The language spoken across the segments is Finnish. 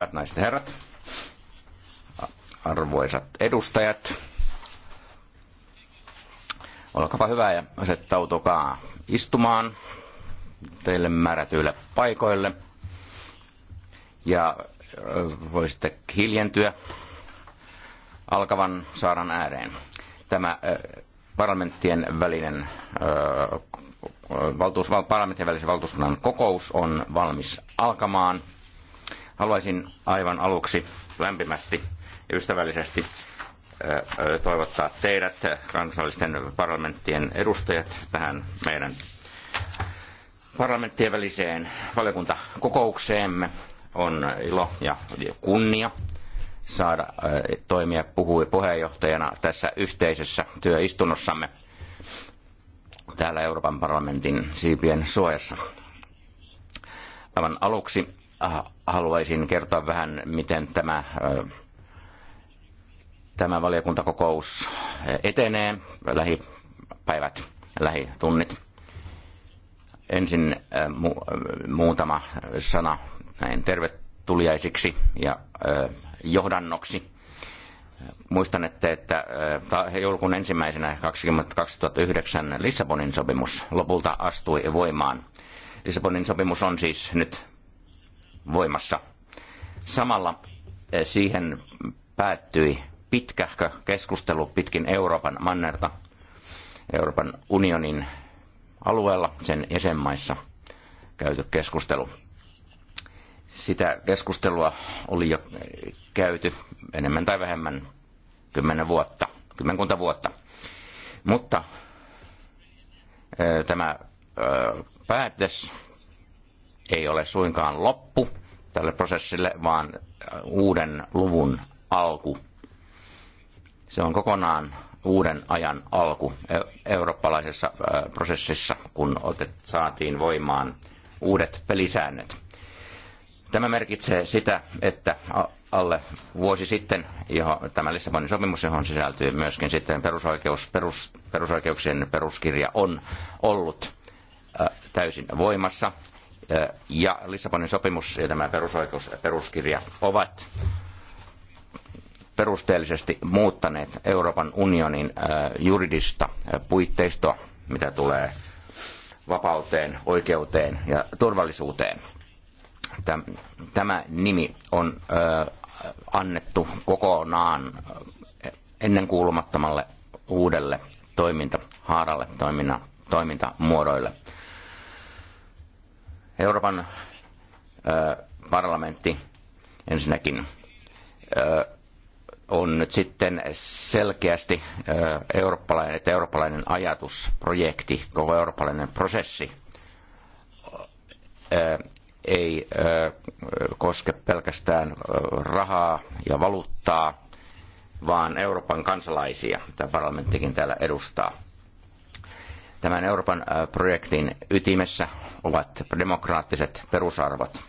Hyvät naiset herrat, arvoisat edustajat, olkaapa hyvä ja asettautukaa istumaan teille määrätyille paikoille ja voisitte hiljentyä alkavan saaran ääreen. Tämä parlamenttien välinen valtuus, parlamentin välisen valtuuskunnan kokous on valmis alkamaan. Haluaisin aivan aluksi lämpimästi ja ystävällisesti toivottaa teidät, kansallisten parlamenttien edustajat, tähän meidän parlamenttien väliseen valiokuntakokoukseemme. On ilo ja kunnia saada toimia puhui puheenjohtajana tässä yhteisessä työistunnossamme täällä Euroopan parlamentin siipien suojassa. Aivan aluksi Ah, haluaisin kertoa vähän, miten tämä, tämä valiokuntakokous etenee lähipäivät, lähitunnit. Ensin mu- muutama sana näin tervetuliaisiksi ja johdannoksi. Muistan, että, että joulukuun ensimmäisenä 2009 Lissabonin sopimus lopulta astui voimaan. Lissabonin sopimus on siis nyt voimassa. Samalla eh, siihen päättyi pitkähkö keskustelu pitkin Euroopan mannerta, Euroopan unionin alueella, sen jäsenmaissa käyty keskustelu. Sitä keskustelua oli jo käyty enemmän tai vähemmän kymmenen vuotta, kymmenkunta vuotta. Mutta eh, tämä eh, päätös ei ole suinkaan loppu tälle prosessille, vaan äh, uuden luvun alku. Se on kokonaan uuden ajan alku e-, eurooppalaisessa äh, prosessissa, kun otet, saatiin voimaan uudet pelisäännöt. Tämä merkitsee sitä, että alle vuosi sitten, johon, tämä Lissabonin sopimus, johon sisältyy myöskin sitten perusoikeus, perus, perusoikeuksien peruskirja, on ollut äh, täysin voimassa ja Lissabonin sopimus ja tämä perusoikeus, peruskirja ovat perusteellisesti muuttaneet Euroopan unionin juridista puitteistoa, mitä tulee vapauteen, oikeuteen ja turvallisuuteen. Tämä nimi on annettu kokonaan ennenkuulumattomalle uudelle toimintahaaralle, toiminnan, toimintamuodoille – Euroopan parlamentti ensinnäkin on nyt sitten selkeästi eurooppalainen, että eurooppalainen ajatusprojekti, koko eurooppalainen prosessi ei koske pelkästään rahaa ja valuuttaa, vaan Euroopan kansalaisia, mitä parlamenttikin täällä edustaa. Tämän Euroopan projektin ytimessä ovat demokraattiset perusarvot.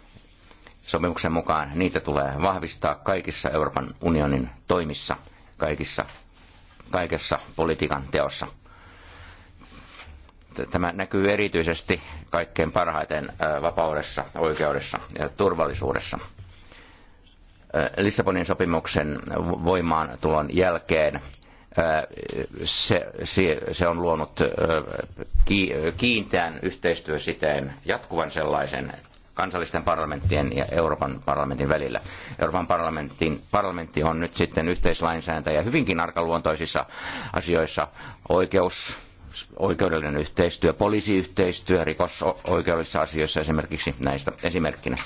Sopimuksen mukaan niitä tulee vahvistaa kaikissa Euroopan unionin toimissa, kaikissa, kaikessa politiikan teossa. Tämä näkyy erityisesti kaikkein parhaiten vapaudessa, oikeudessa ja turvallisuudessa. Lissabonin sopimuksen voimaantulon jälkeen se, se, se on luonut kiinteän yhteistyösiteen, jatkuvan sellaisen kansallisten parlamenttien ja Euroopan parlamentin välillä. Euroopan parlamentin, parlamentti on nyt sitten yhteislainsääntäjä hyvinkin arkaluontoisissa asioissa oikeus, oikeudellinen yhteistyö, poliisiyhteistyö, rikosoikeudellisissa asioissa esimerkiksi näistä esimerkkinä.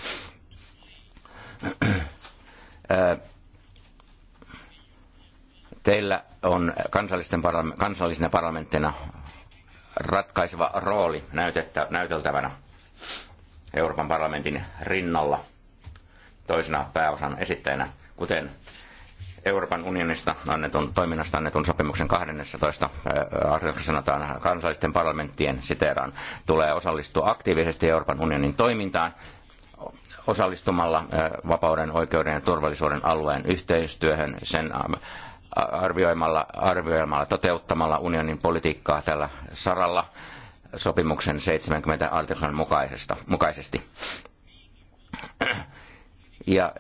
Teillä on kansallisten parla- kansallisena parlamenttina ratkaiseva rooli näytettä- näyteltävänä Euroopan parlamentin rinnalla toisena pääosan esittäjänä, kuten Euroopan unionista annetun toiminnasta annetun sopimuksen 12 äh, artikassa sanotaan kansallisten parlamenttien siteeraan tulee osallistua aktiivisesti Euroopan unionin toimintaan osallistumalla äh, vapauden, oikeuden ja turvallisuuden alueen yhteistyöhön sen äh, arvioimalla, arvioimalla, toteuttamalla unionin politiikkaa tällä saralla sopimuksen 70 artiklan mukaisesti. Ja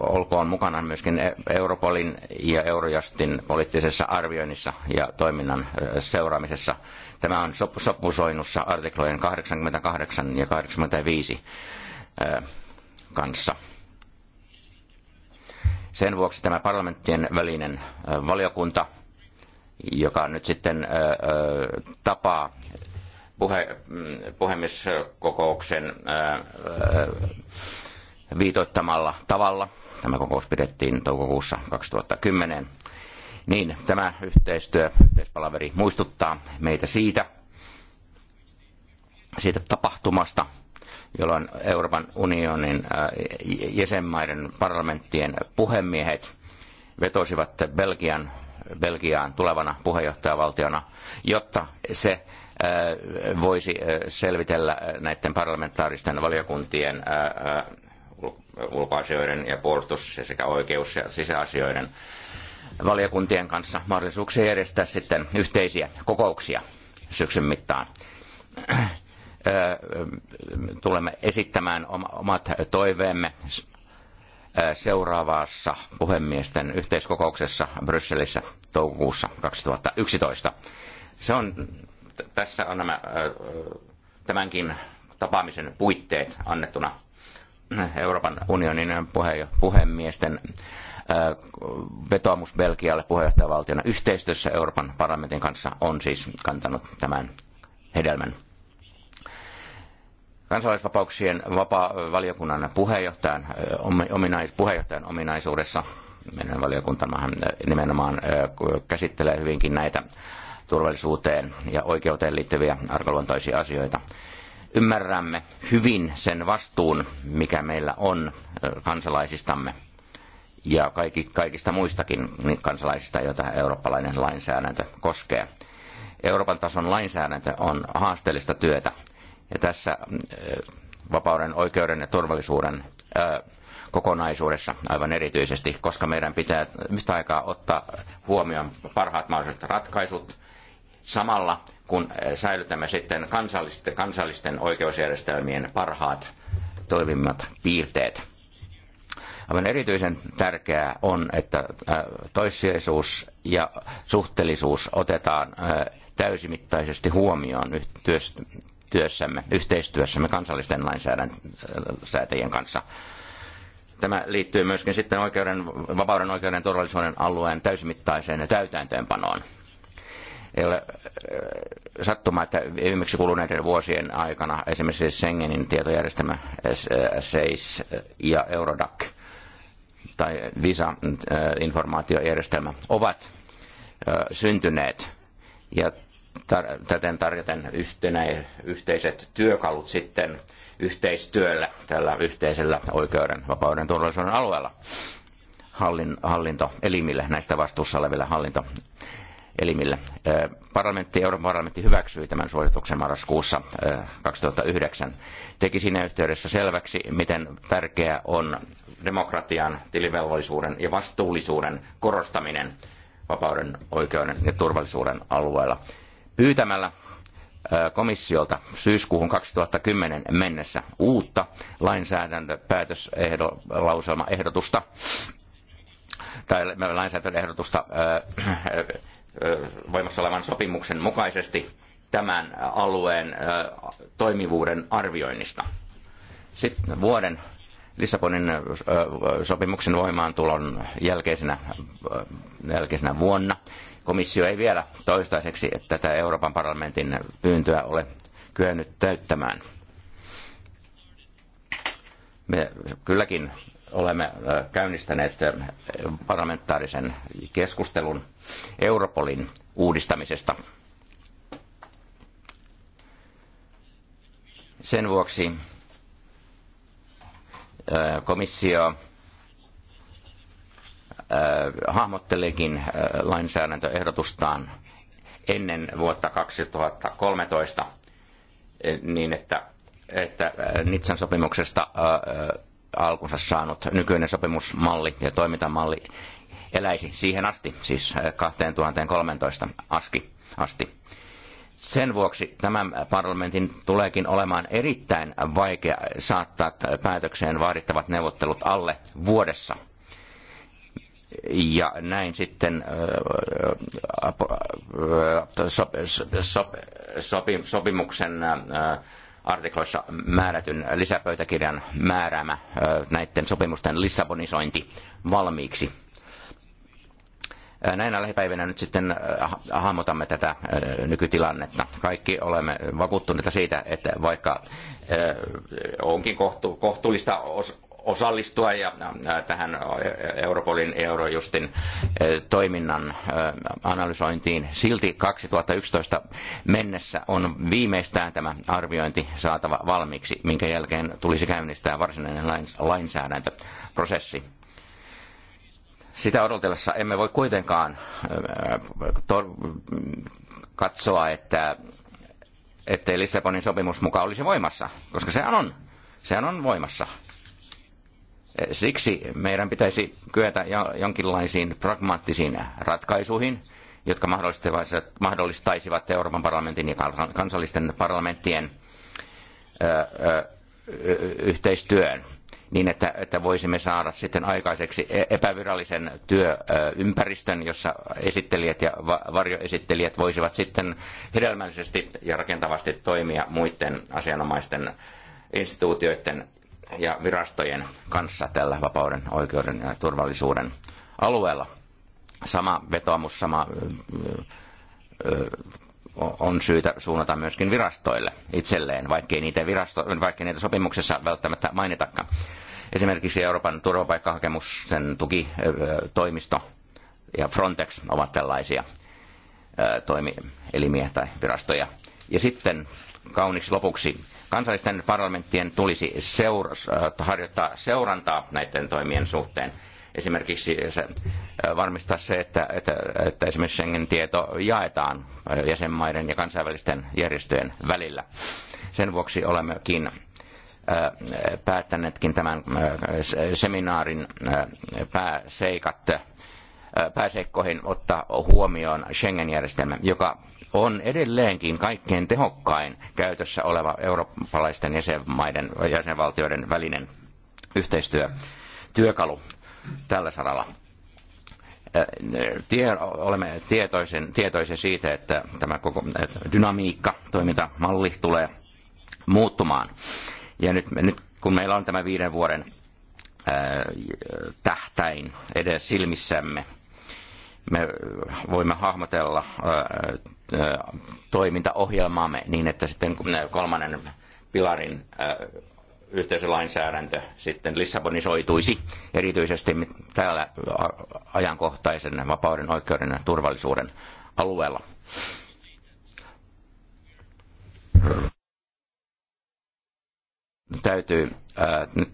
olkoon mukana myöskin Europolin ja Eurojustin poliittisessa arvioinnissa ja toiminnan seuraamisessa. Tämä on sopusoinnussa artiklojen 88 ja 85 kanssa. Sen vuoksi tämä parlamenttien välinen valiokunta, joka nyt sitten tapaa puhe, mm, puhemieskokouksen viitoittamalla tavalla. Tämä kokous pidettiin toukokuussa 2010. Niin, tämä yhteistyö, yhteispalaveri muistuttaa meitä siitä, siitä tapahtumasta, jolloin Euroopan unionin jäsenmaiden parlamenttien puhemiehet vetosivat Belgian, Belgiaan tulevana puheenjohtajavaltiona, jotta se voisi selvitellä näiden parlamentaaristen valiokuntien ulkoasioiden ja puolustus sekä oikeus- ja sisäasioiden valiokuntien kanssa mahdollisuuksia järjestää sitten yhteisiä kokouksia syksyn mittaan tulemme esittämään omat toiveemme seuraavassa puhemiesten yhteiskokouksessa Brysselissä toukokuussa 2011. Se on, tässä on nämä, tämänkin tapaamisen puitteet annettuna Euroopan unionin puhemiesten vetoomus Belgialle puheenjohtajavaltiona yhteistyössä Euroopan parlamentin kanssa on siis kantanut tämän hedelmän kansalaisvapauksien vapaa valiokunnan puheenjohtajan, ominais, puheenjohtajan ominaisuudessa meidän valiokuntamahan äh, nimenomaan äh, käsittelee hyvinkin näitä turvallisuuteen ja oikeuteen liittyviä arkaluontoisia asioita. Ymmärrämme hyvin sen vastuun, mikä meillä on äh, kansalaisistamme ja kaikki, kaikista muistakin kansalaisista, joita eurooppalainen lainsäädäntö koskee. Euroopan tason lainsäädäntö on haasteellista työtä tässä äh, vapauden, oikeuden ja turvallisuuden äh, kokonaisuudessa aivan erityisesti, koska meidän pitää yhtä aikaa ottaa huomioon parhaat mahdolliset ratkaisut samalla, kun äh, säilytämme sitten kansallisten, kansallisten oikeusjärjestelmien parhaat toimimmat piirteet. Aivan erityisen tärkeää on, että toissijaisuus ja suhteellisuus otetaan täysimittaisesti huomioon työssämme, yhteistyössämme kansallisten lainsäätäjien kanssa. Tämä liittyy myöskin sitten oikeuden, vapauden, oikeuden, turvallisuuden alueen täysimittaiseen ja täytäntöönpanoon. Ei ole äh, sattuma, että viimeksi kuluneiden vuosien aikana esimerkiksi Schengenin tietojärjestelmä äh, SEIS ja Eurodac tai Visa-informaatiojärjestelmä äh, ovat syntyneet ja tar- täten tarjoten yhtenä, yhteiset työkalut sitten yhteistyölle tällä yhteisellä oikeuden, vapauden, turvallisuuden alueella hallin, hallintoelimille, näistä vastuussa oleville hallintoelimille. Parlamentti, Euroopan parlamentti hyväksyi tämän suosituksen marraskuussa 2009. Teki siinä yhteydessä selväksi, miten tärkeää on demokratian, tilivelvollisuuden ja vastuullisuuden korostaminen vapauden, oikeuden ja turvallisuuden alueella pyytämällä komissiolta syyskuuhun 2010 mennessä uutta lainsäädäntöpäätöslauselmaehdotusta tai lainsäädäntöehdotusta voimassa olevan sopimuksen mukaisesti tämän alueen toimivuuden arvioinnista. Sitten vuoden Lissabonin sopimuksen voimaantulon jälkeisenä, jälkeisenä vuonna komissio ei vielä toistaiseksi tätä Euroopan parlamentin pyyntöä ole kyennyt täyttämään. Me kylläkin olemme käynnistäneet parlamentaarisen keskustelun Europolin uudistamisesta. Sen vuoksi komissio hahmotteleekin lainsäädäntöehdotustaan ennen vuotta 2013 niin, että, että Nitsan sopimuksesta alkunsa saanut nykyinen sopimusmalli ja toimintamalli eläisi siihen asti, siis 2013 aski, asti. Sen vuoksi tämän parlamentin tuleekin olemaan erittäin vaikea saattaa päätökseen vaadittavat neuvottelut alle vuodessa – ja näin sitten sopimuksen artikloissa määrätyn lisäpöytäkirjan määräämä näiden sopimusten lissabonisointi valmiiksi. Näinä lähipäivinä nyt sitten hahmotamme tätä nykytilannetta. Kaikki olemme vakuuttuneita siitä, että vaikka onkin kohtuullista osallistua ja tähän Europolin Eurojustin eh, toiminnan eh, analysointiin. Silti 2011 mennessä on viimeistään tämä arviointi saatava valmiiksi, minkä jälkeen tulisi käynnistää varsinainen lainsäädäntöprosessi. Sitä odotellessa emme voi kuitenkaan eh, katsoa, että ettei Lissabonin sopimus mukaan olisi voimassa, koska sehän on, sehän on voimassa – Siksi meidän pitäisi kyetä jonkinlaisiin pragmaattisiin ratkaisuihin, jotka mahdollistaisivat Euroopan parlamentin ja kansallisten parlamenttien yhteistyön niin, että, että voisimme saada sitten aikaiseksi e-, epävirallisen työympäristön, jossa esittelijät ja varjoesittelijät voisivat sitten hedelmällisesti ja rakentavasti toimia muiden asianomaisten instituutioiden ja virastojen kanssa tällä vapauden, oikeuden ja turvallisuuden alueella. Sama vetoomus, sama on syytä suunnata myöskin virastoille itselleen, vaikkei niitä, virasto, vaikkei niitä sopimuksessa välttämättä mainitakaan. Esimerkiksi Euroopan turvapaikkahakemusten tukitoimisto ja Frontex ovat tällaisia toimielimiä tai virastoja. Ja sitten kauniiksi lopuksi. Kansallisten parlamenttien tulisi seura, äh, harjoittaa seurantaa näiden toimien suhteen. Esimerkiksi äh, varmistaa se, että, että, että esimerkiksi Schengen-tieto jaetaan äh, jäsenmaiden ja kansainvälisten järjestöjen välillä. Sen vuoksi olemmekin päättäneetkin tämän seminaarin pääseikat pääseikkoihin ottaa huomioon Schengen-järjestelmä, joka on edelleenkin kaikkein tehokkain käytössä oleva eurooppalaisten jäsenmaiden, jäsenvaltioiden välinen yhteistyö, työkalu tällä saralla. Tie, olemme tietoisen, tietoisia siitä, että tämä koko dynamiikka, toimintamalli tulee muuttumaan. Ja nyt, nyt kun meillä on tämä viiden vuoden tähtäin edes silmissämme, me voimme hahmotella toimintaohjelmaamme niin, että sitten kolmannen pilarin yhteisölainsäädäntö sitten lissabonisoituisi erityisesti täällä ajankohtaisen vapauden, oikeuden ja turvallisuuden alueella täytyy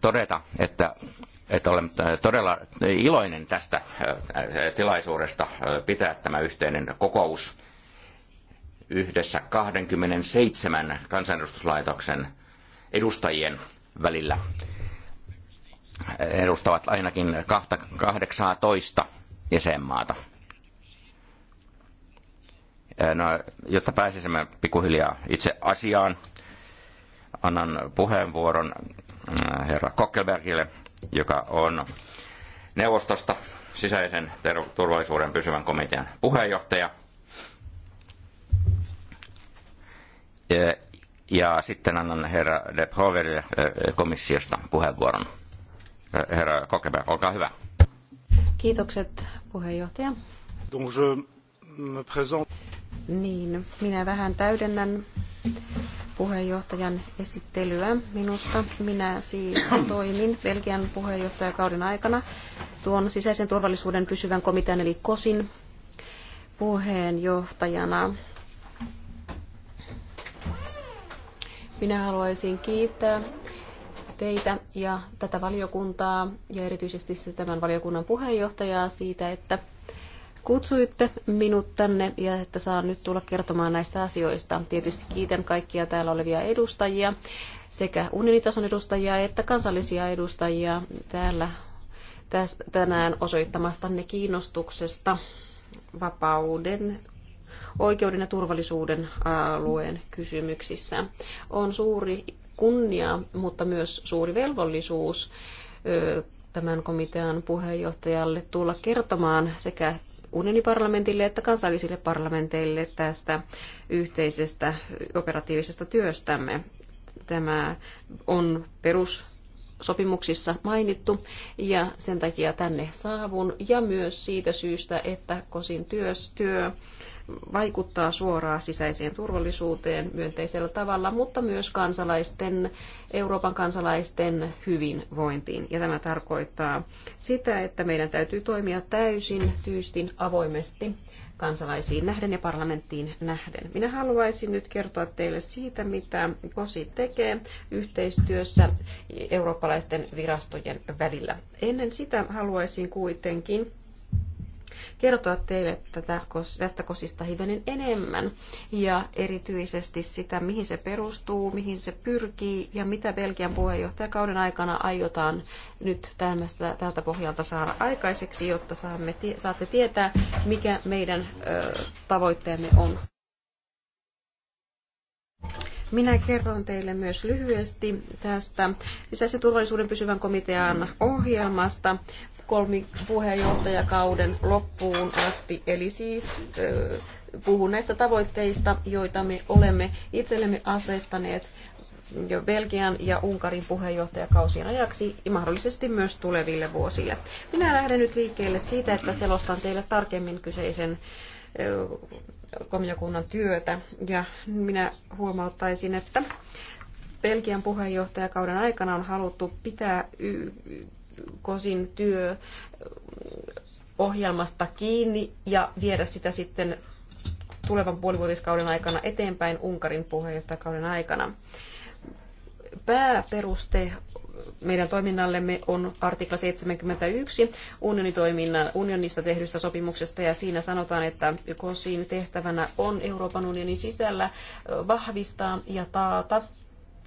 todeta, että, että olen todella iloinen tästä tilaisuudesta pitää tämä yhteinen kokous yhdessä 27 kansanedustuslaitoksen edustajien välillä. Edustavat ainakin 18 jäsenmaata. No, jotta pääsisimme pikkuhiljaa itse asiaan, annan puheenvuoron äh, herra Kokkelbergille, joka on neuvostosta sisäisen turvallisuuden pysyvän komitean puheenjohtaja. Ja, ja sitten annan herra De Proverille äh, komissiosta puheenvuoron. Äh, herra Kokkelberg, olkaa hyvä. Kiitokset puheenjohtaja. Donc je me Niin, minä vähän täydennän puheenjohtajan esittelyä minusta. Minä siis toimin Belgian puheenjohtajakauden aikana tuon sisäisen turvallisuuden pysyvän komitean eli KOSin puheenjohtajana. Minä haluaisin kiittää teitä ja tätä valiokuntaa ja erityisesti tämän valiokunnan puheenjohtajaa siitä, että kutsuitte minut tänne ja että saan nyt tulla kertomaan näistä asioista. Tietysti kiitän kaikkia täällä olevia edustajia, sekä unionitason edustajia että kansallisia edustajia täällä tänään osoittamastanne kiinnostuksesta vapauden oikeuden ja turvallisuuden alueen kysymyksissä. On suuri kunnia, mutta myös suuri velvollisuus tämän komitean puheenjohtajalle tulla kertomaan sekä unioniparlamentille että kansallisille parlamenteille tästä yhteisestä operatiivisesta työstämme. Tämä on perus sopimuksissa mainittu ja sen takia tänne saavun ja myös siitä syystä, että kosin työs, työ vaikuttaa suoraan sisäiseen turvallisuuteen myönteisellä tavalla, mutta myös kansalaisten, Euroopan kansalaisten hyvinvointiin. Ja tämä tarkoittaa sitä, että meidän täytyy toimia täysin tyystin avoimesti kansalaisiin nähden ja parlamenttiin nähden. Minä haluaisin nyt kertoa teille siitä, mitä KOSI tekee yhteistyössä eurooppalaisten virastojen välillä. Ennen sitä haluaisin kuitenkin kertoa teille tätä, tästä kosista hivenen enemmän ja erityisesti sitä, mihin se perustuu, mihin se pyrkii ja mitä Belgian puheenjohtajakauden aikana aiotaan nyt tämästä, tältä pohjalta saada aikaiseksi, jotta saamme, saatte tietää, mikä meidän ö, tavoitteemme on. Minä kerron teille myös lyhyesti tästä sisäisen turvallisuuden pysyvän komitean ohjelmasta kolmipuheenjohtajakauden loppuun asti, eli siis puhun näistä tavoitteista, joita me olemme itsellemme asettaneet jo Belgian ja Unkarin puheenjohtajakausien ajaksi ja mahdollisesti myös tuleville vuosille. Minä lähden nyt liikkeelle siitä, että selostan teille tarkemmin kyseisen komiokunnan työtä ja minä huomauttaisin, että Belgian puheenjohtajakauden aikana on haluttu pitää Kosin työ ohjelmasta kiinni ja viedä sitä sitten tulevan puolivuotiskauden aikana eteenpäin Unkarin puheenjohtajakauden aikana. Pääperuste meidän toiminnallemme on artikla 71 unionitoiminnan, unionista tehdystä sopimuksesta ja siinä sanotaan, että KOSin tehtävänä on Euroopan unionin sisällä vahvistaa ja taata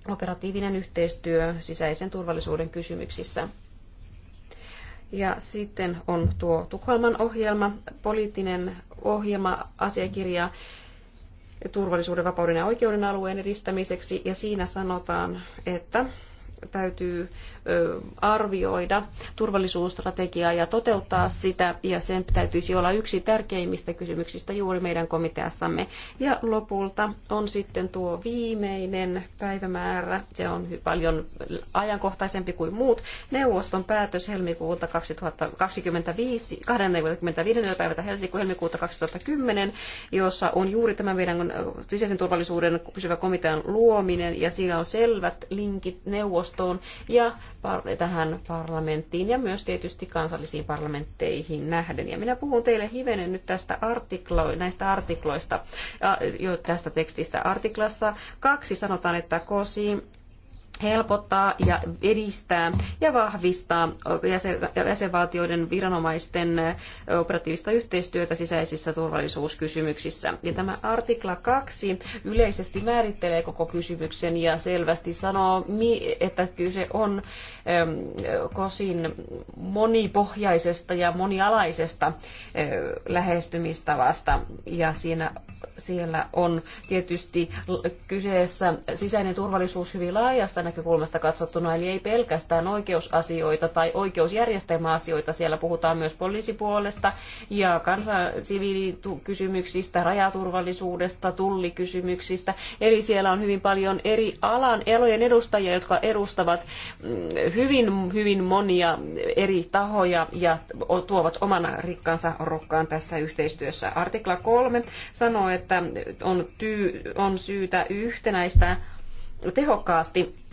operatiivinen yhteistyö sisäisen turvallisuuden kysymyksissä. Ja sitten on tuo Tukholman ohjelma, poliittinen ohjelma, asiakirja turvallisuuden, vapauden ja oikeuden alueen edistämiseksi. Ja siinä sanotaan, että täytyy arvioida turvallisuusstrategiaa ja toteuttaa sitä, ja sen täytyisi olla yksi tärkeimmistä kysymyksistä juuri meidän komiteassamme. Ja lopulta on sitten tuo viimeinen päivämäärä, se on paljon ajankohtaisempi kuin muut, neuvoston päätös helmikuuta 2025, 25. päivätä helmikuuta, helmikuuta 2010, jossa on juuri tämä meidän sisäisen turvallisuuden pysyvä komitean luominen, ja siinä on selvät linkit neuvoston neuvostoon ja tähän parlamenttiin ja myös tietysti kansallisiin parlamentteihin nähden. Ja minä puhun teille hivenen nyt tästä artiklo, näistä artikloista, jo tästä tekstistä. Artiklassa kaksi sanotaan, että kosi helpottaa ja edistää ja vahvistaa jäsenvaltioiden viranomaisten operatiivista yhteistyötä sisäisissä turvallisuuskysymyksissä. Ja tämä artikla 2 yleisesti määrittelee koko kysymyksen ja selvästi sanoo, että kyse on kosin monipohjaisesta ja monialaisesta lähestymistavasta ja siinä siellä on tietysti kyseessä sisäinen turvallisuus hyvin laajasta näkökulmasta katsottuna, eli ei pelkästään oikeusasioita tai oikeusjärjestelmäasioita. Siellä puhutaan myös poliisipuolesta ja kansan siviilikysymyksistä, rajaturvallisuudesta, tullikysymyksistä. Eli siellä on hyvin paljon eri alan elojen edustajia, jotka edustavat mm, hyvin, hyvin monia eri tahoja ja tuovat oman rikkansa rokkaan tässä yhteistyössä. Artikla 3 sanoo, että on, tyy, on syytä yhtenäistä tehokkaasti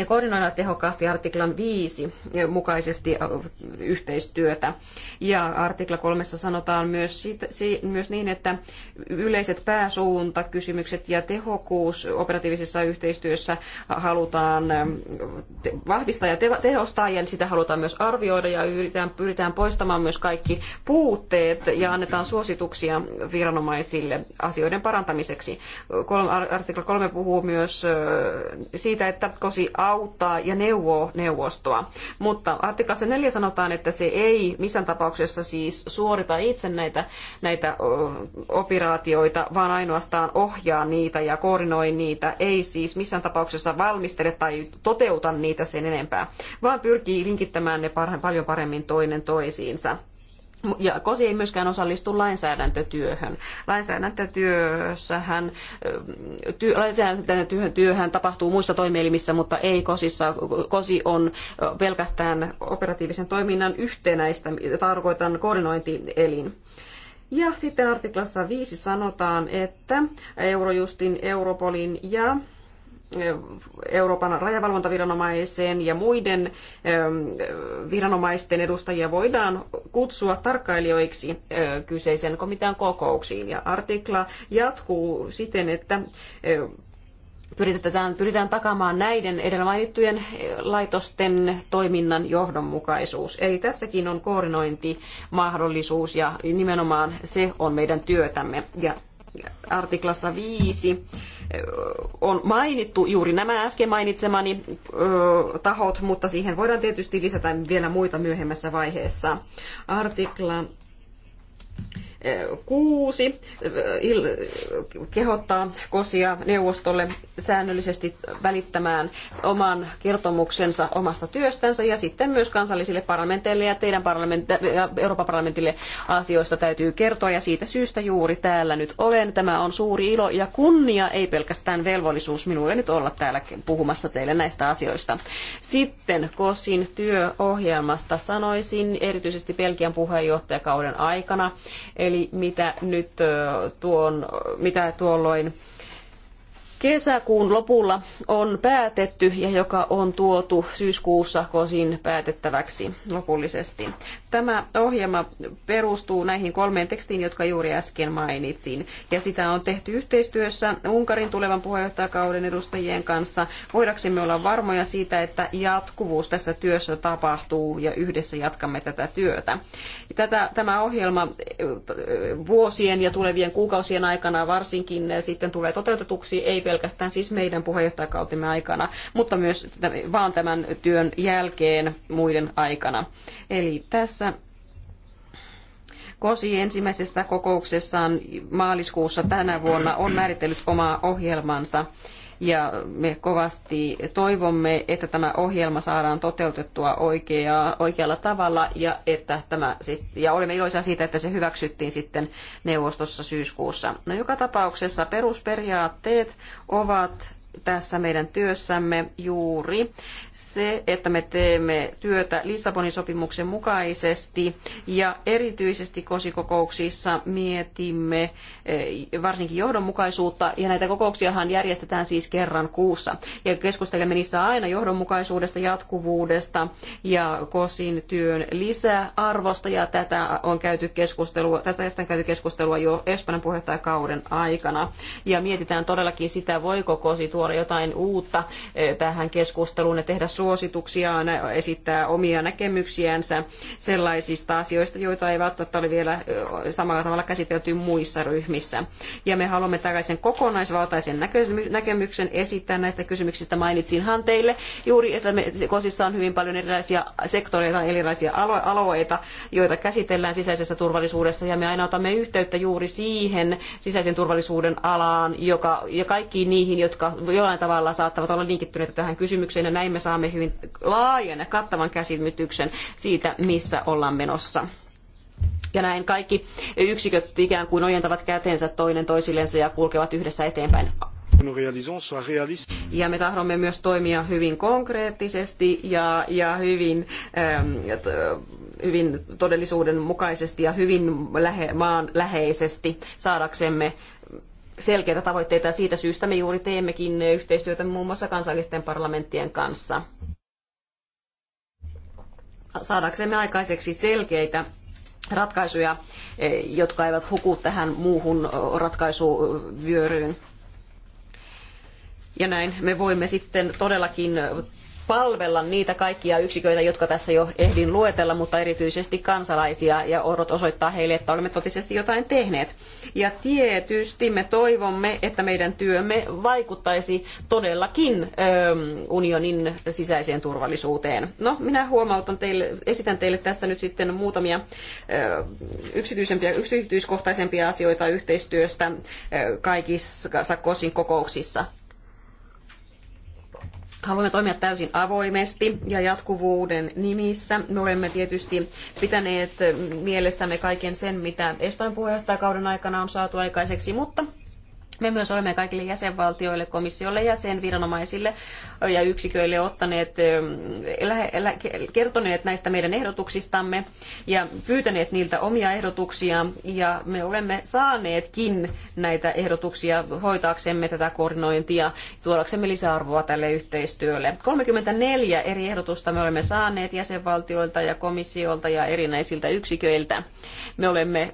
ja koordinoida tehokkaasti artiklan 5 mukaisesti yhteistyötä. Ja artikla 3 sanotaan myös, siitä, myös niin, että yleiset pääsuuntakysymykset ja tehokkuus operatiivisessa yhteistyössä halutaan ähm, vahvistaa ja tehostaa ja sitä halutaan myös arvioida ja yritetään, pyritään poistamaan myös kaikki puutteet ja annetaan suosituksia viranomaisille asioiden parantamiseksi. Artikla 3 puhuu myös äh, siitä, että kosi auttaa ja neuvoo neuvostoa. Mutta artiklassa 4 sanotaan, että se ei missään tapauksessa siis suorita itse näitä, näitä operaatioita, vaan ainoastaan ohjaa niitä ja koordinoi niitä, ei siis missään tapauksessa valmistele tai toteuta niitä sen enempää, vaan pyrkii linkittämään ne paljon paremmin toinen toisiinsa ja KOSI ei myöskään osallistu lainsäädäntötyöhön. Lainsäädäntötyössähän, ty, lainsäädäntötyöhön työhän tapahtuu muissa toimielimissä, mutta ei KOSissa. KOSI on pelkästään operatiivisen toiminnan yhtenäistä, tarkoitan koordinointielin. Ja sitten artiklassa 5 sanotaan, että Eurojustin, Europolin ja Euroopan rajavalvontaviranomaisen ja muiden ähm, viranomaisten edustajia voidaan kutsua tarkkailijoiksi äh, kyseisen komitean kokouksiin. Ja artikla jatkuu siten, että äh, pyritään takaamaan näiden edellä mainittujen äh, laitosten toiminnan johdonmukaisuus. Eli tässäkin on koordinointimahdollisuus ja nimenomaan se on meidän työtämme. Ja artiklassa viisi on mainittu juuri nämä äsken mainitsemani tahot, mutta siihen voidaan tietysti lisätä vielä muita myöhemmässä vaiheessa. Artikla kuusi kehottaa kosia neuvostolle säännöllisesti välittämään oman kertomuksensa omasta työstänsä ja sitten myös kansallisille parlamenteille ja teidän parlament- ja Euroopan parlamentille asioista täytyy kertoa ja siitä syystä juuri täällä nyt olen. Tämä on suuri ilo ja kunnia, ei pelkästään velvollisuus minulle nyt olla täällä puhumassa teille näistä asioista. Sitten kosin työohjelmasta sanoisin erityisesti Belgian puheenjohtajakauden aikana, Eli mitä nyt tuon, mitä tuolloin kesäkuun lopulla on päätetty ja joka on tuotu syyskuussa kosin päätettäväksi lopullisesti. Tämä ohjelma perustuu näihin kolmeen tekstiin, jotka juuri äsken mainitsin. Ja sitä on tehty yhteistyössä Unkarin tulevan puheenjohtajakauden edustajien kanssa. Voidaksemme olla varmoja siitä, että jatkuvuus tässä työssä tapahtuu ja yhdessä jatkamme tätä työtä. Tätä, tämä ohjelma eh, vuosien ja tulevien kuukausien aikana varsinkin eh, sitten tulee toteutetuksi, ei pelkästään siis meidän puheenjohtajakautemme aikana, mutta myös vaan tämän työn jälkeen muiden aikana. Eli tässä Kosi ensimmäisessä kokouksessaan maaliskuussa tänä vuonna on määritellyt omaa ohjelmansa ja me kovasti toivomme, että tämä ohjelma saadaan toteutettua oikealla tavalla ja, että tämä, ja olemme iloisia siitä, että se hyväksyttiin sitten neuvostossa syyskuussa. No, joka tapauksessa perusperiaatteet ovat tässä meidän työssämme juuri se, että me teemme työtä Lissabonin sopimuksen mukaisesti ja erityisesti kosikokouksissa mietimme eh, varsinkin johdonmukaisuutta ja näitä kokouksiahan järjestetään siis kerran kuussa ja keskustelemme niissä aina johdonmukaisuudesta, jatkuvuudesta ja kosin työn lisäarvosta ja tätä on käyty keskustelua, tätä on käyty keskustelua jo Espanjan puheenjohtajakauden aikana ja mietitään todellakin sitä, voiko kosi tuoda jotain uutta eh, tähän keskusteluun ja tehdä tehdä suosituksiaan, esittää omia näkemyksiänsä sellaisista asioista, joita ei välttämättä ole vielä samalla tavalla käsitelty muissa ryhmissä. Ja me haluamme tällaisen kokonaisvaltaisen näkemyksen esittää näistä kysymyksistä. Mainitsinhan teille juuri, että me kosissa on hyvin paljon erilaisia sektoreita, erilaisia alueita, joita käsitellään sisäisessä turvallisuudessa, ja me aina otamme yhteyttä juuri siihen sisäisen turvallisuuden alaan, joka, ja kaikkiin niihin, jotka jollain tavalla saattavat olla linkittyneitä tähän kysymykseen, ja näin me saamme saamme hyvin laajan ja kattavan käsityksen siitä, missä ollaan menossa. Ja näin kaikki yksiköt ikään kuin ojentavat kätensä toinen toisillensa ja kulkevat yhdessä eteenpäin. Ja me tahdomme myös toimia hyvin konkreettisesti ja, ja hyvin, ähm, hyvin todellisuuden mukaisesti ja hyvin lähe, maan läheisesti saadaksemme selkeitä tavoitteita ja siitä syystä me juuri teemmekin yhteistyötä muun muassa kansallisten parlamenttien kanssa. Saadaksemme aikaiseksi selkeitä ratkaisuja, eh, jotka eivät huku tähän muuhun eh, ratkaisuvyöryyn. Ja näin me voimme sitten todellakin palvella niitä kaikkia yksiköitä, jotka tässä jo ehdin luetella, mutta erityisesti kansalaisia ja orot osoittaa heille, että olemme totisesti jotain tehneet. Ja tietysti me toivomme, että meidän työmme vaikuttaisi todellakin ähm, unionin sisäiseen turvallisuuteen. No, minä huomautan teille, esitän teille tässä nyt sitten muutamia äh, yksityisempiä, yksityiskohtaisempia asioita yhteistyöstä äh, kaikissa COSin kokouksissa haluamme toimia täysin avoimesti ja jatkuvuuden nimissä. Me olemme tietysti pitäneet mielessämme kaiken sen, mitä Espanjan puheenjohtajakauden aikana on saatu aikaiseksi, mutta me myös olemme kaikille jäsenvaltioille, komissiolle ja sen viranomaisille ja yksiköille ottaneet, ähm, kertoneet näistä meidän ehdotuksistamme ja pyytäneet niiltä omia ehdotuksia ja me olemme saaneetkin näitä ehdotuksia hoitaaksemme tätä koordinointia tuodaksemme lisäarvoa tälle yhteistyölle. 34 eri ehdotusta me olemme saaneet jäsenvaltioilta ja komissiolta ja erinäisiltä yksiköiltä. Me olemme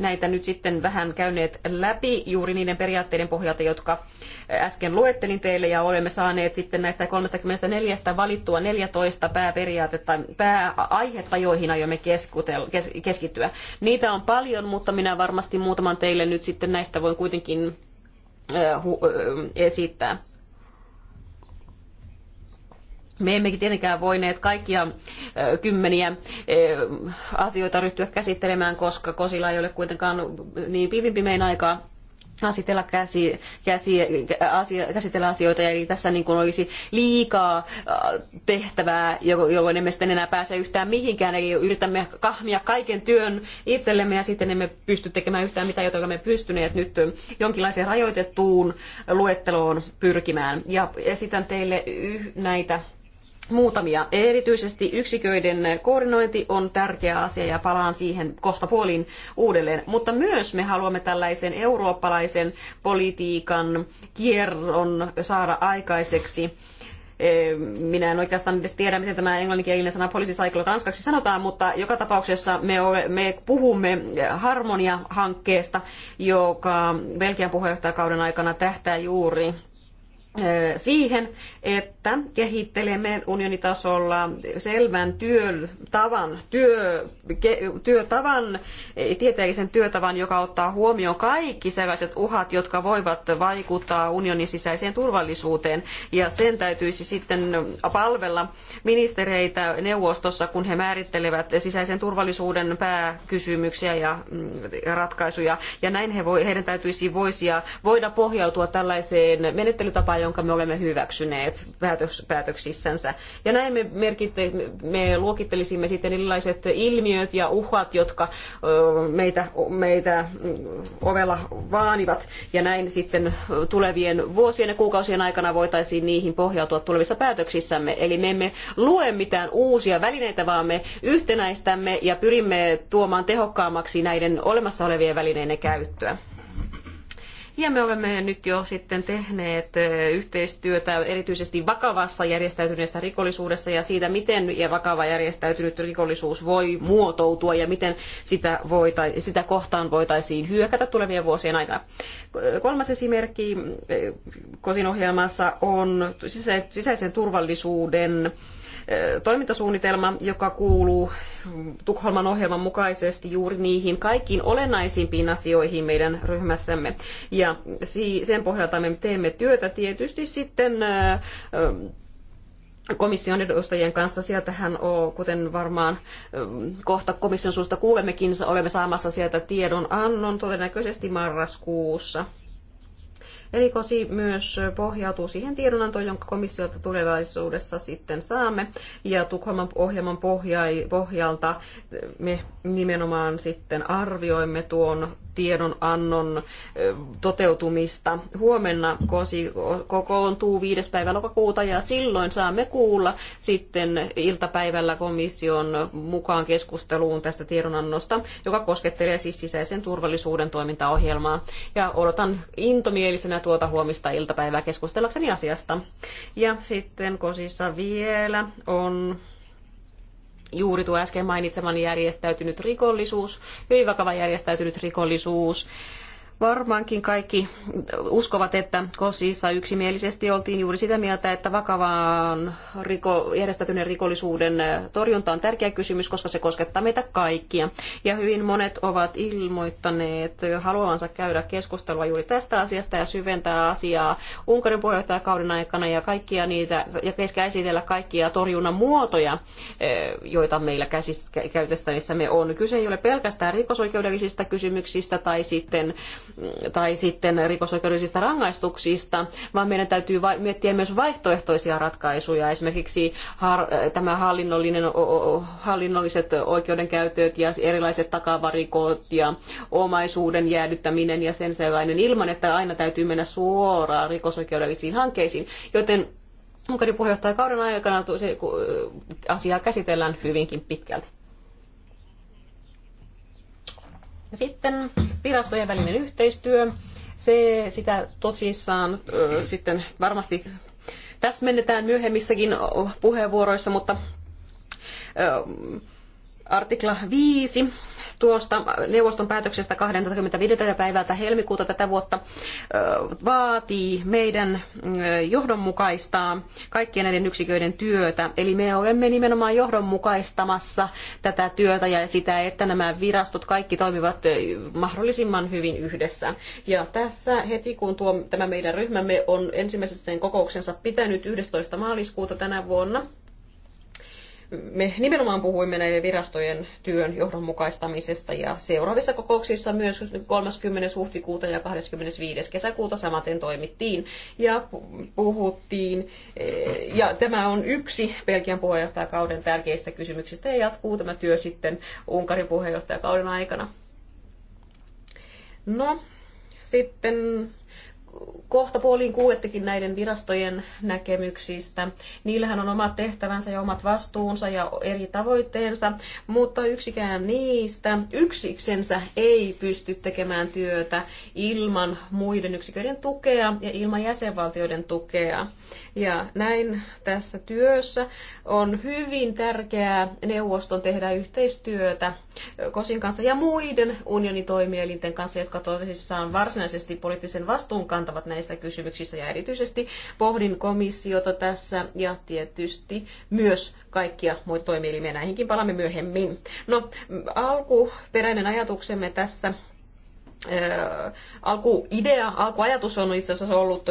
näitä nyt sitten vähän käyneet läpi juuri niiden periaatteiden pohjalta, jotka äsken luettelin teille ja olemme saaneet sitten näistä 34 valittua 14 pääperiaatetta, pääaihetta, joihin aiomme keskittyä. Niitä on paljon, mutta minä varmasti muutaman teille nyt sitten näistä voin kuitenkin esittää. Me emme tietenkään voineet kaikkia kymmeniä asioita ryhtyä käsittelemään, koska Kosilla ei ole kuitenkaan niin pimpimein aikaa Asitella käsi, käsi, asia, käsitellä asioita, eli tässä niin kuin olisi liikaa äh, tehtävää, jolloin emme sitten enää pääse yhtään mihinkään, eli yritämme kahmia kaiken työn itsellemme ja sitten emme pysty tekemään yhtään mitään, jota olemme pystyneet nyt jonkinlaiseen rajoitettuun luetteloon pyrkimään. Ja esitän teille näitä muutamia. Erityisesti yksiköiden koordinointi on tärkeä asia ja palaan siihen kohta puolin uudelleen. Mutta myös me haluamme tällaisen eurooppalaisen politiikan kierron saada aikaiseksi eh, minä en oikeastaan edes tiedä, miten tämä englanninkielinen sana policy cycle ranskaksi sanotaan, mutta joka tapauksessa me, ole, me puhumme harmonia-hankkeesta, joka Belgian puheenjohtajakauden aikana tähtää juuri siihen, että kehittelemme unionitasolla selvän työtavan, työ, työtavan, e, tieteellisen työtavan, joka ottaa huomioon kaikki sellaiset uhat, jotka voivat vaikuttaa unionin sisäiseen turvallisuuteen. Ja sen täytyisi sitten palvella ministereitä neuvostossa, kun he määrittelevät sisäisen turvallisuuden pääkysymyksiä ja mm, ratkaisuja. Ja näin he voi, heidän täytyisi voisia, voida pohjautua tällaiseen menettelytapaan, jonka me olemme hyväksyneet päätöksissänsä. Ja näin me, merkitte, me luokittelisimme sitten erilaiset ilmiöt ja uhat, jotka meitä, meitä ovella vaanivat. Ja näin sitten tulevien vuosien ja kuukausien aikana voitaisiin niihin pohjautua tulevissa päätöksissämme. Eli me emme lue mitään uusia välineitä, vaan me yhtenäistämme ja pyrimme tuomaan tehokkaammaksi näiden olemassa olevien välineiden käyttöä. Ja me olemme nyt jo sitten tehneet yhteistyötä erityisesti vakavassa järjestäytyneessä rikollisuudessa ja siitä, miten ja vakava järjestäytynyt rikollisuus voi muotoutua ja miten sitä, voitai, sitä kohtaan voitaisiin hyökätä tulevien vuosien aikana. Kolmas esimerkki KOSin ohjelmassa on sisäisen turvallisuuden toimintasuunnitelma, joka kuuluu Tukholman ohjelman mukaisesti juuri niihin kaikkiin olennaisimpiin asioihin meidän ryhmässämme. Ja sen pohjalta me teemme työtä tietysti sitten komission edustajien kanssa. Sieltähän on, kuten varmaan kohta komission suusta kuulemmekin, olemme saamassa sieltä tiedon annon todennäköisesti marraskuussa Eli kosi myös pohjautuu siihen tiedonantoon, jonka komissiolta tulevaisuudessa sitten saamme. Ja Tukholman ohjelman pohjalta me nimenomaan sitten arvioimme tuon tiedonannon toteutumista. Huomenna kosi kokoontuu 5. päivä lokakuuta ja silloin saamme kuulla sitten iltapäivällä komission mukaan keskusteluun tästä tiedonannosta, joka koskettelee siis sisäisen turvallisuuden toimintaohjelmaa. Ja odotan intomielisenä tuota huomista iltapäivää keskustellakseni asiasta. Ja sitten kosissa vielä on juuri tuo äsken mainitsemani järjestäytynyt rikollisuus, hyvin vakava järjestäytynyt rikollisuus Varmaankin kaikki uskovat, että Kosissa yksimielisesti oltiin juuri sitä mieltä, että vakavaan riko, järjestäytyneen rikollisuuden torjunta on tärkeä kysymys, koska se koskettaa meitä kaikkia. Ja hyvin monet ovat ilmoittaneet haluavansa käydä keskustelua juuri tästä asiasta ja syventää asiaa Unkarin puheenjohtajakauden aikana ja kaikkia niitä, ja keskä esitellä kaikkia torjunnan muotoja, eh, joita meillä käsis, käytettävissämme on. Kyse ei ole pelkästään rikosoikeudellisista kysymyksistä tai sitten tai sitten rikosoikeudellisista rangaistuksista, vaan meidän täytyy miettiä myös vaihtoehtoisia ratkaisuja, esimerkiksi tämä hallinnollinen, hallinnolliset oikeudenkäytöt ja erilaiset takavarikot ja omaisuuden jäädyttäminen ja sen sellainen, ilman että aina täytyy mennä suoraan rikosoikeudellisiin hankkeisiin, joten Unkarin puheenjohtajakauden aikana asiaa käsitellään hyvinkin pitkälti. Sitten virastojen välinen yhteistyö. Se, sitä tosissaan äh, sitten varmasti täsmennetään myöhemmissäkin puheenvuoroissa, mutta äh, artikla 5 tuosta neuvoston päätöksestä 25. päivältä helmikuuta tätä vuotta vaatii meidän johdonmukaistaa kaikkien näiden yksiköiden työtä. Eli me olemme nimenomaan johdonmukaistamassa tätä työtä ja sitä, että nämä virastot kaikki toimivat mahdollisimman hyvin yhdessä. Ja tässä heti kun tuo, tämä meidän ryhmämme on ensimmäisessä sen kokouksensa pitänyt 11. maaliskuuta tänä vuonna, me nimenomaan puhuimme näiden virastojen työn johdonmukaistamisesta ja seuraavissa kokouksissa myös 30. huhtikuuta ja 25. kesäkuuta samaten toimittiin ja puhuttiin. Eh, ja tämä on yksi Belgian puheenjohtajakauden tärkeistä kysymyksistä ja jatkuu tämä työ sitten Unkarin puheenjohtajakauden aikana. No, sitten kohta puoliin kuulettekin näiden virastojen näkemyksistä. Niillähän on omat tehtävänsä ja omat vastuunsa ja eri tavoitteensa, mutta yksikään niistä yksiksensä ei pysty tekemään työtä ilman muiden yksiköiden tukea ja ilman jäsenvaltioiden tukea. Ja näin tässä työssä on hyvin tärkeää neuvoston tehdä yhteistyötä Kosin kanssa ja muiden unionitoimielinten kanssa, jotka tosissaan varsinaisesti poliittisen vastuun kantavat antavat näissä kysymyksissä ja erityisesti pohdin komissiota tässä ja tietysti myös kaikkia muita toimielimiä. Näihinkin palaamme myöhemmin. No, alkuperäinen ajatuksemme tässä alkuidea, alkuajatus on itse asiassa ollut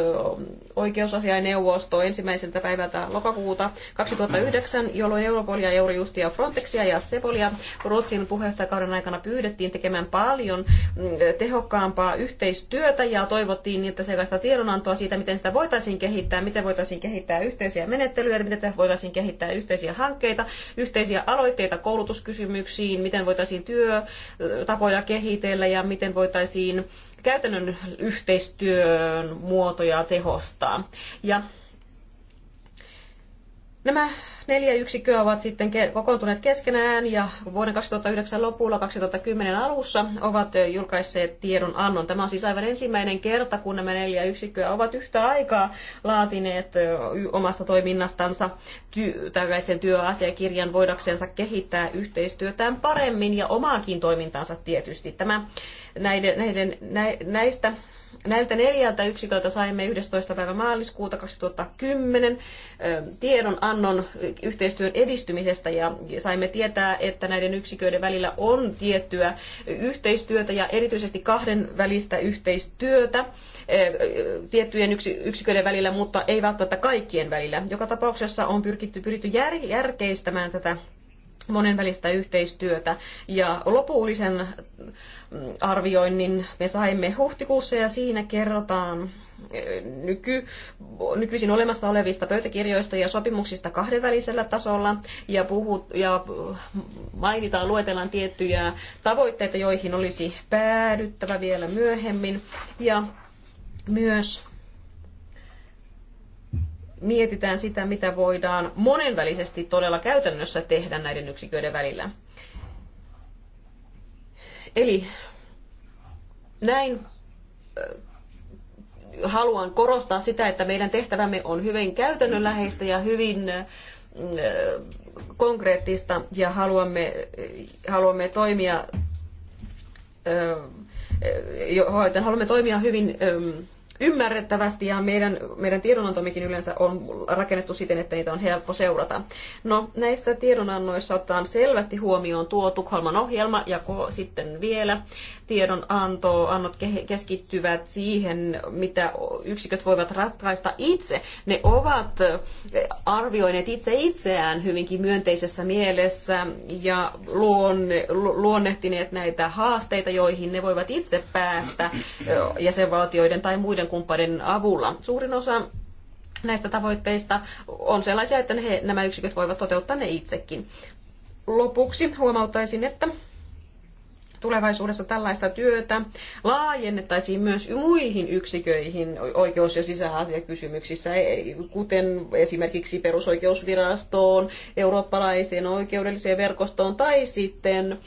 oikeusasiaineuvosto ensimmäiseltä päivältä lokakuuta 2009, jolloin Europolia, Eurojustia, Frontexia ja Sepolia Ruotsin puheenjohtajakauden aikana pyydettiin tekemään paljon mm, tehokkaampaa yhteistyötä ja toivottiin että sellaista tiedonantoa siitä, miten sitä voitaisiin kehittää, miten voitaisiin kehittää yhteisiä menettelyjä, miten voitaisiin kehittää yhteisiä hankkeita, yhteisiä aloitteita koulutuskysymyksiin, miten voitaisiin työtapoja kehitellä ja miten voitaisiin voitaisiin käytännön yhteistyön muotoja tehostaa. Ja Nämä neljä yksikköä ovat sitten kokoontuneet keskenään ja vuoden 2009 lopulla 2010 alussa ovat julkaisseet tiedon annon. Tämä on siis aivan ensimmäinen kerta, kun nämä neljä yksikköä ovat yhtä aikaa laatineet omasta toiminnastansa ty- tällaisen työasiakirjan voidaksensa kehittää yhteistyötään paremmin ja omaakin toimintaansa tietysti. Tämä näiden, näiden, näistä Näiltä neljältä yksiköltä saimme 11. päivä maaliskuuta 2010 tiedonannon yhteistyön edistymisestä ja saimme tietää, että näiden yksiköiden välillä on tiettyä yhteistyötä ja erityisesti kahden välistä yhteistyötä tiettyjen yksiköiden välillä, mutta ei välttämättä kaikkien välillä. Joka tapauksessa on pyritty, pyritty jär, järkeistämään tätä monenvälistä yhteistyötä. Ja lopullisen mm, arvioinnin me saimme huhtikuussa ja siinä kerrotaan eh, nyky, nykyisin olemassa olevista pöytäkirjoista ja sopimuksista kahdenvälisellä tasolla ja, puhut, ja mm, mainitaan, luetellaan tiettyjä tavoitteita, joihin olisi päädyttävä vielä myöhemmin ja myös mietitään sitä, mitä voidaan monenvälisesti todella käytännössä tehdä näiden yksiköiden välillä. Eli näin haluan korostaa sitä, että meidän tehtävämme on hyvin käytännönläheistä ja hyvin konkreettista ja haluamme, haluamme toimia haluamme toimia hyvin ymmärrettävästi ja meidän, meidän tiedonantomikin yleensä on rakennettu siten, että niitä on helppo seurata. No, näissä tiedonannoissa otetaan selvästi huomioon tuo Tukholman ohjelma ja sitten vielä tiedonanto, annot keskittyvät siihen, mitä yksiköt voivat ratkaista itse. Ne ovat arvioineet itse itseään hyvinkin myönteisessä mielessä ja luonne, luonnehtineet näitä haasteita, joihin ne voivat itse päästä jäsenvaltioiden tai muiden tai avulla. Suurin osa näistä tavoitteista on sellaisia, että he, nämä yksiköt voivat toteuttaa ne itsekin. Lopuksi huomauttaisin, että tulevaisuudessa tällaista työtä laajennettaisiin myös muihin yksiköihin oikeus- ja sisäasiakysymyksissä, e, kuten esimerkiksi perusoikeusvirastoon, eurooppalaiseen oikeudelliseen verkostoon tai sitten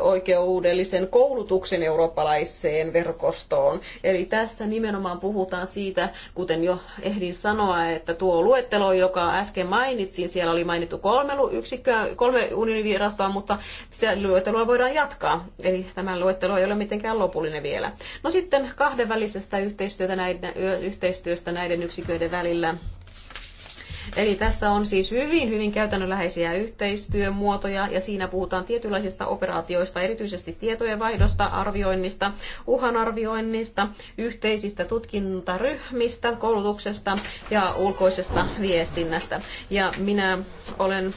oikeudellisen koulutuksen eurooppalaiseen verkostoon. Eli tässä nimenomaan puhutaan siitä, kuten jo ehdin sanoa, että tuo luettelo, joka äsken mainitsin, siellä oli mainittu kolme yksikköä, kolme unionivirastoa, mutta sitä luetteloa voidaan jatkaa. Eli tämä luettelo ei ole mitenkään lopullinen vielä. No sitten kahdenvälisestä yhteistyötä näiden, yhteistyöstä näiden yksiköiden välillä Eli tässä on siis hyvin, hyvin käytännönläheisiä yhteistyömuotoja ja siinä puhutaan tietynlaisista operaatioista, erityisesti tietojenvaihdosta, arvioinnista, uhanarvioinnista, yhteisistä tutkintaryhmistä, koulutuksesta ja ulkoisesta viestinnästä. Ja minä olen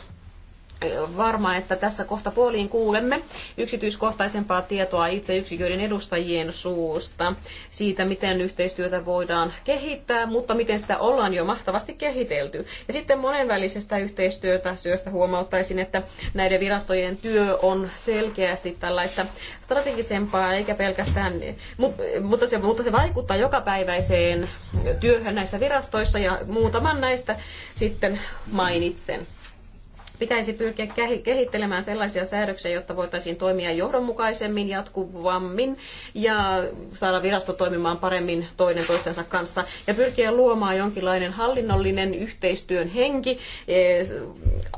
varma, että tässä kohta puoliin kuulemme yksityiskohtaisempaa tietoa itse yksiköiden edustajien suusta siitä, miten yhteistyötä voidaan kehittää, mutta miten sitä ollaan jo mahtavasti kehitelty. Ja sitten monenvälisestä yhteistyötä syöstä huomauttaisin, että näiden virastojen työ on selkeästi tällaista strategisempaa, eikä pelkästään, mutta se, mutta se vaikuttaa jokapäiväiseen työhön näissä virastoissa ja muutaman näistä sitten mainitsen. Pitäisi pyrkiä kehittelemään sellaisia säädöksiä, jotta voitaisiin toimia johdonmukaisemmin, jatkuvammin ja saada virasto toimimaan paremmin toinen toistensa kanssa ja pyrkiä luomaan jonkinlainen hallinnollinen yhteistyön henki eh,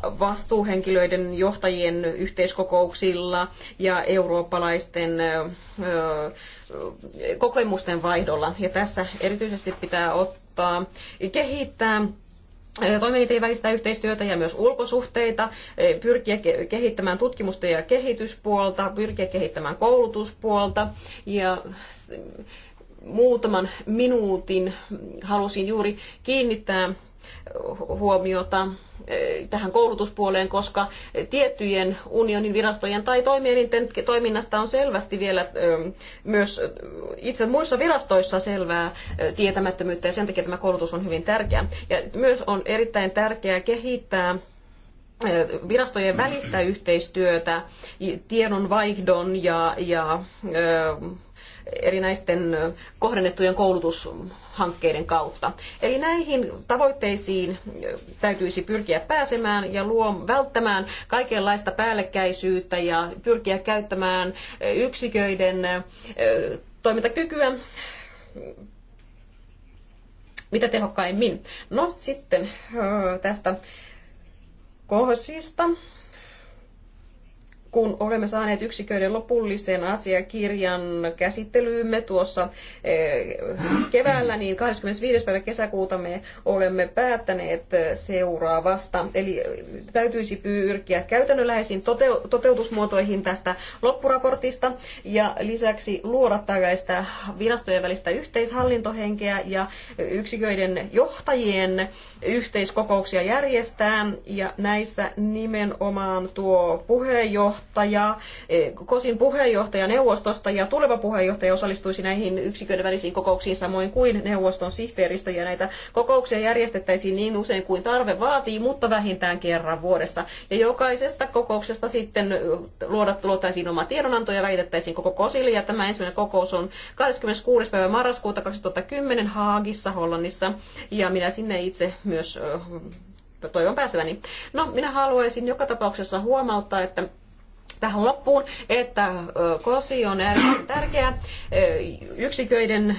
vastuuhenkilöiden johtajien yhteiskokouksilla ja eurooppalaisten eh, kokemusten vaihdolla. Ja tässä erityisesti pitää ottaa kehittää toimielinten välistä yhteistyötä ja myös ulkosuhteita, pyrkiä kehittämään tutkimusta ja kehityspuolta, pyrkiä kehittämään koulutuspuolta ja muutaman minuutin halusin juuri kiinnittää huomiota Eh, tähän koulutuspuoleen, koska tiettyjen unionin virastojen tai toimielinten toiminnasta on selvästi vielä eh, myös itse muissa virastoissa selvää eh, tietämättömyyttä ja sen takia tämä koulutus on hyvin tärkeä. Ja myös on erittäin tärkeää kehittää virastojen välistä yhteistyötä, tiedonvaihdon ja, ja erinäisten kohdennettujen koulutushankkeiden kautta. Eli näihin tavoitteisiin täytyisi pyrkiä pääsemään ja luom, välttämään kaikenlaista päällekkäisyyttä ja pyrkiä käyttämään yksiköiden toimintakykyä mitä tehokkaimmin. No sitten tästä kohosista kun olemme saaneet yksiköiden lopullisen asiakirjan käsittelyymme tuossa eh, keväällä, niin 25. päivä kesäkuuta me olemme päättäneet eh, seuraavasta. Eli eh, täytyisi pyrkiä käytännönläheisiin toteutusmuotoihin tästä loppuraportista ja lisäksi luoda tällaista virastojen välistä yhteishallintohenkeä ja yksiköiden johtajien yhteiskokouksia järjestää ja näissä nimenomaan tuo puheenjohtaja puheenjohtajaa, eh, KOSin puheenjohtajaneuvostosta ja tuleva puheenjohtaja osallistuisi näihin yksiköiden välisiin kokouksiin samoin kuin neuvoston sihteeristö ja näitä kokouksia järjestettäisiin niin usein kuin tarve vaatii, mutta vähintään kerran vuodessa. Ja jokaisesta kokouksesta sitten eh, luoda tulotaisiin oma tiedonanto ja väitettäisiin koko KOSille ja tämä ensimmäinen kokous on 26. päivä marraskuuta 2010 Haagissa, Hollannissa ja minä sinne itse myös eh, toivon pääseväni. No, minä haluaisin joka tapauksessa huomauttaa, että tähän loppuun, että KOSI on äärimmäisen tärkeä yksiköiden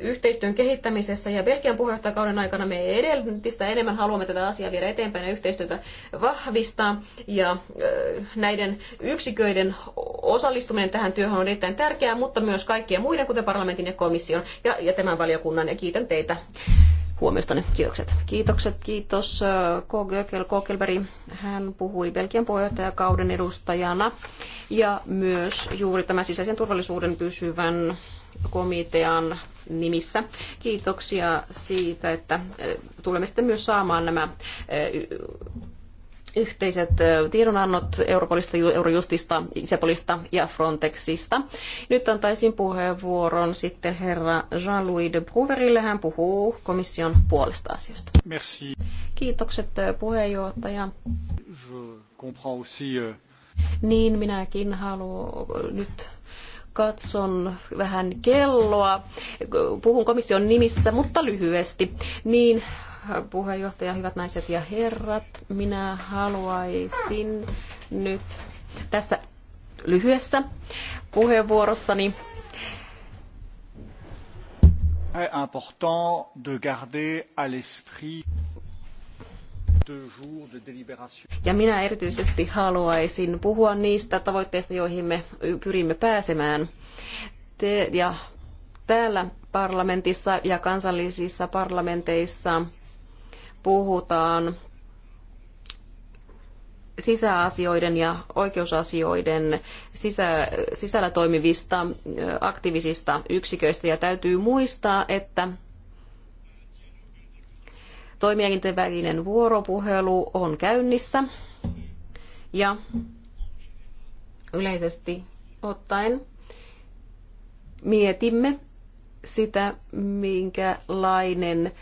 yhteistyön kehittämisessä ja Belgian puheenjohtajakauden aikana me edellistä enemmän haluamme tätä asiaa viedä eteenpäin ja yhteistyötä vahvistaa ja näiden yksiköiden osallistuminen tähän työhön on erittäin tärkeää, mutta myös kaikkien muiden, kuten parlamentin ja komission ja, ja tämän valiokunnan ja kiitän teitä huomiostanne. Kiitokset. Kiitokset. Kiitos äh, Kogel Kokelberg. Hän puhui Belgian puheenjohtajakauden edustajana ja myös juuri tämän sisäisen turvallisuuden pysyvän komitean nimissä. Kiitoksia siitä, että äh, tulemme sitten myös saamaan nämä äh, yhteiset tiedonannot Europolista, Eurojustista, sepolista ja Frontexista. Nyt antaisin puheenvuoron sitten herra Jean-Louis de Bruverille. Hän puhuu komission puolesta asioista. Merci. Kiitokset puheenjohtaja. Aussi... Niin, minäkin haluan nyt katson vähän kelloa. Puhun komission nimissä, mutta lyhyesti. Niin puheenjohtaja, hyvät naiset ja herrat. Minä haluaisin nyt tässä lyhyessä puheenvuorossani important de garder à l'esprit ja minä erityisesti haluaisin puhua niistä tavoitteista, joihin me pyrimme pääsemään. Te, ja täällä parlamentissa ja kansallisissa parlamenteissa puhutaan sisäasioiden ja oikeusasioiden sisä, sisällä toimivista aktiivisista yksiköistä. Ja täytyy muistaa, että toimielinten välinen vuoropuhelu on käynnissä ja yleisesti ottaen mietimme sitä, minkälainen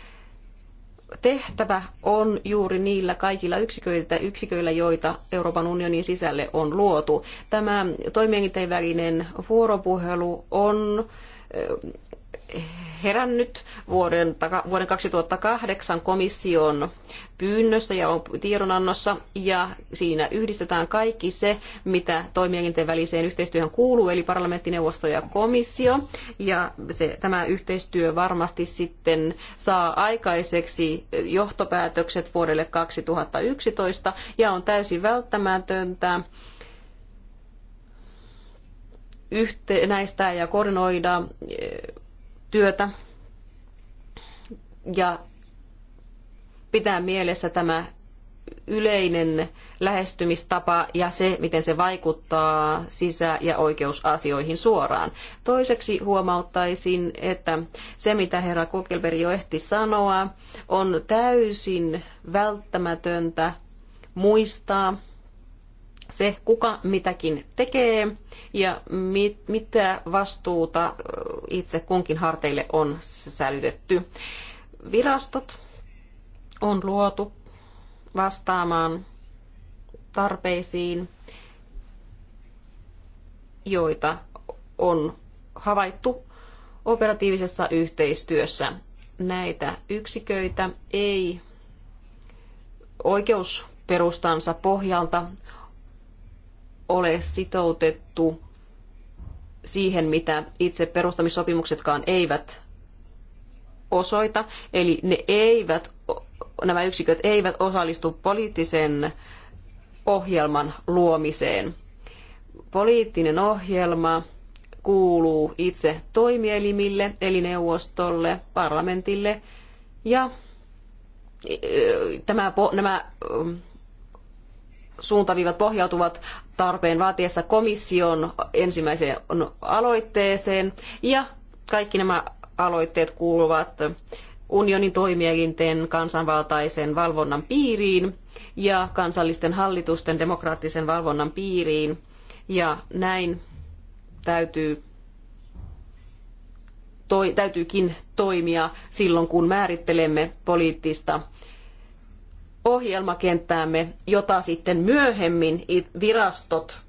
tehtävä on juuri niillä kaikilla yksiköillä, yksiköillä joita Euroopan unionin sisälle on luotu. Tämä toimielinten välinen vuoropuhelu on herännyt vuoden, vuoden 2008 komission pyynnössä ja on tiedonannossa, ja siinä yhdistetään kaikki se, mitä toimielinten väliseen yhteistyöhön kuuluu, eli parlamenttineuvosto ja komissio, ja se, tämä yhteistyö varmasti sitten saa aikaiseksi johtopäätökset vuodelle 2011, ja on täysin välttämätöntä, yhtenäistää ja koordinoida työtä ja pitää mielessä tämä yleinen lähestymistapa ja se, miten se vaikuttaa sisä- ja oikeusasioihin suoraan. Toiseksi huomauttaisin, että se, mitä herra Kokelberg jo ehti sanoa, on täysin välttämätöntä muistaa – se, kuka mitäkin tekee ja mit, mitä vastuuta itse kunkin harteille on sälytetty. Virastot on luotu vastaamaan tarpeisiin, joita on havaittu operatiivisessa yhteistyössä. Näitä yksiköitä ei oikeusperustansa pohjalta ole sitoutettu siihen, mitä itse perustamissopimuksetkaan eivät osoita. Eli ne eivät, nämä yksiköt eivät osallistu poliittisen ohjelman luomiseen. Poliittinen ohjelma kuuluu itse toimielimille, eli neuvostolle, parlamentille ja tämä, nämä suuntaviivat pohjautuvat tarpeen vaatiessa komission ensimmäiseen aloitteeseen ja kaikki nämä aloitteet kuuluvat unionin toimielinten kansanvaltaisen valvonnan piiriin ja kansallisten hallitusten demokraattisen valvonnan piiriin. Ja näin täytyy toi, täytyykin toimia silloin, kun määrittelemme poliittista ohjelmakenttäämme, jota sitten myöhemmin virastot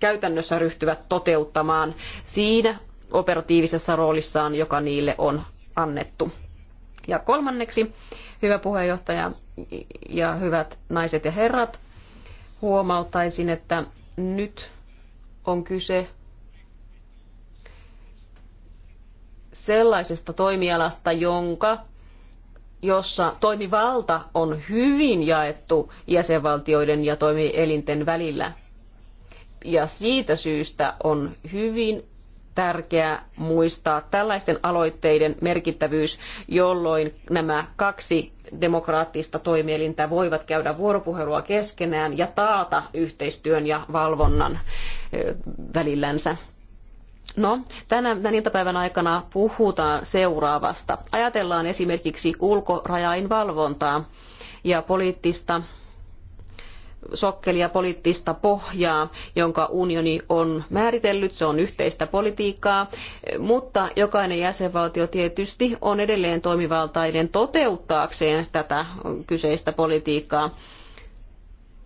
käytännössä ryhtyvät toteuttamaan siinä operatiivisessa roolissaan, joka niille on annettu. Ja kolmanneksi, hyvä puheenjohtaja ja hyvät naiset ja herrat, huomauttaisin, että nyt on kyse sellaisesta toimialasta, jonka jossa toimivalta on hyvin jaettu jäsenvaltioiden ja toimielinten välillä. Ja siitä syystä on hyvin tärkeää muistaa tällaisten aloitteiden merkittävyys, jolloin nämä kaksi demokraattista toimielintä voivat käydä vuoropuhelua keskenään ja taata yhteistyön ja valvonnan välillänsä. No, tänä, tämän iltapäivän aikana puhutaan seuraavasta. Ajatellaan esimerkiksi ulkorajain valvontaa ja poliittista sokkelia poliittista pohjaa, jonka unioni on määritellyt. Se on yhteistä politiikkaa, mutta jokainen jäsenvaltio tietysti on edelleen toimivaltainen toteuttaakseen tätä kyseistä politiikkaa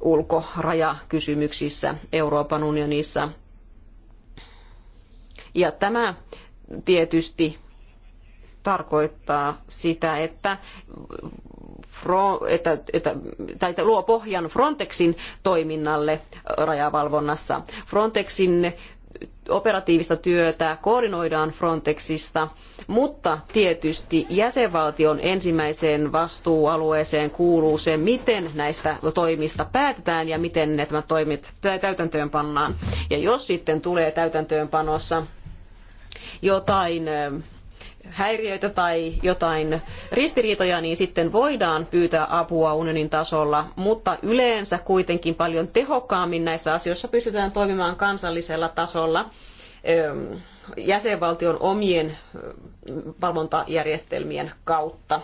ulkorajakysymyksissä Euroopan unionissa. Ja tämä tietysti tarkoittaa sitä, että, fro, että, että tai luo pohjan Frontexin toiminnalle rajavalvonnassa. Frontexin operatiivista työtä koordinoidaan Frontexista, mutta tietysti jäsenvaltion ensimmäiseen vastuualueeseen kuuluu se, miten näistä toimista päätetään ja miten ne toimit täytäntöön pannaan. Ja jos sitten tulee täytäntöönpanossa jotain häiriöitä tai jotain ristiriitoja, niin sitten voidaan pyytää apua unionin tasolla, mutta yleensä kuitenkin paljon tehokkaammin näissä asioissa pystytään toimimaan kansallisella tasolla jäsenvaltion omien valvontajärjestelmien kautta.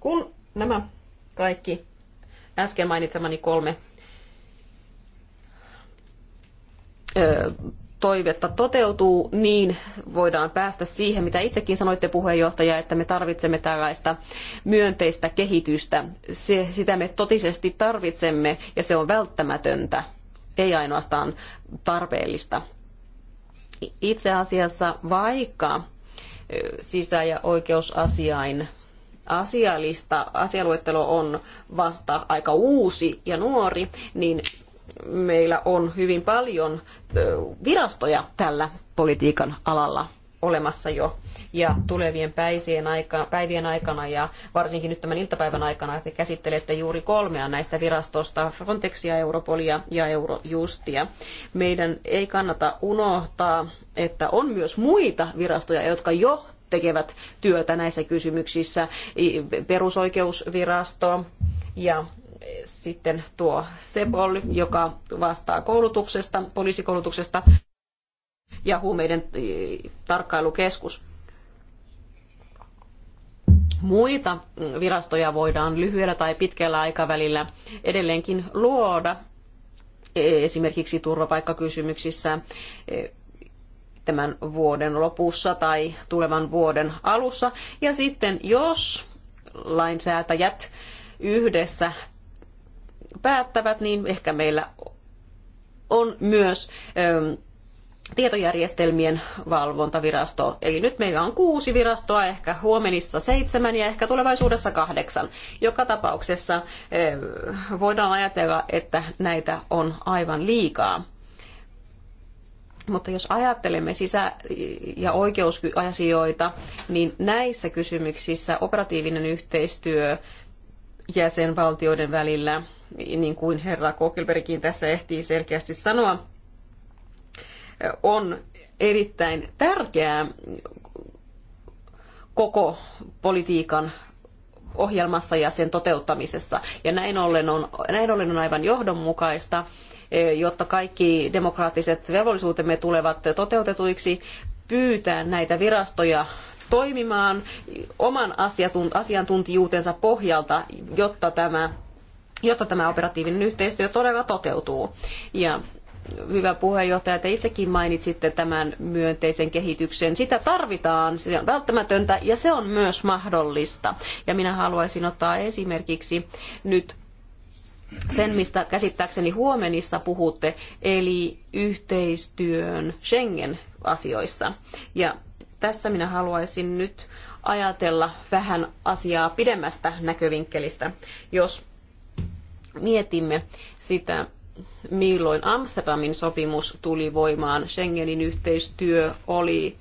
Kun nämä kaikki äsken mainitsemani kolme toivetta toteutuu, niin voidaan päästä siihen, mitä itsekin sanoitte puheenjohtaja, että me tarvitsemme tällaista myönteistä kehitystä. Se, sitä me totisesti tarvitsemme ja se on välttämätöntä, ei ainoastaan tarpeellista. Itse asiassa vaikka sisä- ja oikeusasiain asialista, asialuettelo on vasta aika uusi ja nuori, niin meillä on hyvin paljon virastoja tällä politiikan alalla olemassa jo. Ja tulevien päivien aikana ja varsinkin nyt tämän iltapäivän aikana te käsittelette juuri kolmea näistä virastosta, Frontexia, Europolia ja Eurojustia. Meidän ei kannata unohtaa, että on myös muita virastoja, jotka jo tekevät työtä näissä kysymyksissä, perusoikeusvirasto ja sitten tuo Sebol, joka vastaa koulutuksesta, poliisikoulutuksesta ja huumeiden e, tarkkailukeskus. Muita virastoja voidaan lyhyellä tai pitkällä aikavälillä edelleenkin luoda, e, esimerkiksi turvapaikkakysymyksissä e, tämän vuoden lopussa tai tulevan vuoden alussa. Ja sitten jos lainsäätäjät yhdessä päättävät, niin ehkä meillä on myös ähm, tietojärjestelmien valvontavirasto. Eli nyt meillä on kuusi virastoa, ehkä huomenissa seitsemän ja ehkä tulevaisuudessa kahdeksan. Joka tapauksessa äh, voidaan ajatella, että näitä on aivan liikaa. Mutta jos ajattelemme sisä- ja oikeusasioita, niin näissä kysymyksissä operatiivinen yhteistyö jäsenvaltioiden välillä, niin kuin herra Kokelbergkin tässä ehtii selkeästi sanoa, on erittäin tärkeää koko politiikan ohjelmassa ja sen toteuttamisessa. Ja näin ollen on, näin ollen on aivan johdonmukaista, jotta kaikki demokraattiset velvollisuutemme tulevat toteutetuiksi, pyytää näitä virastoja toimimaan oman asiantuntijuutensa pohjalta, jotta tämä, jotta tämä operatiivinen yhteistyö todella toteutuu. Ja hyvä puheenjohtaja, te itsekin mainitsitte tämän myönteisen kehityksen. Sitä tarvitaan, se on välttämätöntä ja se on myös mahdollista. Ja minä haluaisin ottaa esimerkiksi nyt sen, mistä käsittääkseni huomenissa puhutte, eli yhteistyön Schengen-asioissa. Ja tässä minä haluaisin nyt ajatella vähän asiaa pidemmästä näkövinkkelistä. Jos mietimme sitä, milloin Amsterdamin sopimus tuli voimaan, Schengenin yhteistyö oli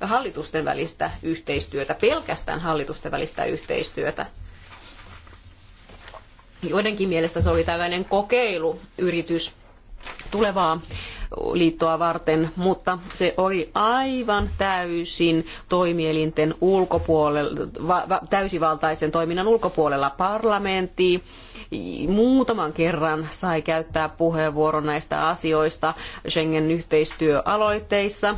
hallitusten välistä yhteistyötä, pelkästään hallitusten välistä yhteistyötä. Joidenkin mielestä se oli tällainen kokeiluyritys tulevaa liittoa varten, mutta se oli aivan täysin toimielinten ulkopuolella, täysivaltaisen toiminnan ulkopuolella parlamentti. Muutaman kerran sai käyttää puheenvuoron näistä asioista Schengen-yhteistyöaloitteissa,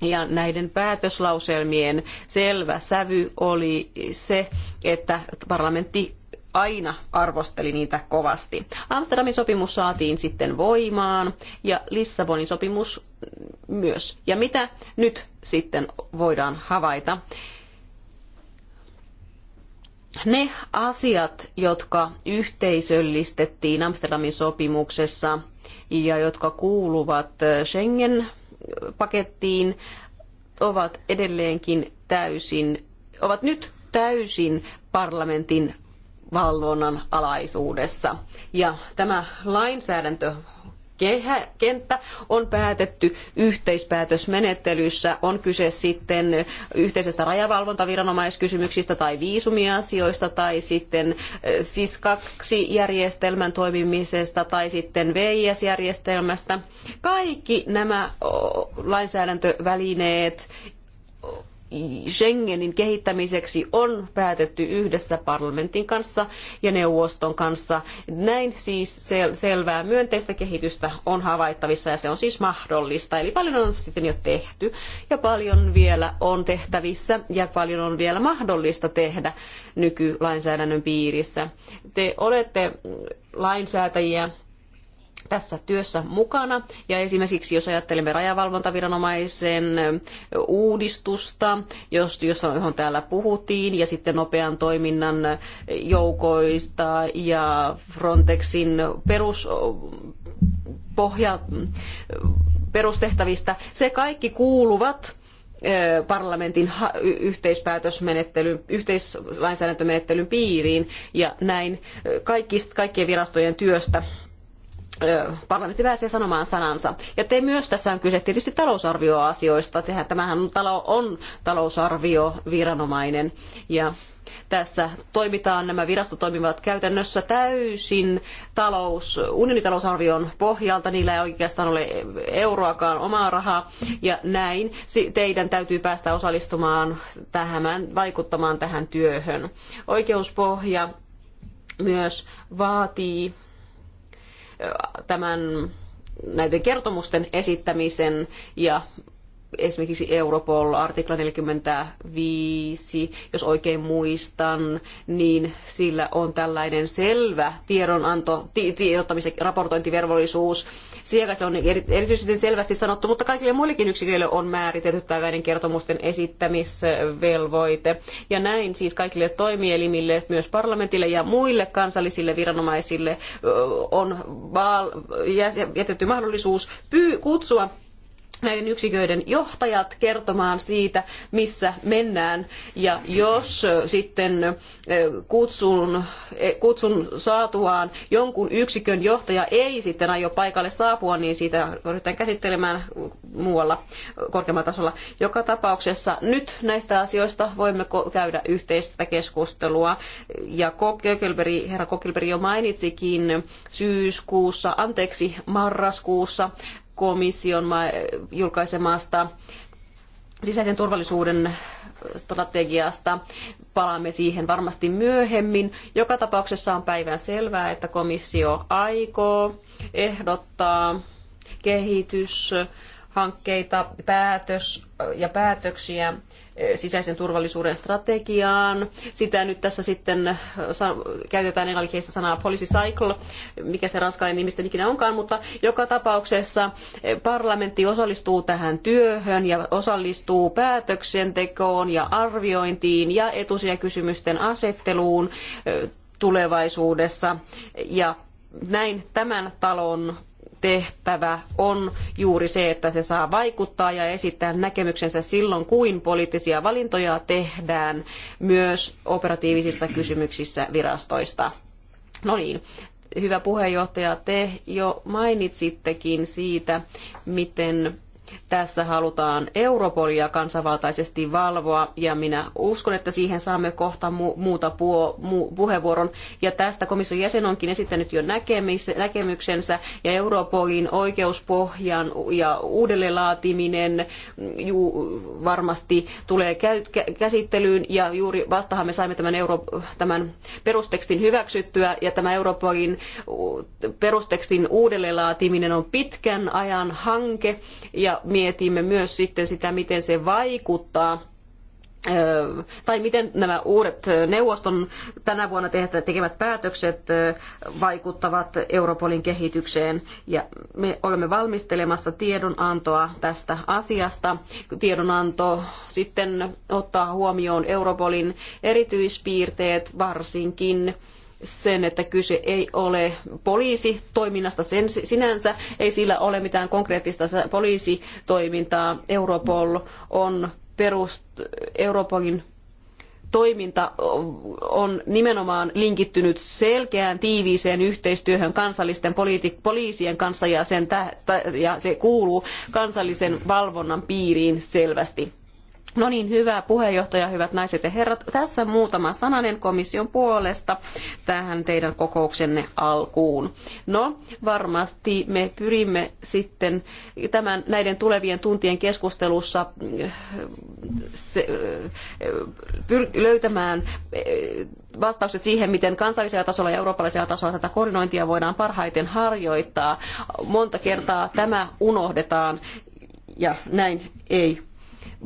ja näiden päätöslauselmien selvä sävy oli se, että parlamentti aina arvosteli niitä kovasti. Amsterdamin sopimus saatiin sitten voimaan ja Lissabonin sopimus myös. Ja mitä nyt sitten voidaan havaita? Ne asiat, jotka yhteisöllistettiin Amsterdamin sopimuksessa ja jotka kuuluvat Schengen-pakettiin, ovat edelleenkin täysin, ovat nyt täysin parlamentin valvonnan alaisuudessa. Ja tämä lainsäädäntö kenttä on päätetty yhteispäätösmenettelyssä. On kyse sitten yhteisestä rajavalvontaviranomaiskysymyksistä tai viisumiasioista tai sitten eh, siis kaksi järjestelmän toimimisesta tai sitten VIS-järjestelmästä. Kaikki nämä lainsäädäntövälineet Schengenin kehittämiseksi on päätetty yhdessä parlamentin kanssa ja neuvoston kanssa. Näin siis sel- selvää myönteistä kehitystä on havaittavissa ja se on siis mahdollista. Eli paljon on sitten jo tehty ja paljon vielä on tehtävissä ja paljon on vielä mahdollista tehdä nykylainsäädännön piirissä. Te olette lainsäätäjiä tässä työssä mukana. Ja esimerkiksi jos ajattelemme rajavalvontaviranomaisen uudistusta, jos, jos johon täällä puhuttiin, ja sitten nopean toiminnan joukoista ja Frontexin perus pohja, perustehtävistä, se kaikki kuuluvat parlamentin yhteispäätösmenettelyn, yhteislainsäädäntömenettelyn piiriin ja näin kaikkien virastojen työstä parlamentti pääsee sanomaan sanansa. Ja te myös tässä on kyse tietysti talousarvioasioista. tämähän on, talo, on talousarvioviranomainen ja tässä toimitaan, nämä virastot toimivat käytännössä täysin talous, unionitalousarvion pohjalta, niillä ei oikeastaan ole euroakaan omaa rahaa ja näin teidän täytyy päästä osallistumaan tähän, vaikuttamaan tähän työhön. Oikeuspohja myös vaatii tämän näiden kertomusten esittämisen ja esimerkiksi Europol, artikla 45, jos oikein muistan, niin sillä on tällainen selvä tiedonanto, tiedottamisen raportointivelvollisuus. Siellä se on erityisesti selvästi sanottu, mutta kaikille muillekin yksiköille on määritelty tällainen kertomusten esittämisvelvoite. Ja näin siis kaikille toimielimille, myös parlamentille ja muille kansallisille viranomaisille on jätetty mahdollisuus kutsua näiden yksiköiden johtajat kertomaan siitä, missä mennään. Ja jos sitten kutsun, e, kutsun saatuaan jonkun yksikön johtaja ei sitten aio paikalle saapua, niin siitä ryhdytään käsittelemään muualla korkeammalla tasolla. Joka tapauksessa nyt näistä asioista voimme käydä yhteistä keskustelua. Ja Kokelberi, herra Kokelberi jo mainitsikin syyskuussa, anteeksi marraskuussa komission julkaisemasta sisäisen turvallisuuden strategiasta. Palaamme siihen varmasti myöhemmin. Joka tapauksessa on päivän selvää, että komissio aikoo ehdottaa kehityshankkeita, päätös ja päätöksiä sisäisen turvallisuuden strategiaan. Sitä nyt tässä sitten äh, käytetään englanniksi sanaa policy cycle, mikä se ranskalainen nimistä ikinä onkaan, mutta joka tapauksessa eh, parlamentti osallistuu tähän työhön ja osallistuu päätöksentekoon ja arviointiin ja etusijakysymysten asetteluun eh, tulevaisuudessa ja näin tämän talon tehtävä on juuri se, että se saa vaikuttaa ja esittää näkemyksensä silloin, kuin poliittisia valintoja tehdään myös operatiivisissa kysymyksissä virastoista. No niin, hyvä puheenjohtaja, te jo mainitsittekin siitä, miten tässä halutaan Europolia kansanvaltaisesti valvoa ja minä uskon, että siihen saamme kohta mu- muuta puo- mu- puheenvuoron. Ja tästä komission jäsen onkin esittänyt jo näkemyksensä ja Europolin oikeuspohjan ja uudelleenlaatiminen ju- varmasti tulee käy- käsittelyyn ja juuri vastahan me saimme tämän, Euro- tämän perustekstin hyväksyttyä ja tämä Europolin perustekstin uudelleenlaatiminen on pitkän ajan hanke ja mietimme myös sitten sitä, miten se vaikuttaa tai miten nämä uudet neuvoston tänä vuonna tekemät päätökset vaikuttavat Europolin kehitykseen. Ja me olemme valmistelemassa tiedonantoa tästä asiasta. Tiedonanto sitten ottaa huomioon Europolin erityispiirteet varsinkin sen, että kyse ei ole poliisitoiminnasta sen, sinänsä, ei sillä ole mitään konkreettista poliisitoimintaa. Europol on perust, Europolin toiminta on nimenomaan linkittynyt selkeään tiiviiseen yhteistyöhön kansallisten poliisien kanssa ja, sen ja se kuuluu kansallisen valvonnan piiriin selvästi. No niin, hyvä puheenjohtaja, hyvät naiset ja herrat. Tässä muutama sananen komission puolesta tähän teidän kokouksenne alkuun. No, varmasti me pyrimme sitten tämän, näiden tulevien tuntien keskustelussa äh, se, äh, pyr, löytämään äh, vastaukset siihen, miten kansallisella tasolla ja eurooppalaisella tasolla tätä koordinointia voidaan parhaiten harjoittaa. Monta kertaa tämä unohdetaan ja näin ei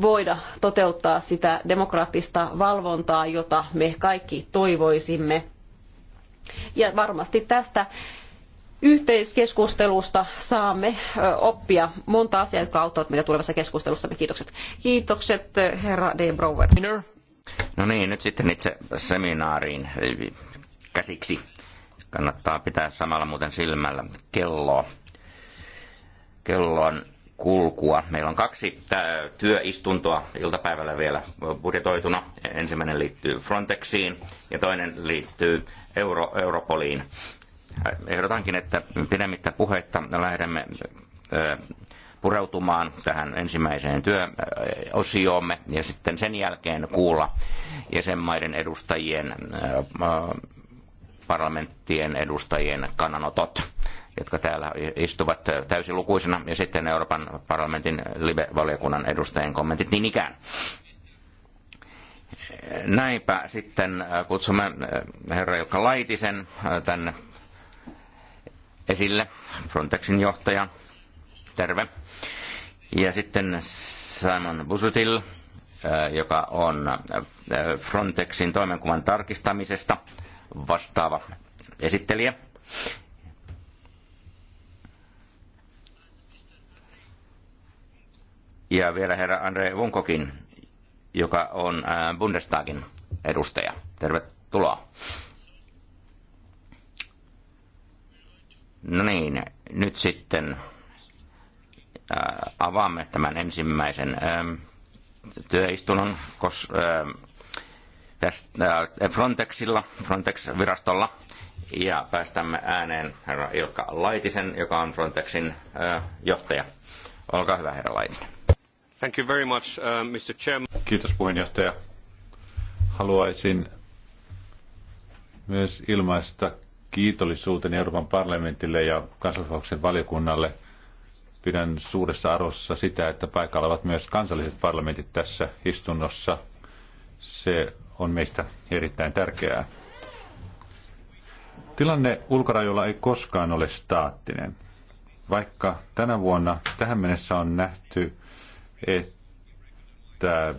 voida toteuttaa sitä demokraattista valvontaa, jota me kaikki toivoisimme. Ja varmasti tästä yhteiskeskustelusta saamme oppia monta asiaa, jotka auttavat meitä tulevassa keskustelussamme. Kiitokset. Kiitokset herra De Brouwer. No niin, nyt sitten itse seminaariin käsiksi. Kannattaa pitää samalla muuten silmällä kelloa. Kello on kulkua. Meillä on kaksi työistuntoa iltapäivällä vielä budjetoituna. Ensimmäinen liittyy Frontexiin ja toinen liittyy Euro, Europoliin. Ehdotankin, että pidemmittä puheitta lähdemme pureutumaan tähän ensimmäiseen työosioomme ja sitten sen jälkeen kuulla jäsenmaiden edustajien, parlamenttien edustajien kannanotot jotka täällä istuvat täysilukuisena, ja sitten Euroopan parlamentin live-valiokunnan edustajien kommentit niin ikään. Näinpä sitten äh, kutsumme äh, herra Jukka Laitisen äh, tänne esille, Frontexin johtaja. Terve. Ja sitten Simon Busutil, joka on Frontexin toimenkuvan tarkistamisesta vastaava esittelijä. ja vielä herra Andre Vunkokin, joka on äh, Bundestagin edustaja. Tervetuloa. No niin, nyt sitten äh, avaamme tämän ensimmäisen ähm, työistunnon kos, ähm, tästä, äh, Frontexilla, Frontex-virastolla. Ja päästämme ääneen herra Ilkka Laitisen, joka on Frontexin johtaja. Olkaa hyvä, herra Laitinen. Thank uh, Kiitos puheenjohtaja. Haluaisin myös ilmaista kiitollisuuteni Euroopan parlamentille ja kansallisvauksen valiokunnalle. Pidän suuressa arvossa sitä, että paikalla ovat myös kansalliset parlamentit tässä istunnossa. Se on meistä erittäin tärkeää. Tilanne ulkorajoilla ei koskaan ole staattinen. Vaikka tänä vuonna tähän mennessä on nähty että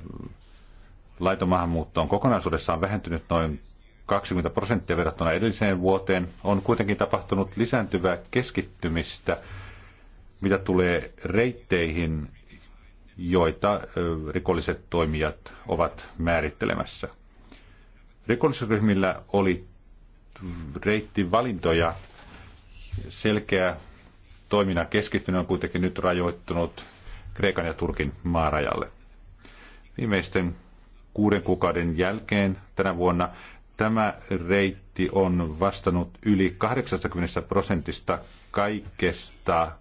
laiton maahanmuutto on kokonaisuudessaan vähentynyt noin 20 prosenttia verrattuna edelliseen vuoteen, on kuitenkin tapahtunut lisääntyvää keskittymistä, mitä tulee reitteihin, joita rikolliset toimijat ovat määrittelemässä. Rikollisryhmillä oli reittivalintoja selkeä toiminnan keskittyminen on kuitenkin nyt rajoittunut Kreikan ja Turkin maarajalle. Viimeisten kuuden kuukauden jälkeen tänä vuonna tämä reitti on vastannut yli 80 prosentista kaikesta,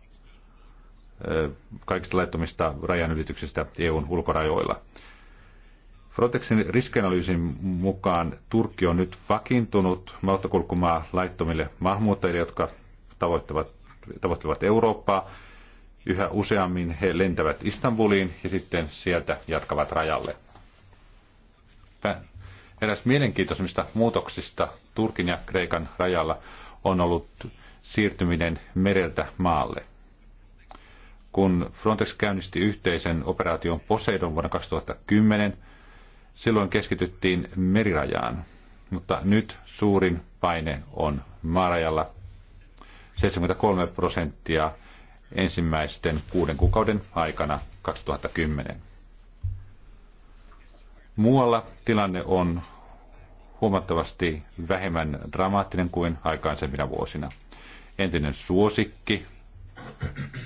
kaikista laittomista rajanylityksistä EUn ulkorajoilla. Frontexin riskianalyysin mukaan Turkki on nyt vakiintunut mauttakulkumaa laittomille maahanmuuttajille, jotka tavoittavat, tavoittavat Eurooppaa Yhä useammin he lentävät Istanbuliin ja sitten sieltä jatkavat rajalle. Eräs mielenkiintoisimmista muutoksista Turkin ja Kreikan rajalla on ollut siirtyminen mereltä maalle. Kun Frontex käynnisti yhteisen operaation Poseidon vuonna 2010, silloin keskityttiin merirajaan, mutta nyt suurin paine on maarajalla. 73 prosenttia ensimmäisten kuuden kuukauden aikana 2010. Muualla tilanne on huomattavasti vähemmän dramaattinen kuin aikaisemmina vuosina. Entinen suosikki,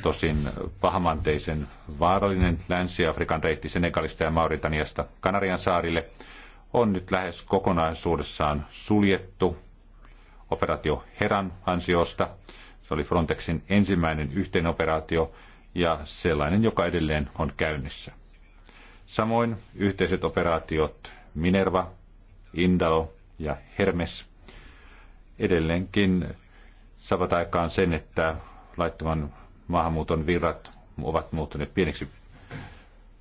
tosin pahamanteisen vaarallinen Länsi-Afrikan reitti Senegalista ja Mauritaniasta Kanarian saarille, on nyt lähes kokonaisuudessaan suljettu operaatio Heran ansiosta – se oli Frontexin ensimmäinen yhteenoperaatio ja sellainen, joka edelleen on käynnissä. Samoin yhteiset operaatiot Minerva, Indalo ja Hermes edelleenkin saavat aikaan sen, että laittoman maahanmuuton virrat ovat muuttuneet pieniksi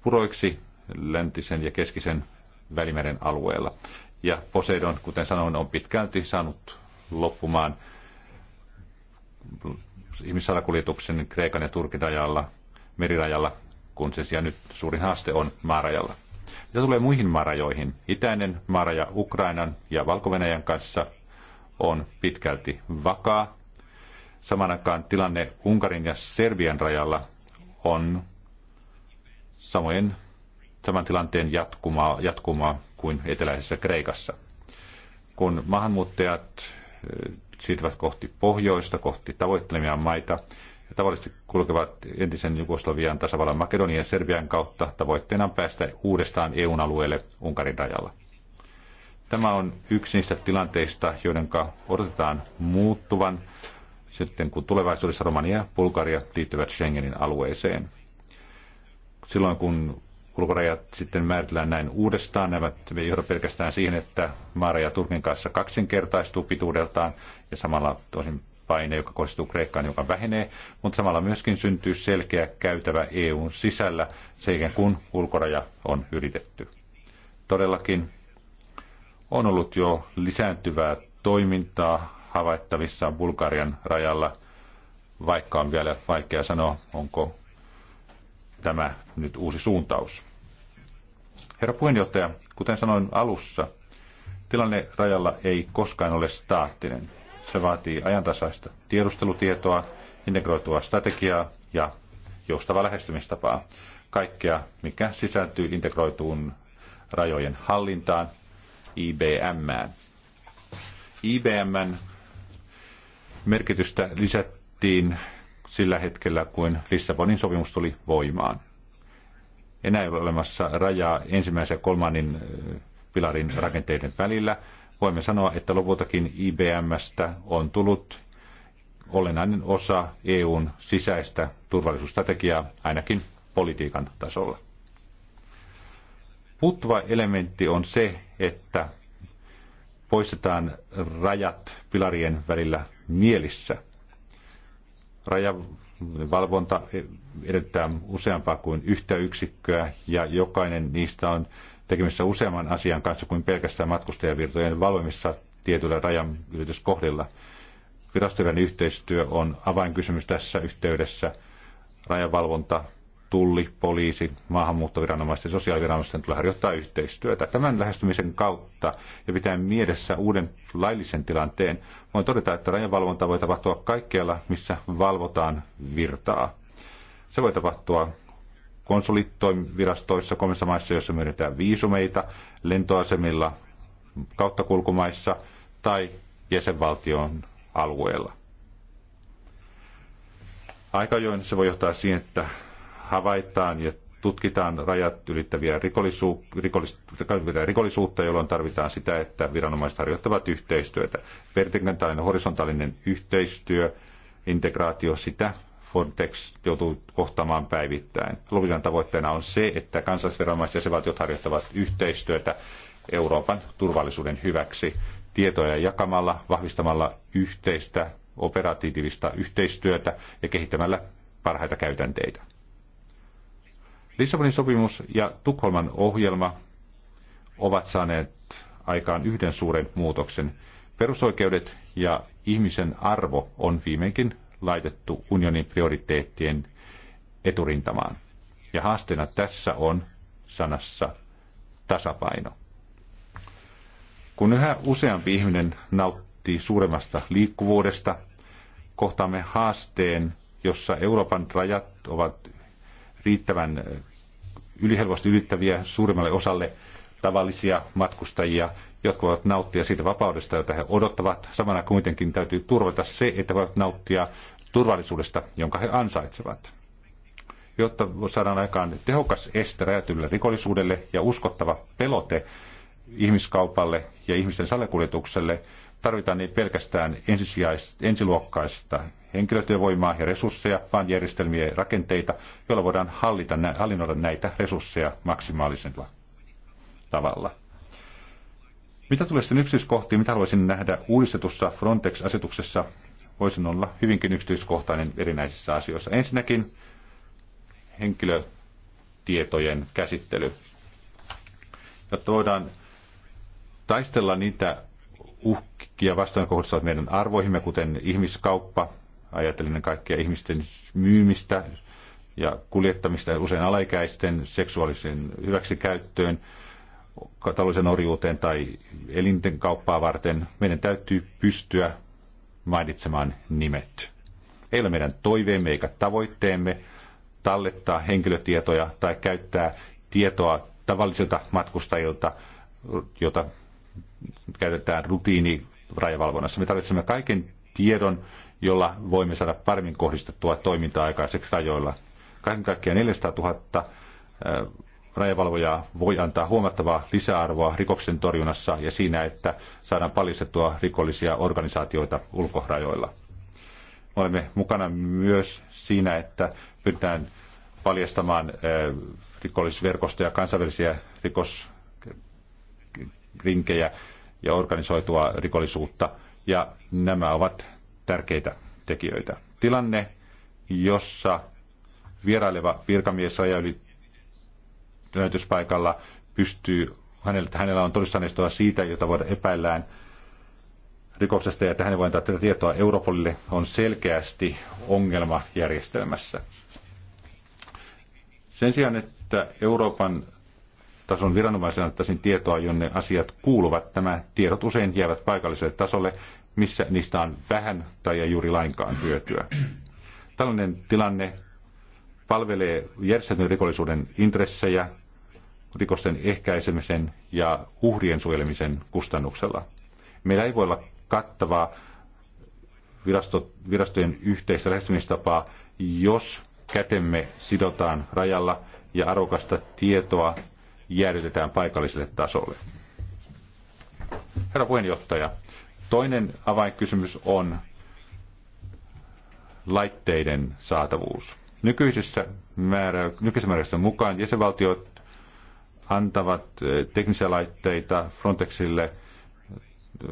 puroiksi läntisen ja keskisen Välimeren alueella. Ja Poseidon, kuten sanoin, on pitkälti saanut loppumaan ihmissalakuljetuksen Kreikan ja Turkin rajalla, merirajalla, kun se siellä nyt suurin haaste on maarajalla. Mitä tulee muihin maarajoihin, itäinen maaraja Ukrainan ja valko kanssa on pitkälti vakaa. Saman aikaan tilanne Unkarin ja Serbian rajalla on samoin tämän tilanteen jatkumaa, jatkumaa kuin eteläisessä Kreikassa. Kun maahanmuuttajat siirtyvät kohti pohjoista, kohti tavoittelemiaan maita ja tavallisesti kulkevat entisen Jugoslavian tasavallan Makedonian ja Serbian kautta tavoitteena päästä uudestaan eu alueelle Unkarin rajalla. Tämä on yksi niistä tilanteista, joiden odotetaan muuttuvan sitten, kun tulevaisuudessa Romania ja Bulgaria liittyvät Schengenin alueeseen. Silloin kun ulkorajat sitten määritellään näin uudestaan. Ne eivät johda pelkästään siihen, että maaraja Turkin kanssa kaksinkertaistuu pituudeltaan ja samalla tosin paine, joka kohdistuu Kreikkaan, joka vähenee, mutta samalla myöskin syntyy selkeä käytävä EUn sisällä sen kun ulkoraja on yritetty. Todellakin on ollut jo lisääntyvää toimintaa havaittavissa Bulgarian rajalla, vaikka on vielä vaikea sanoa, onko tämä nyt uusi suuntaus. Herra puheenjohtaja, kuten sanoin alussa, tilanne rajalla ei koskaan ole staattinen. Se vaatii ajantasaista tiedustelutietoa, integroitua strategiaa ja joustavaa lähestymistapaa. Kaikkea, mikä sisältyy integroituun rajojen hallintaan, IBM. IBM merkitystä lisättiin sillä hetkellä, kun Lissabonin sopimus tuli voimaan. Enää ei ole olemassa rajaa ensimmäisen ja kolmannen pilarin rakenteiden välillä. Voimme sanoa, että lopultakin IBMstä on tullut olennainen osa EUn sisäistä turvallisuusstrategiaa, ainakin politiikan tasolla. Puuttuva elementti on se, että poistetaan rajat pilarien välillä mielissä – Rajavalvonta edellyttää useampaa kuin yhtä yksikköä ja jokainen niistä on tekemissä useamman asian kanssa kuin pelkästään matkustajavirtojen valvomissa tietyillä rajanylityskohdilla. Virastojen yhteistyö on avainkysymys tässä yhteydessä. Rajavalvonta tulli, poliisi, maahanmuuttoviranomaisten ja sosiaaliviranomaisten tulee harjoittaa yhteistyötä. Tämän lähestymisen kautta ja pitää mielessä uuden laillisen tilanteen, voin todeta, että rajavalvonta voi tapahtua kaikkialla, missä valvotaan virtaa. Se voi tapahtua konsulittoimivirastoissa, komissa maissa, joissa myönnetään viisumeita, lentoasemilla, kauttakulkumaissa tai jäsenvaltion alueella. Aika se voi johtaa siihen, että havaitaan ja tutkitaan rajat ylittäviä rikollisu- rikollis- rikollisuutta, jolloin tarvitaan sitä, että viranomaiset harjoittavat yhteistyötä. Vertikaalinen horisontaalinen yhteistyö, integraatio sitä Frontex joutuu kohtaamaan päivittäin. Luvisan tavoitteena on se, että kansallisviranomaiset ja jäsenvaltiot harjoittavat yhteistyötä Euroopan turvallisuuden hyväksi tietoja jakamalla, vahvistamalla yhteistä operatiivista yhteistyötä ja kehittämällä parhaita käytänteitä. Lissabonin sopimus ja Tukholman ohjelma ovat saaneet aikaan yhden suuren muutoksen. Perusoikeudet ja ihmisen arvo on viimeinkin laitettu unionin prioriteettien eturintamaan. Ja haasteena tässä on sanassa tasapaino. Kun yhä useampi ihminen nauttii suuremmasta liikkuvuudesta, kohtaamme haasteen, jossa Euroopan rajat ovat riittävän ylihelvosti ylittäviä suurimmalle osalle tavallisia matkustajia, jotka voivat nauttia siitä vapaudesta, jota he odottavat. Samana kuitenkin täytyy turvata se, että voivat nauttia turvallisuudesta, jonka he ansaitsevat. Jotta saadaan aikaan tehokas este räätylle rikollisuudelle ja uskottava pelote ihmiskaupalle ja ihmisten salakuljetukselle, tarvitaan niin pelkästään ensiluokkaista henkilötyövoimaa ja resursseja, vaan järjestelmiä ja rakenteita, joilla voidaan hallita, hallinnoida näitä resursseja maksimaalisella tavalla. Mitä tulee sitten yksityiskohtiin, mitä haluaisin nähdä uudistetussa Frontex-asetuksessa, voisin olla hyvinkin yksityiskohtainen erinäisissä asioissa. Ensinnäkin henkilötietojen käsittely, jotta voidaan taistella niitä uhkia vastaan kohdistuvat meidän arvoihimme, kuten ihmiskauppa, ajatellen kaikkia ihmisten myymistä ja kuljettamista usein alaikäisten seksuaalisen hyväksikäyttöön, taloudellisen orjuuteen tai elinten kauppaa varten, meidän täytyy pystyä mainitsemaan nimet. Ei ole meidän toiveemme eikä tavoitteemme tallettaa henkilötietoja tai käyttää tietoa tavallisilta matkustajilta, jota käytetään rutiini rajavalvonnassa. Me tarvitsemme kaiken tiedon, jolla voimme saada paremmin kohdistettua toimintaa aikaiseksi rajoilla. Kaiken kaikkiaan 400 000 rajavalvoja voi antaa huomattavaa lisäarvoa rikoksen torjunnassa ja siinä, että saadaan paljastettua rikollisia organisaatioita ulkorajoilla. olemme mukana myös siinä, että pyritään paljastamaan rikollisverkostoja, kansainvälisiä rikosrinkejä ja organisoitua rikollisuutta. Ja nämä ovat tärkeitä tekijöitä. Tilanne, jossa vieraileva virkamies rajanylityspaikalla pystyy, hänellä, hänellä on todistaneistoa siitä, jota voidaan epäillään rikoksesta ja että hän voi antaa tätä tietoa Europolille, on selkeästi ongelma järjestelmässä. Sen sijaan, että Euroopan tason viranomaisena annettaisiin tietoa, jonne asiat kuuluvat, nämä tiedot usein jäävät paikalliselle tasolle missä niistä on vähän tai ei juuri lainkaan hyötyä. Tällainen tilanne palvelee järjestetyn rikollisuuden intressejä rikosten ehkäisemisen ja uhrien suojelemisen kustannuksella. Meillä ei voi olla kattavaa virasto, virastojen yhteistä lähestymistapaa, jos kätemme sidotaan rajalla ja arvokasta tietoa jäädytetään paikalliselle tasolle. Herra puheenjohtaja, Toinen avainkysymys on laitteiden saatavuus. Nykyisessä, määrä, nykyisessä määrässä mukaan jäsenvaltiot antavat eh, teknisiä laitteita Frontexille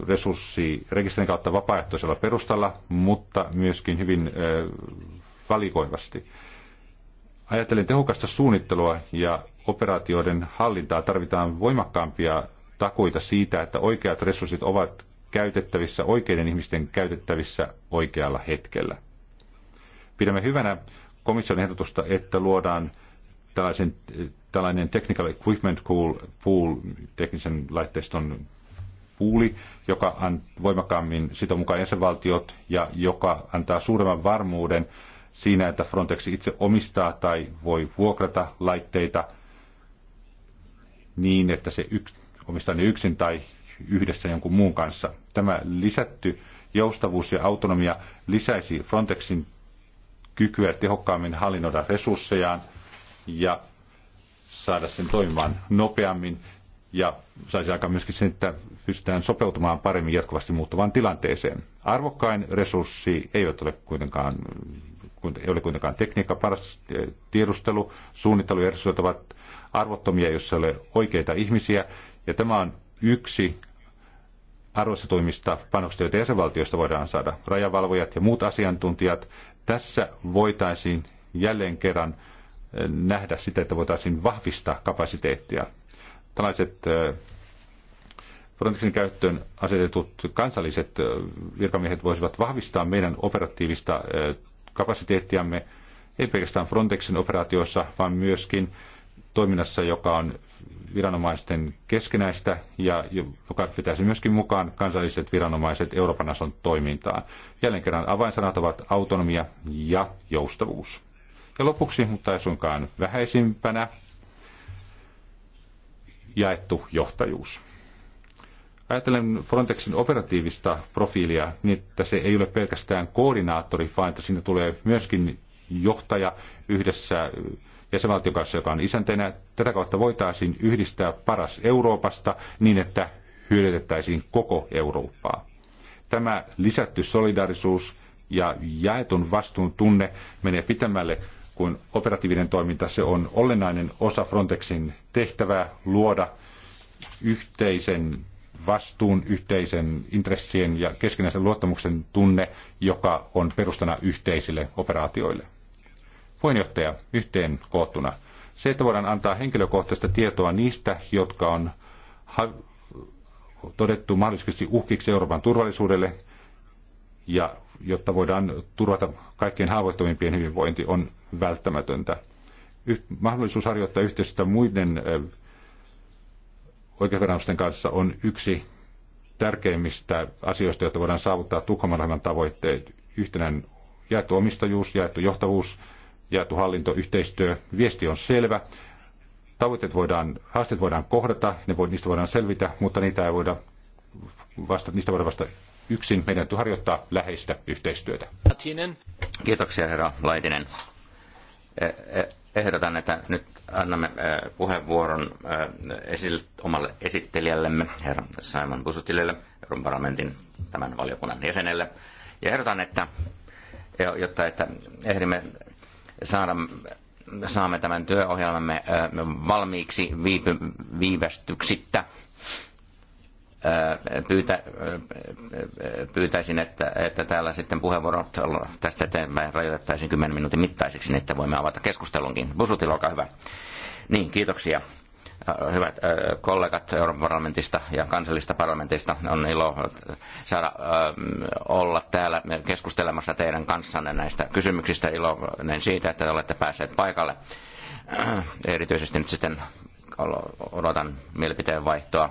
resurssi rekisterin kautta vapaaehtoisella perustalla, mutta myöskin hyvin eh, valikoivasti. Ajattelen tehokasta suunnittelua ja operaatioiden hallintaa tarvitaan voimakkaampia takuita siitä, että oikeat resurssit ovat käytettävissä, oikeiden ihmisten käytettävissä oikealla hetkellä. Pidämme hyvänä komission ehdotusta, että luodaan tällaisen, tällainen technical equipment pool, pool teknisen laitteiston puuli, joka on voimakkaammin sitä mukaan jäsenvaltiot ja joka antaa suuremman varmuuden siinä, että Frontex itse omistaa tai voi vuokrata laitteita niin, että se yks, omistaa ne yksin tai yhdessä jonkun muun kanssa. Tämä lisätty joustavuus ja autonomia lisäisi Frontexin kykyä tehokkaammin hallinnoida resurssejaan ja saada sen toimimaan nopeammin ja saisi aika myöskin sen, että pystytään sopeutumaan paremmin jatkuvasti muuttuvaan tilanteeseen. Arvokkain resurssi ei ole kuitenkaan, ei ole kuitenkaan tekniikka, paras tiedustelu, suunnittelu ja resurssit ovat arvottomia, jos ei ole oikeita ihmisiä. Ja tämä on yksi arvostetuimmista panoksista, joita jäsenvaltioista voidaan saada. Rajavalvojat ja muut asiantuntijat. Tässä voitaisiin jälleen kerran eh, nähdä sitä, että voitaisiin vahvistaa kapasiteettia. Tällaiset eh, Frontexin käyttöön asetetut kansalliset eh, virkamiehet voisivat vahvistaa meidän operatiivista kapasiteettiamme, ei pelkästään Frontexin operaatioissa, vaan myöskin toiminnassa, joka on viranomaisten keskenäistä ja joka pitäisi myöskin mukaan kansalliset viranomaiset Euroopan tason toimintaan. Jälleen kerran avainsanat ovat autonomia ja joustavuus. Ja lopuksi, mutta ei suinkaan vähäisimpänä, jaettu johtajuus. Ajattelen Frontexin operatiivista profiilia niin, että se ei ole pelkästään koordinaattori, vaan että siinä tulee myöskin johtaja yhdessä jäsenvaltion kanssa, joka on isäntenä. Tätä kautta voitaisiin yhdistää paras Euroopasta niin, että hyödytettäisiin koko Eurooppaa. Tämä lisätty solidaarisuus ja jaetun vastuun tunne menee pitemmälle kuin operatiivinen toiminta. Se on olennainen osa Frontexin tehtävää luoda yhteisen vastuun, yhteisen intressien ja keskinäisen luottamuksen tunne, joka on perustana yhteisille operaatioille. Puheenjohtaja, yhteen koottuna. Se, että voidaan antaa henkilökohtaista tietoa niistä, jotka on todettu mahdollisesti uhkiksi Euroopan turvallisuudelle, ja jotta voidaan turvata kaikkien haavoittuvimpien hyvinvointi, on välttämätöntä. Yh- mahdollisuus harjoittaa yhteistyötä muiden oikeusviranomaisten kanssa on yksi tärkeimmistä asioista, joita voidaan saavuttaa Tukholman tavoitteet. Yhtenäinen jaettu omistajuus, jaettu johtavuus, jaettu hallintoyhteistyö. Viesti on selvä. Tavoitteet voidaan, haasteet voidaan kohdata, ne voi, niistä voidaan selvitä, mutta niitä ei voida vasta, niistä voidaan vasta yksin. Meidän täytyy harjoittaa läheistä yhteistyötä. Latinen. Kiitoksia herra Laitinen. E, e, ehdotan, että nyt annamme e, puheenvuoron esille, omalle esittelijällemme, herra Simon Busutilille, Euroopan parlamentin tämän valiokunnan jäsenelle. Ja ehdotan, että jotta että ehdimme saada, saamme tämän työohjelmamme valmiiksi viipy, viivästyksittä. Pyytä, pyytäisin, että, että täällä sitten puheenvuorot tästä eteenpäin rajoitettaisiin 10 minuutin mittaisiksi, niin että voimme avata keskustelunkin. Busutil, olkaa hyvä. Niin, kiitoksia Hyvät äh, kollegat Euroopan parlamentista ja kansallista parlamentista, on ilo äh, saada äh, olla täällä keskustelemassa teidän kanssanne näistä kysymyksistä. Iloinen siitä, että olette päässeet paikalle. Erityisesti nyt sitten odotan mielipiteen vaihtoa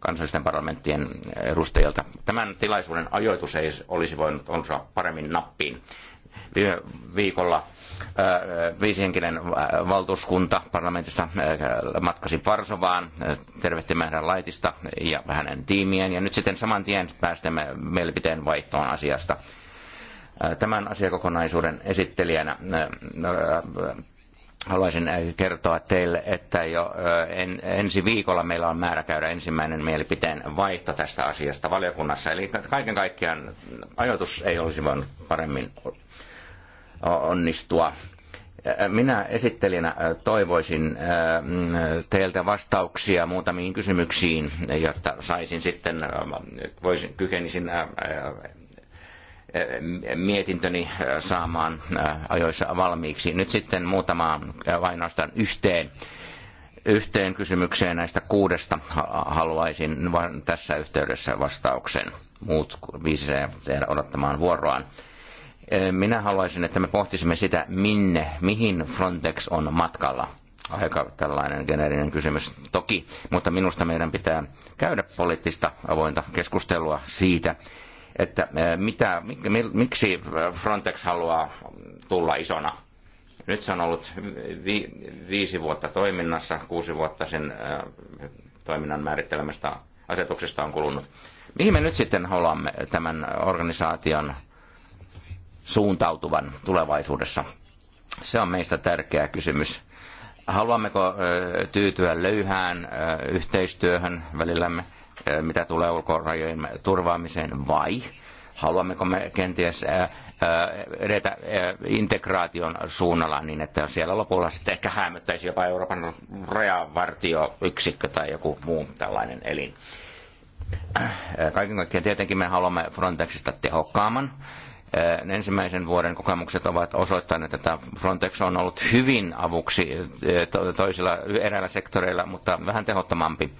kansallisten parlamenttien edustajilta. Tämän tilaisuuden ajoitus ei olisi voinut olla paremmin nappiin viime viikolla viisihenkinen valtuuskunta parlamentista matkasi Varsovaan tervehtimään Laitista ja hänen tiimien. Ja nyt sitten saman tien päästämme mielipiteen vaihtoon asiasta. Tämän asiakokonaisuuden esittelijänä haluaisin kertoa teille, että jo ensi viikolla meillä on määrä käydä ensimmäinen mielipiteen vaihto tästä asiasta valiokunnassa. Eli kaiken kaikkiaan ajoitus ei olisi voinut paremmin onnistua. Minä esittelijänä toivoisin mm, teiltä vastauksia muutamiin kysymyksiin, jotta saisin sitten, voisin, kykenisin mietintöni saamaan ajoissa valmiiksi. Nyt sitten muutama vain nostan yhteen yhteen kysymykseen näistä kuudesta haluaisin tässä yhteydessä vastauksen. Muut viisi jäävät odottamaan vuoroaan. Minä haluaisin, että me pohtisimme sitä, minne, mihin Frontex on matkalla. Aika tällainen geneerinen kysymys toki, mutta minusta meidän pitää käydä poliittista avointa keskustelua siitä, että mitä, miksi Frontex haluaa tulla isona. Nyt se on ollut vi, viisi vuotta toiminnassa, kuusi vuotta sen toiminnan määrittelemästä asetuksesta on kulunut. Mihin me nyt sitten haluamme tämän organisaation suuntautuvan tulevaisuudessa? Se on meistä tärkeä kysymys. Haluammeko tyytyä löyhään yhteistyöhön välillämme, mitä tulee ulkorajojen turvaamiseen, vai haluammeko me kenties edetä integraation suunnalla niin, että siellä lopulla sitten ehkä hämöttäisi jopa Euroopan rajavartioyksikkö tai joku muu tällainen elin. Kaiken kaikkiaan tietenkin me haluamme Frontexista tehokkaamman ensimmäisen vuoden kokemukset ovat osoittaneet, että Frontex on ollut hyvin avuksi toisilla eräillä sektoreilla, mutta vähän tehottomampi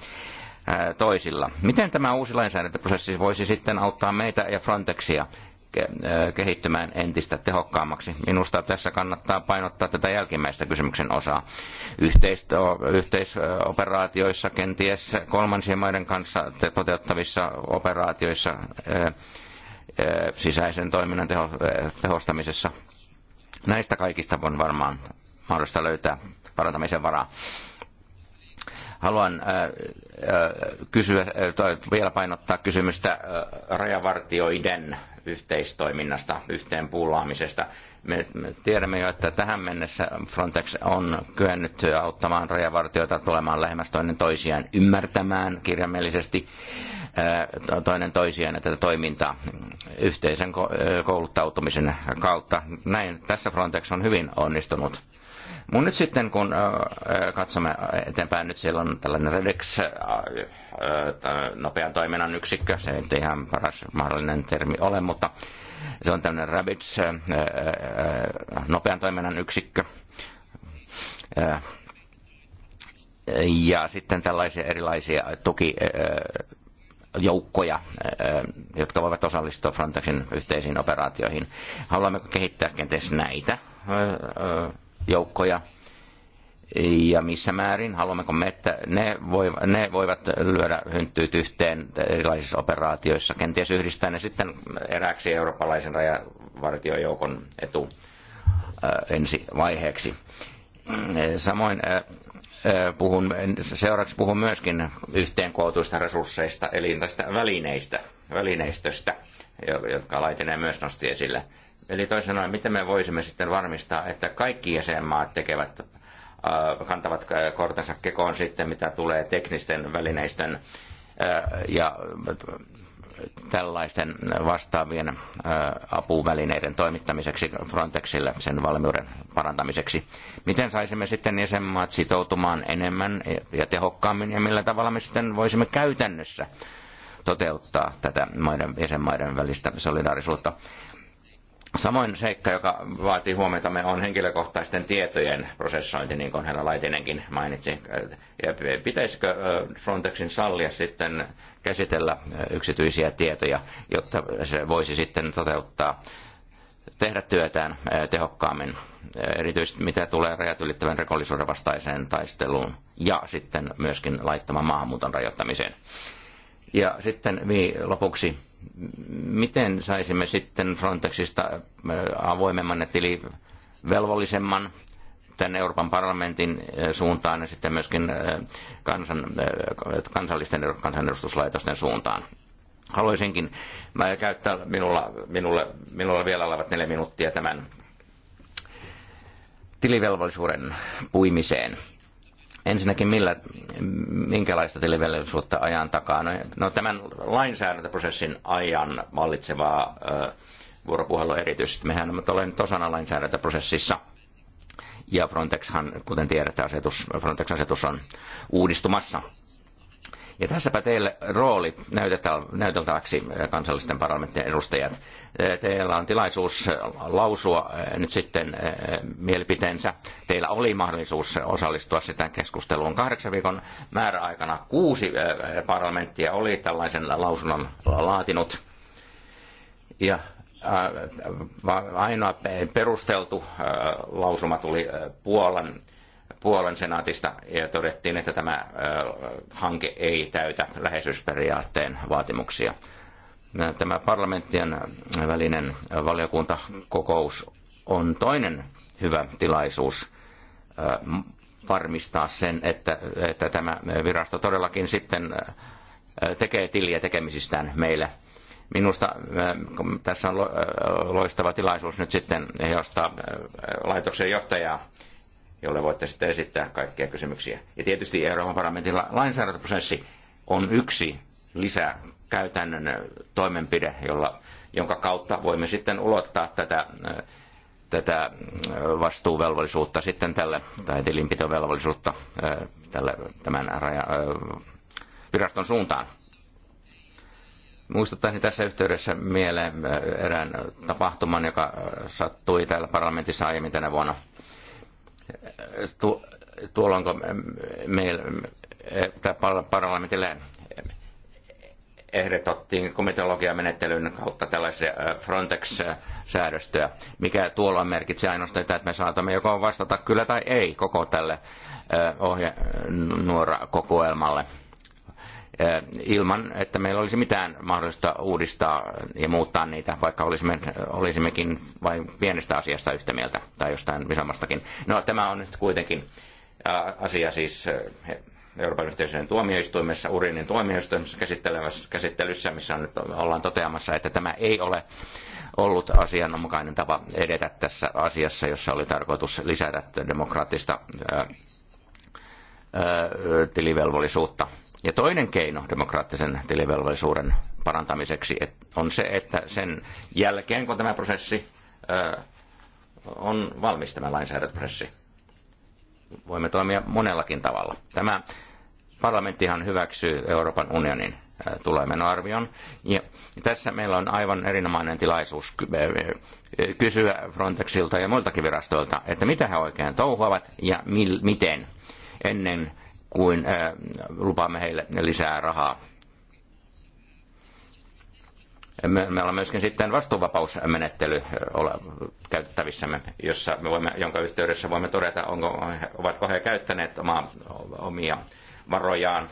toisilla. Miten tämä uusi lainsäädäntöprosessi voisi sitten auttaa meitä ja Frontexia kehittymään entistä tehokkaammaksi. Minusta tässä kannattaa painottaa tätä jälkimmäistä kysymyksen osaa. Yhteisto- yhteisoperaatioissa, kenties kolmansien maiden kanssa toteuttavissa operaatioissa Eh, sisäisen toiminnan teho, eh, tehostamisessa. Näistä kaikista on varmaan mahdollista löytää parantamisen varaa. Haluan eh, kysyä, vielä painottaa kysymystä rajavartioiden yhteistoiminnasta, yhteen Me tiedämme jo, että tähän mennessä Frontex on kyennyt auttamaan rajavartioita tulemaan lähemmäs toinen toisiaan ymmärtämään kirjaimellisesti toinen toisiaan tätä toimintaa yhteisen kouluttautumisen kautta. Näin tässä Frontex on hyvin onnistunut. Mun nyt sitten, kun katsomme eteenpäin, nyt siellä on tällainen Redex, nopean toiminnan yksikkö, se ei ihan paras mahdollinen termi ole, mutta se on tämmöinen Rabbids, nopean toiminnan yksikkö. Ja sitten tällaisia erilaisia tuki joukkoja, jotka voivat osallistua Frontexin yhteisiin operaatioihin. Haluammeko kehittää kenties näitä joukkoja ja missä määrin? Haluammeko me, että ne, voivat, ne voivat lyödä hynttyyt yhteen erilaisissa operaatioissa, kenties yhdistää ne sitten erääksi eurooppalaisen rajavartiojoukon etu ensi vaiheeksi. Samoin puhun, seuraavaksi puhun myöskin yhteenkootuista resursseista, eli tästä välineistä, välineistöstä, jotka Laitinen myös nosti esille. Eli toisin sanoen, miten me voisimme sitten varmistaa, että kaikki jäsenmaat tekevät, kantavat kortensa kekoon sitten, mitä tulee teknisten välineistön ja tällaisten vastaavien apuvälineiden toimittamiseksi Frontexille sen valmiuden parantamiseksi. Miten saisimme sitten jäsenmaat sitoutumaan enemmän ja tehokkaammin ja millä tavalla me sitten voisimme käytännössä toteuttaa tätä maiden, jäsenmaiden välistä solidaarisuutta. Samoin seikka, joka vaatii huomiotamme, on henkilökohtaisten tietojen prosessointi, niin kuin herra Laitinenkin mainitsi. Ja pitäisikö Frontexin sallia sitten käsitellä yksityisiä tietoja, jotta se voisi sitten toteuttaa tehdä työtään tehokkaammin, erityisesti mitä tulee rajat ylittävän rikollisuuden vastaiseen taisteluun ja sitten myöskin laittoman maahanmuuton rajoittamiseen. Ja sitten lopuksi miten saisimme sitten Frontexista äh, avoimemman ja tilivelvollisemman tänne Euroopan parlamentin äh, suuntaan ja sitten myöskin äh, kansan, kansallisten kansanedustuslaitosten suuntaan. Haluaisinkin mä käyttää minulla, minulle, minulla vielä olevat neljä minuuttia tämän tilivelvollisuuden puimiseen ensinnäkin millä, minkälaista televelvollisuutta ajan takaa? No, no tämän lainsäädäntöprosessin ajan vallitsevaa ö, erityisesti. Mehän olemme nyt osana lainsäädäntöprosessissa. Ja Frontexhan, kuten tiedätte, asetus, Frontex-asetus on uudistumassa ja tässäpä teille rooli näyteltäväksi eh, kansallisten parlamenttien edustajat. Eh, teillä on tilaisuus eh, lausua nyt sitten mielipiteensä. Teillä oli mahdollisuus osallistua sitä keskusteluun. Kahdeksan viikon määräaikana kuusi parlamenttia oli tällaisen lausunnon laatinut. Ja ainoa perusteltu lausuma tuli Puolan Puolen senaatista ja todettiin, että tämä hanke ei täytä läheisyysperiaatteen vaatimuksia. Tämä parlamenttien välinen valiokuntakokous on toinen hyvä tilaisuus varmistaa sen, että, että tämä virasto todellakin sitten tekee tiliä tekemisistään meille. Minusta tässä on loistava tilaisuus nyt sitten heostaa laitoksen johtajaa jolle voitte sitten esittää kaikkia kysymyksiä. Ja tietysti Euroopan parlamentin lainsäädäntöprosessi on yksi lisää käytännön toimenpide, jolla, jonka kautta voimme sitten ulottaa tätä, tätä vastuuvelvollisuutta sitten tälle, tai tilinpitovelvollisuutta tälle, tämän raja, viraston suuntaan. Muistuttaisin tässä yhteydessä mieleen erään tapahtuman, joka sattui täällä parlamentissa aiemmin tänä vuonna – tu, tuolla onko meillä parlamentille ehdotettiin komiteologiamenettelyn kautta tällaisia äh, Frontex-säädöstöä, mikä tuolla merkitsee ainoastaan sitä, että me saatamme joko vastata kyllä tai ei koko tälle äh, ohje nuora kokoelmalle. Eh, ilman, että meillä olisi mitään mahdollista uudistaa ja muuttaa niitä, vaikka olisimme, olisimmekin vain pienestä asiasta yhtä mieltä tai jostain isommastakin. No tämä on nyt kuitenkin asia siis Euroopan yhteisöjen tuomioistuimessa, Urinin tuomioistuimessa käsittelyssä, missä on nyt ollaan toteamassa, että tämä ei ole ollut asianomukainen tapa edetä tässä asiassa, jossa oli tarkoitus lisätä demokraattista ää, ää, tilivelvollisuutta ja toinen keino demokraattisen tilivelvollisuuden parantamiseksi on se, että sen jälkeen, kun tämä prosessi on valmis, tämä lainsäädäntöprosessi, voimme toimia monellakin tavalla. Tämä parlamenttihan hyväksyy Euroopan unionin tulemenoarvion. Ja tässä meillä on aivan erinomainen tilaisuus kysyä Frontexilta ja muiltakin virastoilta, että mitä he oikein touhuavat ja mil, miten ennen kuin lupaamme heille lisää rahaa. Meillä on myöskin sitten vastuuvapausmenettely käytettävissämme, jossa me voimme, jonka yhteydessä voimme todeta, onko, ovatko he käyttäneet omaa, omia varojaan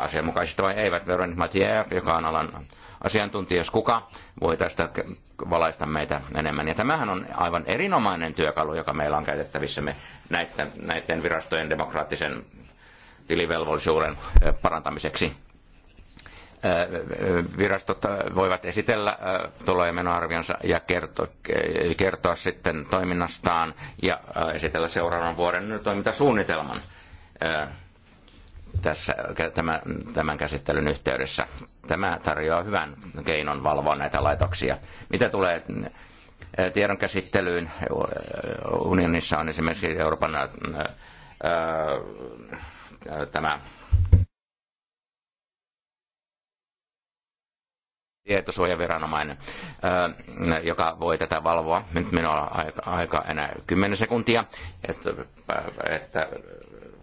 asianmukaisesti vai eivät. Veronique Mathieu, joka on alan asiantuntija, kuka, voi tästä valaista meitä enemmän. Ja tämähän on aivan erinomainen työkalu, joka meillä on käytettävissämme näiden, näiden virastojen demokraattisen tilivelvollisuuden parantamiseksi. Virastot voivat esitellä tulo- ja menoarvionsa ja kertoa, kertoa sitten toiminnastaan ja esitellä seuraavan vuoden toimintasuunnitelman tässä, tämän, tämän käsittelyn yhteydessä. Tämä tarjoaa hyvän keinon valvoa näitä laitoksia. Mitä tulee tiedon käsittelyyn, unionissa on esimerkiksi Euroopan Äh, tämä tietosuojaviranomainen, äh, joka voi tätä valvoa. Nyt minulla on aika, aika enää 10 sekuntia, että, että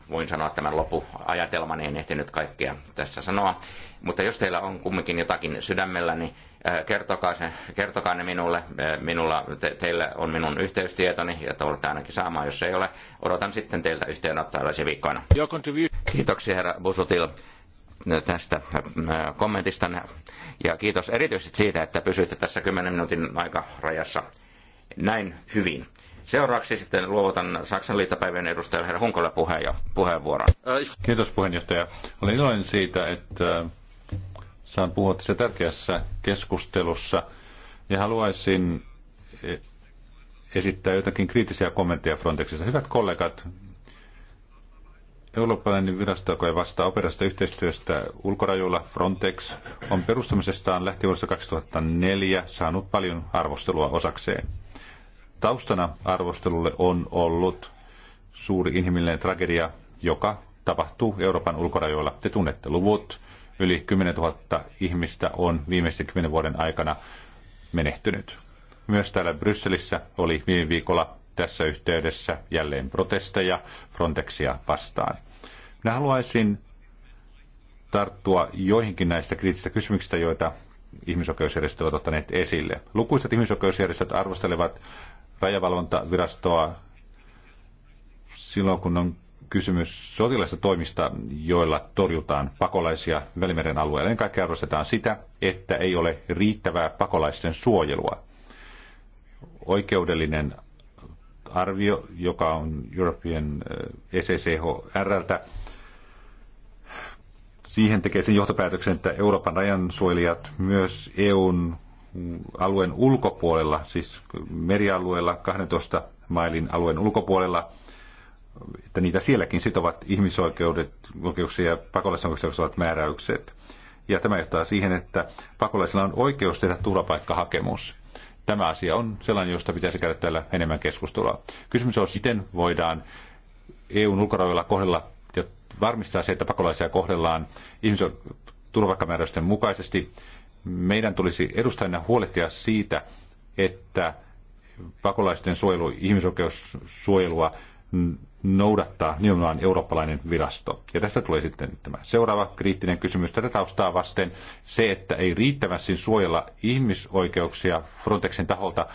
voin sanoa tämän loppuajatelman, en ehtinyt kaikkea tässä sanoa. Mutta jos teillä on kumminkin jotakin sydämellä, niin äh, kertokaa, se, kertokaa ne minulle. Minulla, te, teillä on minun yhteystietoni ja olette ainakin saamaan, jos ei ole. Odotan sitten teiltä yhteenottoa viikkoina. Kiitoksia herra Busutil tästä äh, kommentista ja kiitos erityisesti siitä, että pysytte tässä 10 minuutin aikarajassa näin hyvin. Seuraavaksi sitten luovutan Saksan liittopäivien edustajan herra Hunkolle puheenvuoron. Kiitos puheenjohtaja. Olen iloinen siitä, että saan puhua tässä tärkeässä keskustelussa ja haluaisin e, esittää jotakin kriittisiä kommentteja Frontexista. Hyvät kollegat, Eurooppalainen virasto, joka vastaa operasta yhteistyöstä ulkorajoilla, Frontex, on perustamisestaan lähti vuodesta 2004 saanut paljon arvostelua osakseen. Taustana arvostelulle on ollut suuri inhimillinen tragedia, joka tapahtuu Euroopan ulkorajoilla. Te tunnette luvut. Yli 10 000 ihmistä on viimeisten 10 vuoden aikana menehtynyt. Myös täällä Brysselissä oli viime viikolla tässä yhteydessä jälleen protesteja Frontexia vastaan. Minä haluaisin tarttua joihinkin näistä kriittisistä kysymyksistä, joita ihmisoikeusjärjestöt ovat ottaneet esille. Lukuisat ihmisoikeusjärjestöt arvostelevat rajavalvontavirastoa silloin, kun on kysymys sotilaista toimista, joilla torjutaan pakolaisia Välimeren alueella. Ennen kaikkea arvostetaan sitä, että ei ole riittävää pakolaisten suojelua. Oikeudellinen arvio, joka on European ECCHRltä, eh, siihen tekee sen johtopäätöksen, että Euroopan rajansuojelijat myös EUn alueen ulkopuolella, siis merialueella 12 mailin alueen ulkopuolella, että niitä sielläkin sitovat ihmisoikeudet, oikeuksia ja pakolaisoikeuksia ovat määräykset. Ja tämä johtaa siihen, että pakolaisilla on oikeus tehdä turvapaikkahakemus. Tämä asia on sellainen, josta pitäisi käydä täällä enemmän keskustelua. Kysymys on, miten voidaan EUn ulkorajoilla kohdella ja varmistaa se, että pakolaisia kohdellaan ihmisen turvapaikkamääräysten mukaisesti. Meidän tulisi edustajina huolehtia siitä, että pakolaisten suojelu, ihmisoikeussuojelua noudattaa nimenomaan eurooppalainen virasto. Ja tästä tulee sitten tämä seuraava kriittinen kysymys tätä taustaa vasten. Se, että ei riittävästi suojella ihmisoikeuksia Frontexin taholta,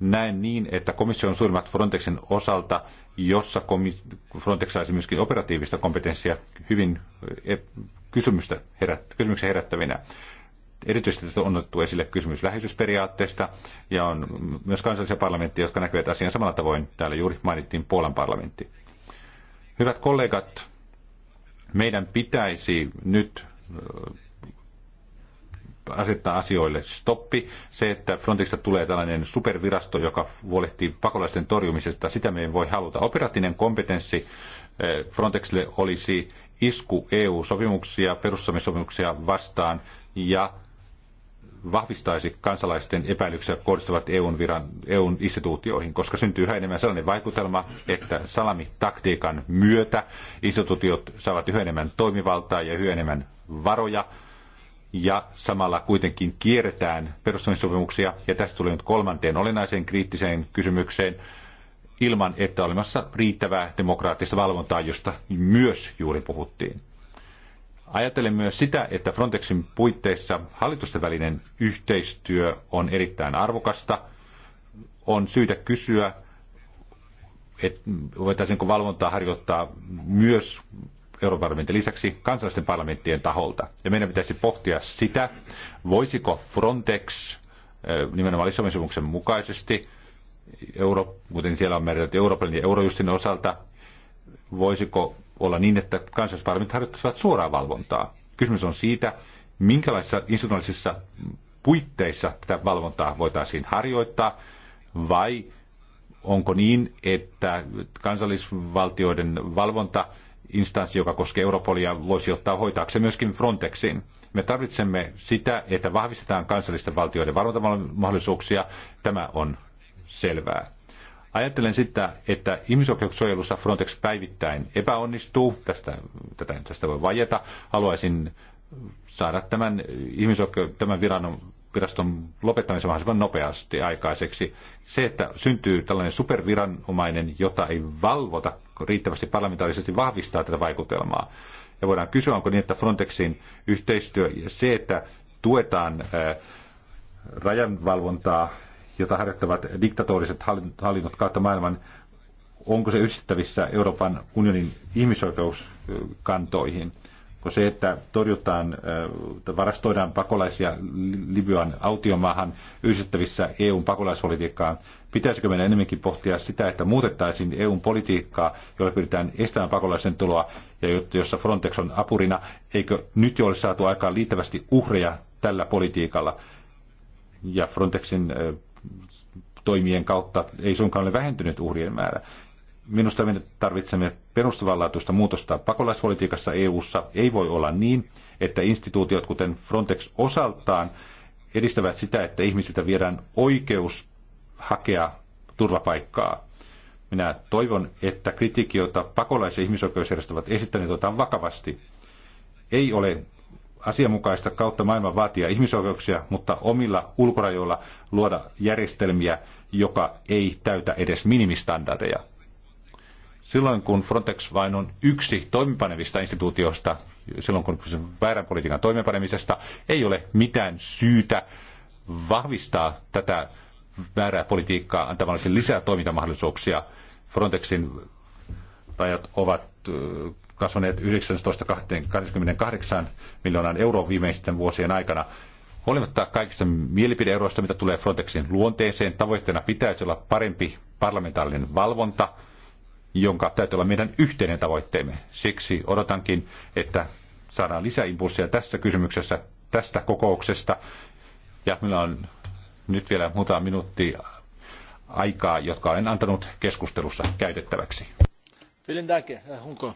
näen niin, että komission suurimmat Frontexin osalta, jossa Frontex saisi myöskin operatiivista kompetenssia hyvin eh, kysymystä herät, kysymyksen herättävinä. Erityisesti on otettu esille kysymys läheisyysperiaatteesta ja on myös kansallisia parlamentteja, jotka näkevät asian samalla tavoin. Täällä juuri mainittiin Puolan parlamentti. Hyvät kollegat, meidän pitäisi nyt äh, asettaa asioille stoppi. Se, että Frontista tulee tällainen supervirasto, joka huolehtii pakolaisten torjumisesta, sitä me ei voi haluta. Operatiivinen kompetenssi äh, Frontexille olisi isku EU-sopimuksia, perussopimuksia vastaan ja vahvistaisi kansalaisten epäilyksiä kohdistuvat EUn, viran, EUn instituutioihin, koska syntyy yhä enemmän sellainen vaikutelma, että salamitaktiikan myötä instituutiot saavat yhä enemmän toimivaltaa ja yhä enemmän varoja, ja samalla kuitenkin kierretään perustamissopimuksia, ja tästä tulee nyt kolmanteen olennaiseen kriittiseen kysymykseen, ilman että olemassa riittävää demokraattista valvontaa, josta myös juuri puhuttiin. Ajattelen myös sitä, että Frontexin puitteissa hallitusten välinen yhteistyö on erittäin arvokasta. On syytä kysyä, että voitaisiinko valvontaa harjoittaa myös Euroopan parlamentin lisäksi kansallisten parlamenttien taholta. Ja meidän pitäisi pohtia sitä, voisiko Frontex nimenomaan Lissabonin sopimuksen mukaisesti, euro, kuten siellä on määritelty Euroopan ja eurojustin osalta, voisiko olla niin, että kansallisparlamentit harjoittaisivat suoraa valvontaa. Kysymys on siitä, minkälaisissa institutionaalisissa puitteissa tätä valvontaa voitaisiin harjoittaa, vai onko niin, että kansallisvaltioiden valvontainstanssi, joka koskee Europolia, voisi ottaa hoitaakseen myöskin Frontexin. Me tarvitsemme sitä, että vahvistetaan kansallisten valtioiden valvontamahdollisuuksia. Tämä on selvää. Ajattelen sitä, että ihmisoikeussuojelussa Frontex päivittäin epäonnistuu, tästä, tätä, tästä voi vajeta. Haluaisin saada tämän, ihmisoikeu- tämän viranon, viraston lopettamisen mahdollisimman nopeasti aikaiseksi. Se, että syntyy tällainen superviranomainen, jota ei valvota riittävästi parlamentaarisesti, vahvistaa tätä vaikutelmaa. Ja voidaan kysyä, onko niin, että Frontexin yhteistyö ja se, että tuetaan rajanvalvontaa jota harjoittavat diktatoriset hallinnot kautta maailman, onko se yhdistettävissä Euroopan unionin ihmisoikeuskantoihin? Onko se, että torjutaan, äh, varastoidaan pakolaisia Libyan autiomaahan yhdistettävissä EUn pakolaispolitiikkaan? Pitäisikö meidän enemmänkin pohtia sitä, että muutettaisiin EUn politiikkaa, jolla pyritään estämään pakolaisen tuloa ja jossa Frontex on apurina? Eikö nyt jo ole saatu aikaan liittävästi uhreja tällä politiikalla? Ja Frontexin äh, toimien kautta ei suinkaan ole vähentynyt uhrien määrä. Minusta me tarvitsemme perustavanlaatuista muutosta pakolaispolitiikassa EU:ssa. Ei voi olla niin, että instituutiot, kuten Frontex osaltaan, edistävät sitä, että ihmisiltä viedään oikeus hakea turvapaikkaa. Minä toivon, että kritiikki, jota pakolais- ja ihmisoikeusjärjestöt ovat esittäneet, otetaan vakavasti. Ei ole asianmukaista kautta maailman vaatia ihmisoikeuksia, mutta omilla ulkorajoilla luoda järjestelmiä, joka ei täytä edes minimistandardeja. Silloin kun Frontex vain on yksi toimipanevista instituutioista, silloin kun väärän politiikan toimeenpanemisesta, ei ole mitään syytä vahvistaa tätä väärää politiikkaa antamalla lisää toimintamahdollisuuksia. Frontexin rajat ovat kasvaneet 19-28 miljoonaan euroon viimeisten vuosien aikana. Huolimatta kaikista mielipideeroista, mitä tulee Frontexin luonteeseen, tavoitteena pitäisi olla parempi parlamentaarinen valvonta, jonka täytyy olla meidän yhteinen tavoitteemme. Siksi odotankin, että saadaan lisäimpulssia tässä kysymyksessä, tästä kokouksesta. Ja meillä on nyt vielä muutama minuutti aikaa, jotka olen antanut keskustelussa käytettäväksi. Vielen Dank, Hunko.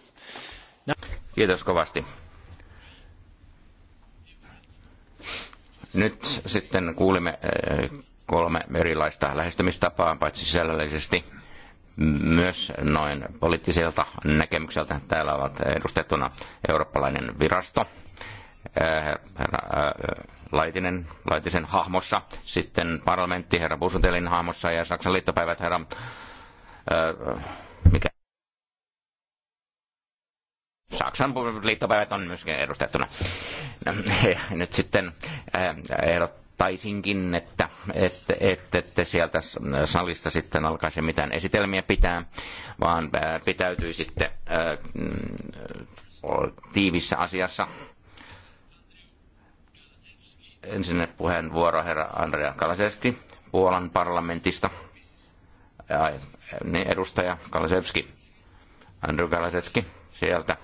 Kiitos kovasti. Nyt sitten kuulimme eh, kolme erilaista lähestymistapaa, paitsi sisällöllisesti myös noin poliittiselta näkemykseltä. Täällä ovat edustettuna eurooppalainen virasto, eh, herra eh, Laitinen, Laitisen hahmossa, sitten parlamentti herra Busutelin hahmossa ja Saksan liittopäivät herra, mikä Saksan liittopäivät on myöskin edustettuna. No, nyt sitten äh, ehdottaisinkin, että, että, että, että sieltä salista sitten alkaisi mitään esitelmiä pitää, vaan äh, pitäytyy sitten äh, tiivissä asiassa. Ensin puheenvuoro herra Andrea Kalaseski Puolan parlamentista. Ja, niin, edustaja Kalasevski, Andrew Kalaseski sieltä.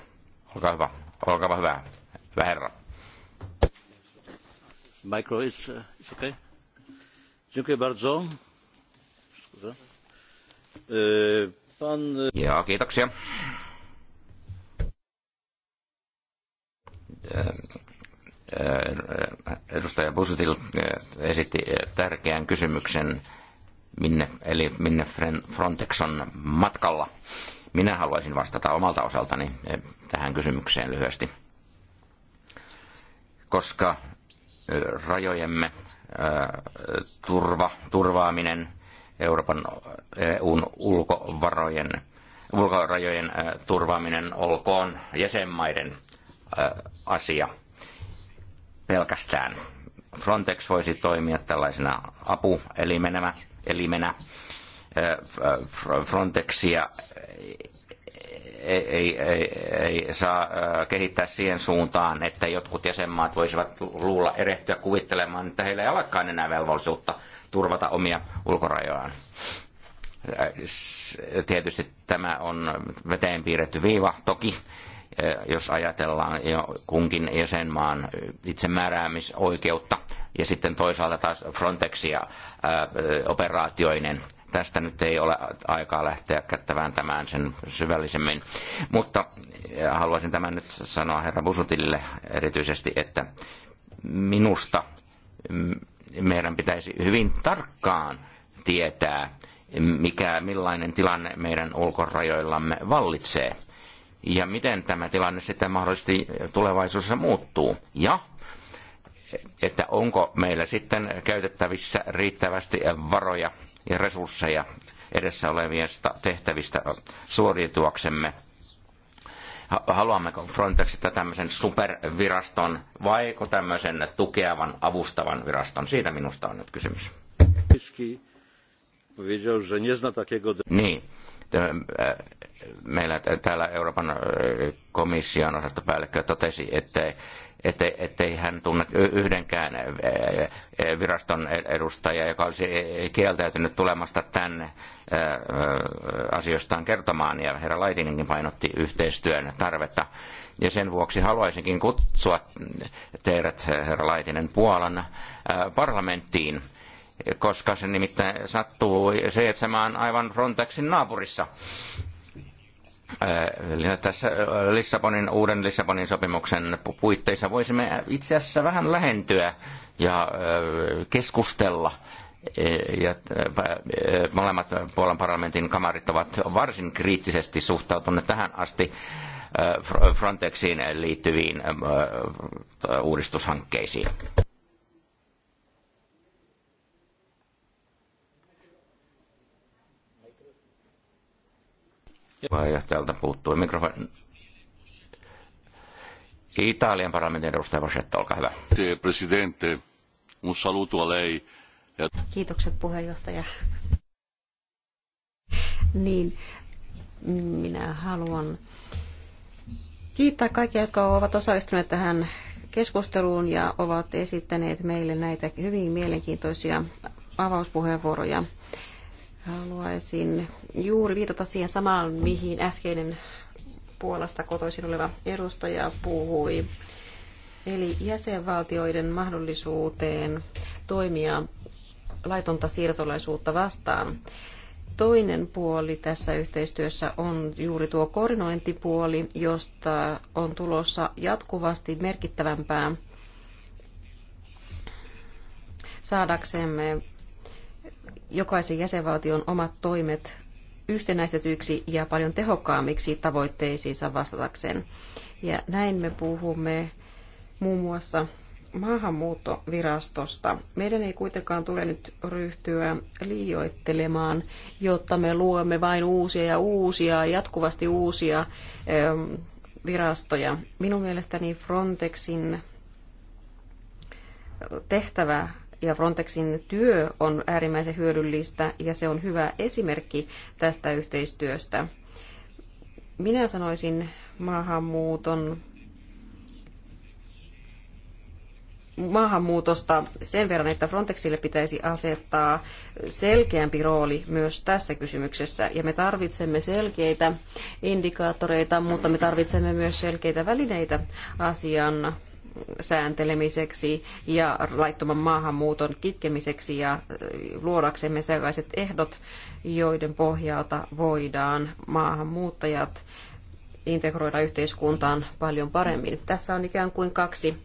Olkaa hyvä. Olkaa hyvä. Hyvä herra. Micro is, uh, is okay. Dziękuję bardzo. Pan... Joo, kiitoksia. Edustaja Busutil esitti tärkeän kysymyksen, minne, eli minne Frontex on matkalla. Minä haluaisin vastata omalta osaltani eh, tähän kysymykseen lyhyesti. Koska eh, rajojemme eh, turva, turvaaminen Euroopan EUn ulkovarojen, ulkorajojen turvaaminen olkoon jäsenmaiden asia pelkästään. Frontex voisi toimia tällaisena apuelimenä, elimenä, Äh, Frontexia ei, ei, ei, ei saa äh, kehittää siihen suuntaan, että jotkut jäsenmaat voisivat luulla erehtyä kuvittelemaan, että heillä ei olekaan enää velvollisuutta turvata omia ulkorajojaan. Äh, tietysti tämä on veteen piirretty viiva toki, jos ajatellaan jo kunkin jäsenmaan itsemääräämisoikeutta ja sitten toisaalta taas Frontexia operaatioinen tästä nyt ei ole aikaa lähteä kättävään tämän sen syvällisemmin. Mutta haluaisin tämän nyt sanoa herra Busutille erityisesti, että minusta meidän pitäisi hyvin tarkkaan tietää, mikä, millainen tilanne meidän ulkorajoillamme vallitsee ja miten tämä tilanne sitten mahdollisesti tulevaisuudessa muuttuu. Ja että onko meillä sitten käytettävissä riittävästi varoja ja resursseja edessä olevista tehtävistä suoriutuaksemme. Haluammeko Frontexista tämmöisen superviraston vaiko tämmöisen tukevan, avustavan viraston? Siitä minusta on nyt kysymys. Niin. Meillä täällä Euroopan komission osastopäällikkö totesi, että ettei, ettei hän tunne yhdenkään e, e, viraston edustajaa, joka olisi e, kieltäytynyt tulemasta tänne asioistaan kertomaan, ja herra Laitinenkin painotti yhteistyön tarvetta. Ja sen vuoksi haluaisinkin kutsua teidät, herra Laitinen, Puolan parlamenttiin, koska se nimittäin sattuu seitsemään aivan Frontexin naapurissa tässä Lissabonin, uuden Lissabonin sopimuksen puitteissa voisimme itse asiassa vähän lähentyä ja keskustella. E, ja molemmat Puolan parlamentin kamarit ovat varsin kriittisesti suhtautuneet tähän asti Frontexiin liittyviin uudistushankkeisiin. Puheenjohtajalta puuttuu mikrofoni. Italian parlamentin edustaja Vasetta, olkaa hyvä. Presidente, un saluto a lei. E Kiitokset puheenjohtaja. Niin, minä haluan kiittää kaikkia, jotka ovat osallistuneet tähän keskusteluun ja ovat esittäneet meille näitä hyvin mielenkiintoisia avauspuheenvuoroja. Haluaisin juuri viitata siihen samaan, mihin äskeinen Puolasta kotoisin oleva edustaja puhui, eli jäsenvaltioiden mahdollisuuteen toimia laitonta siirtolaisuutta vastaan. Toinen puoli tässä yhteistyössä on juuri tuo koordinointipuoli, josta on tulossa jatkuvasti merkittävämpää saadaksemme jokaisen jäsenvaltion omat toimet yhtenäistetyiksi ja paljon tehokkaammiksi tavoitteisiinsa vastatakseen. Ja näin me puhumme muun muassa maahanmuuttovirastosta. Meidän ei kuitenkaan tule nyt ryhtyä liioittelemaan, jotta me luomme vain uusia ja uusia, jatkuvasti uusia ähm, virastoja. Minun mielestäni Frontexin tehtävä ja Frontexin työ on äärimmäisen hyödyllistä ja se on hyvä esimerkki tästä yhteistyöstä. Minä sanoisin maahanmuuton maahanmuutosta sen verran, että Frontexille pitäisi asettaa selkeämpi rooli myös tässä kysymyksessä. Ja me tarvitsemme selkeitä indikaattoreita, mutta me tarvitsemme myös selkeitä välineitä asian sääntelemiseksi ja laittoman maahanmuuton kitkemiseksi ja luodaksemme sellaiset ehdot, joiden pohjalta voidaan maahanmuuttajat integroida yhteiskuntaan paljon paremmin. Tässä on ikään kuin kaksi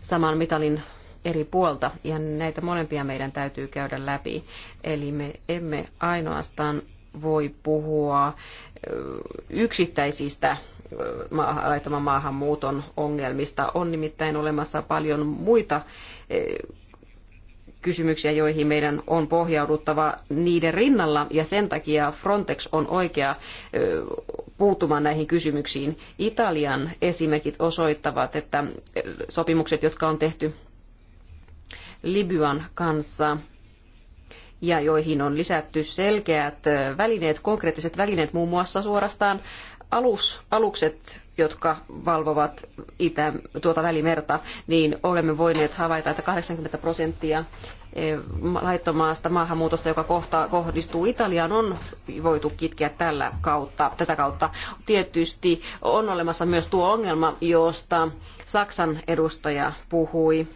saman mitalin eri puolta ja näitä molempia meidän täytyy käydä läpi. Eli me emme ainoastaan voi puhua yksittäisistä maahan, laittoman maahanmuuton ongelmista. On nimittäin olemassa paljon muita eh, kysymyksiä, joihin meidän on pohjauduttava niiden rinnalla, ja sen takia Frontex on oikea eh, puuttumaan näihin kysymyksiin. Italian esimerkit osoittavat, että eh, sopimukset, jotka on tehty Libyan kanssa, ja joihin on lisätty selkeät välineet, konkreettiset välineet muun muassa suorastaan alus, alukset, jotka valvovat itä, tuota välimerta, niin olemme voineet havaita, että 80 prosenttia eh, laittomaasta maahanmuutosta, joka kohta, kohdistuu Italiaan, on voitu kitkeä tällä kautta, tätä kautta. Tietysti on olemassa myös tuo ongelma, josta Saksan edustaja puhui.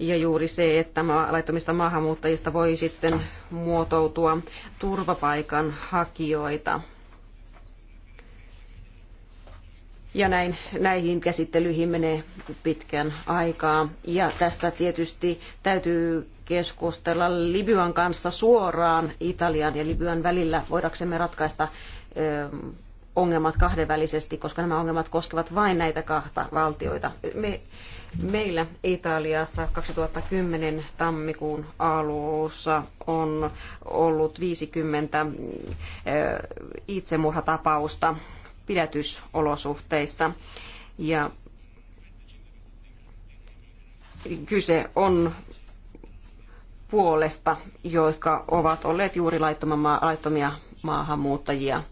Ja juuri se, että laittomista maahanmuuttajista voi sitten muotoutua turvapaikan hakijoita Ja näin, näihin käsittelyihin menee pitkän aikaa. Ja tästä tietysti täytyy keskustella Libyan kanssa suoraan Italian ja Libyan välillä, voidaksemme ratkaista ongelmat kahdenvälisesti, koska nämä ongelmat koskevat vain näitä kahta valtioita. Me, meillä Italiassa 2010 tammikuun alussa on ollut 50 itsemurhatapausta pidätysolosuhteissa. Ja kyse on puolesta, jotka ovat olleet juuri laittomia maahanmuuttajia.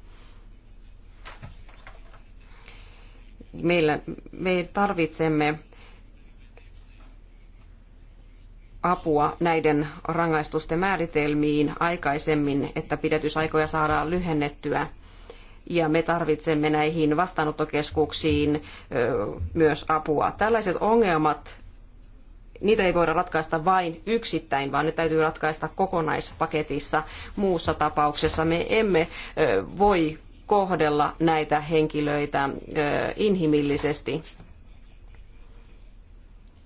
Meillä, me tarvitsemme apua näiden rangaistusten määritelmiin aikaisemmin, että pidätysaikoja saadaan lyhennettyä ja me tarvitsemme näihin vastaanottokeskuksiin myös apua. Tällaiset ongelmat, niitä ei voida ratkaista vain yksittäin, vaan ne täytyy ratkaista kokonaispaketissa. Muussa tapauksessa me emme voi kohdella näitä henkilöitä inhimillisesti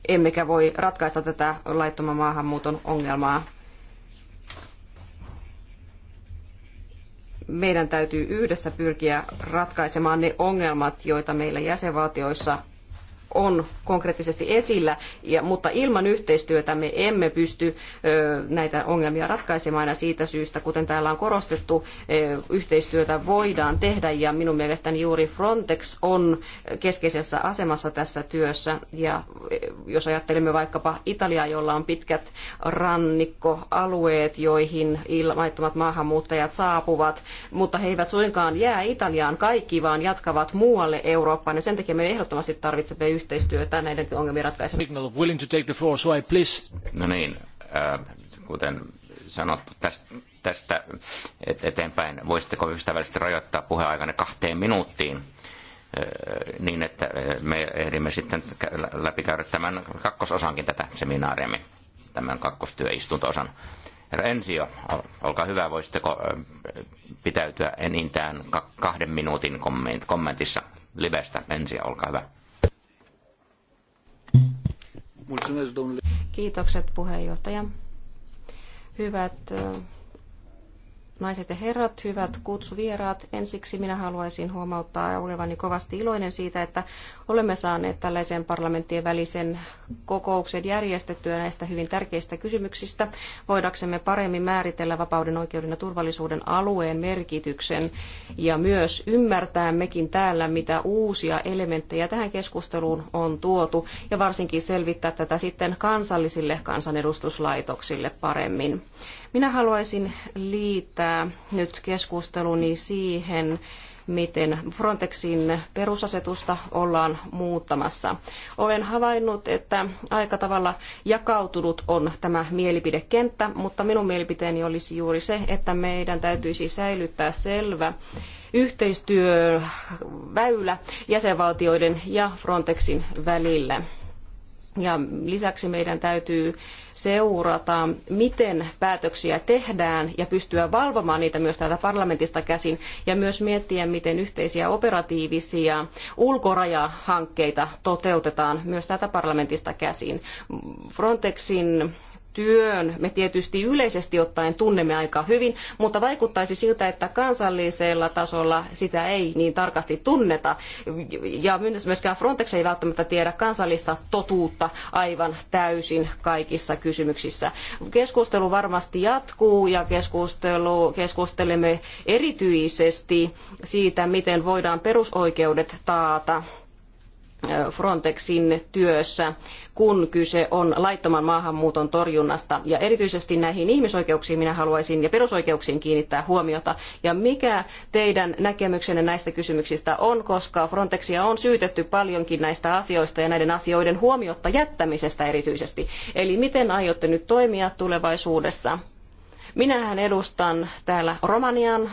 emmekä voi ratkaista tätä laittoman maahanmuuton ongelmaa meidän täytyy yhdessä pyrkiä ratkaisemaan ne ongelmat, joita meillä jäsenvaltioissa on konkreettisesti esillä, mutta ilman yhteistyötä me emme pysty näitä ongelmia ratkaisemaan ja siitä syystä, kuten täällä on korostettu, yhteistyötä voidaan tehdä ja minun mielestäni juuri Frontex on keskeisessä asemassa tässä työssä ja jos ajattelemme vaikkapa Italiaa, jolla on pitkät rannikkoalueet, joihin ilmaittomat maahanmuuttajat saapuvat, mutta he eivät suinkaan jää Italiaan kaikki, vaan jatkavat muualle Eurooppaan ja sen takia me ehdottomasti tarvitsemme yhteistyötä näiden ongelmien ratkaisemiseksi. No niin, äh, kuten sanottu, tästä, tästä eteenpäin voisitteko ystävällisesti rajoittaa puheaikanne kahteen minuuttiin? Äh, niin, että äh, me ehdimme sitten läpikäydä tämän kakkososankin tätä seminaariamme, tämän kakkostyöistuntoosan osan Herra Ensio, olkaa hyvä, voisitteko pitäytyä enintään kahden minuutin kommentissa livestä. Ensio, olkaa hyvä. Kiitokset puheenjohtaja. Hyvät naiset ja herrat, hyvät kutsuvieraat. Ensiksi minä haluaisin huomauttaa olevani kovasti iloinen siitä, että olemme saaneet tällaisen parlamenttien välisen kokouksen järjestettyä näistä hyvin tärkeistä kysymyksistä, voidaksemme paremmin määritellä vapauden, oikeuden ja turvallisuuden alueen merkityksen ja myös ymmärtää mekin täällä, mitä uusia elementtejä tähän keskusteluun on tuotu ja varsinkin selvittää tätä sitten kansallisille kansanedustuslaitoksille paremmin. Minä haluaisin liittää nyt keskusteluni siihen, miten Frontexin perusasetusta ollaan muuttamassa. Olen havainnut, että aika tavalla jakautunut on tämä mielipidekenttä, mutta minun mielipiteeni olisi juuri se, että meidän täytyisi säilyttää selvä yhteistyöväylä jäsenvaltioiden ja Frontexin välillä ja lisäksi meidän täytyy seurata, miten päätöksiä tehdään ja pystyä valvomaan niitä myös täältä parlamentista käsin ja myös miettiä, miten yhteisiä operatiivisia ulkorajahankkeita toteutetaan myös täältä parlamentista käsin. Frontexin työn me tietysti yleisesti ottaen tunnemme aika hyvin, mutta vaikuttaisi siltä, että kansallisella tasolla sitä ei niin tarkasti tunneta. Ja myöskään Frontex ei välttämättä tiedä kansallista totuutta aivan täysin kaikissa kysymyksissä. Keskustelu varmasti jatkuu ja keskustelu, keskustelemme erityisesti siitä, miten voidaan perusoikeudet taata Frontexin työssä, kun kyse on laittoman maahanmuuton torjunnasta. Ja erityisesti näihin ihmisoikeuksiin minä haluaisin ja perusoikeuksiin kiinnittää huomiota. Ja mikä teidän näkemyksenne näistä kysymyksistä on, koska Frontexia on syytetty paljonkin näistä asioista ja näiden asioiden huomiotta jättämisestä erityisesti. Eli miten aiotte nyt toimia tulevaisuudessa? Minähän edustan täällä Romanian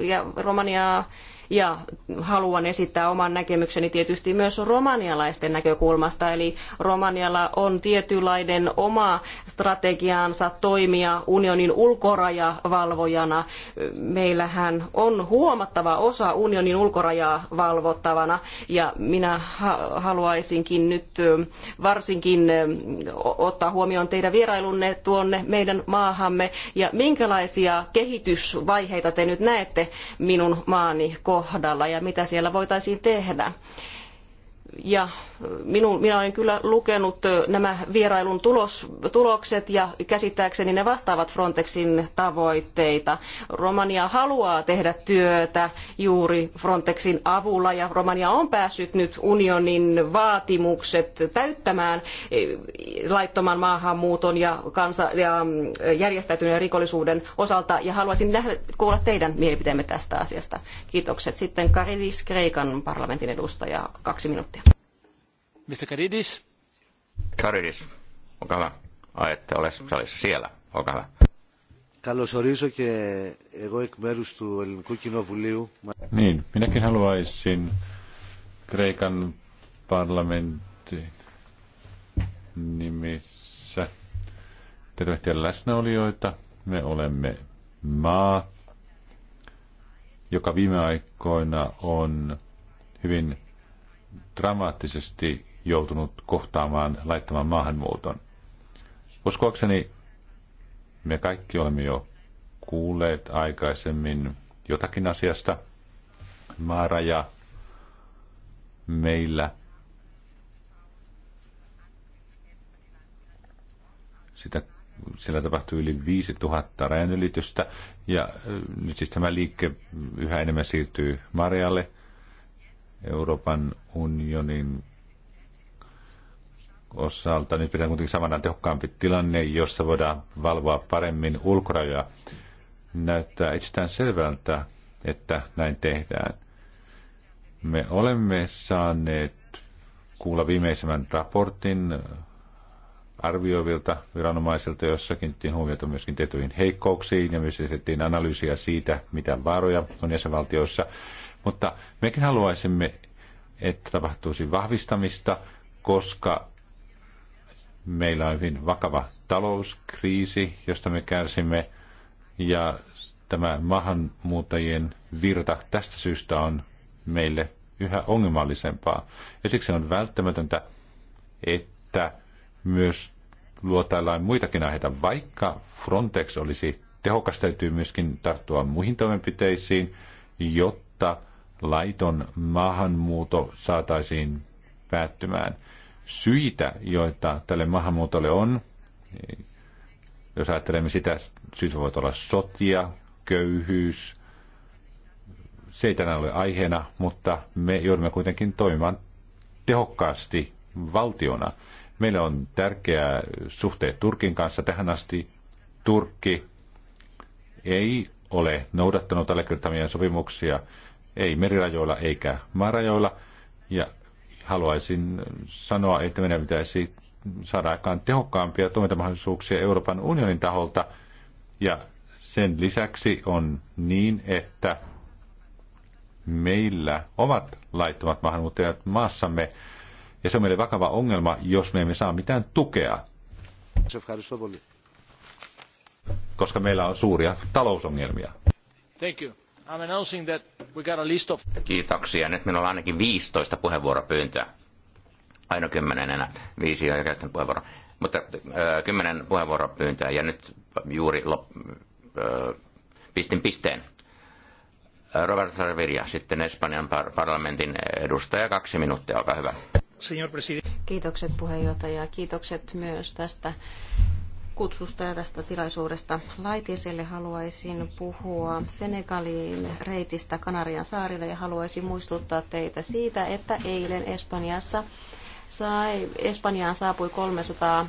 ja Romaniaa ja haluan esittää oman näkemykseni tietysti myös romanialaisten näkökulmasta. Eli Romanialla on tietynlainen oma strategiaansa toimia unionin ulkorajavalvojana. Meillähän on huomattava osa unionin ulkorajaa valvottavana ja minä haluaisinkin nyt varsinkin ottaa huomioon teidän vierailunne tuonne meidän maahamme ja minkälaisia kehitysvaiheita te nyt näette minun maani kohdalla kohdalla ja mitä siellä voitaisiin tehdä ja äh, minun, minä olen kyllä lukenut äh, nämä vierailun tulos, tulokset ja käsittääkseni ne vastaavat Frontexin tavoitteita. Romania haluaa tehdä työtä juuri Frontexin avulla ja Romania on päässyt nyt unionin vaatimukset täyttämään äh, laittoman maahanmuuton ja, kansa- ja mm, järjestäytyneen rikollisuuden osalta ja haluaisin nähdä, kuulla teidän mielipiteemme tästä asiasta. Kiitokset. Sitten Karidis Kreikan parlamentin edustaja, kaksi minuuttia. Mr. Karidis? Karidis, olkaa hyvä. Ai, ette siellä. Καλωσορίζω και εγώ εκ μέρους του Ελληνικού Κοινοβουλίου. Niin, minäkin haluaisin Kreikan parlamentin nimissä tervehtiä läsnäolijoita. Me olemme maa, joka viime aikoina on hyvin dramaattisesti joutunut kohtaamaan laittoman maahanmuuton. Uskoakseni me kaikki olemme jo kuulleet aikaisemmin jotakin asiasta. Maaraja meillä. Sitä, siellä tapahtui yli 5000 rajanylitystä ja äh, nyt siis tämä liike yhä enemmän siirtyy Marjalle. Euroopan unionin osalta nyt pitää kuitenkin samana tehokkaampi tilanne, jossa voidaan valvoa paremmin ulkorajoja. Näyttää itsestään selvältä, että näin tehdään. Me olemme saaneet kuulla viimeisemmän raportin arvioivilta viranomaisilta, jossa kiinnittiin huomiota myöskin tietyihin heikkouksiin ja myös esitettiin analyysiä siitä, mitä vaaroja on jäsenvaltioissa. Mutta mekin haluaisimme, että tapahtuisi vahvistamista, koska Meillä on hyvin vakava talouskriisi, josta me kärsimme, ja tämä maahanmuuttajien virta tästä syystä on meille yhä ongelmallisempaa. Ja siksi on välttämätöntä, että myös luotaillaan muitakin aiheita, vaikka Frontex olisi tehokas, täytyy myöskin tarttua muihin toimenpiteisiin, jotta laiton maahanmuuto saataisiin päättymään syitä, joita tälle maahanmuutolle on, jos ajattelemme sitä, syyt voivat olla sotia, köyhyys, se ei tänään ole aiheena, mutta me joudumme kuitenkin toimimaan tehokkaasti valtiona. Meillä on tärkeää suhteet Turkin kanssa tähän asti. Turkki ei ole noudattanut allekirjoittamia sopimuksia, ei merirajoilla eikä maarajoilla, ja haluaisin sanoa, että meidän pitäisi saada aikaan tehokkaampia toimintamahdollisuuksia Euroopan unionin taholta. Ja sen lisäksi on niin, että meillä ovat laittomat maahanmuuttajat maassamme, ja se on meille vakava ongelma, jos me emme saa mitään tukea. Koska meillä on suuria talousongelmia. Thank you. I'm announcing that we got a list of... Kiitoksia. Nyt minulla on ainakin 15 puheenvuoropyyntöä. Aino kymmenen enää. Viisi jo käyttänyt puheenvuoro. Mutta äh, kymmenen puheenvuoropyyntöä ja nyt juuri lop, äh, pistin pisteen. Robert Ravirja, sitten Espanjan par- parlamentin edustaja. Kaksi minuuttia, olkaa hyvä. Kiitokset puheenjohtaja ja kiitokset myös tästä kutsusta ja tästä tilaisuudesta. Laitiselle haluaisin puhua Senegalin reitistä Kanarian saarille ja haluaisin muistuttaa teitä siitä, että eilen Espanjassa sai, Espanjaan saapui 300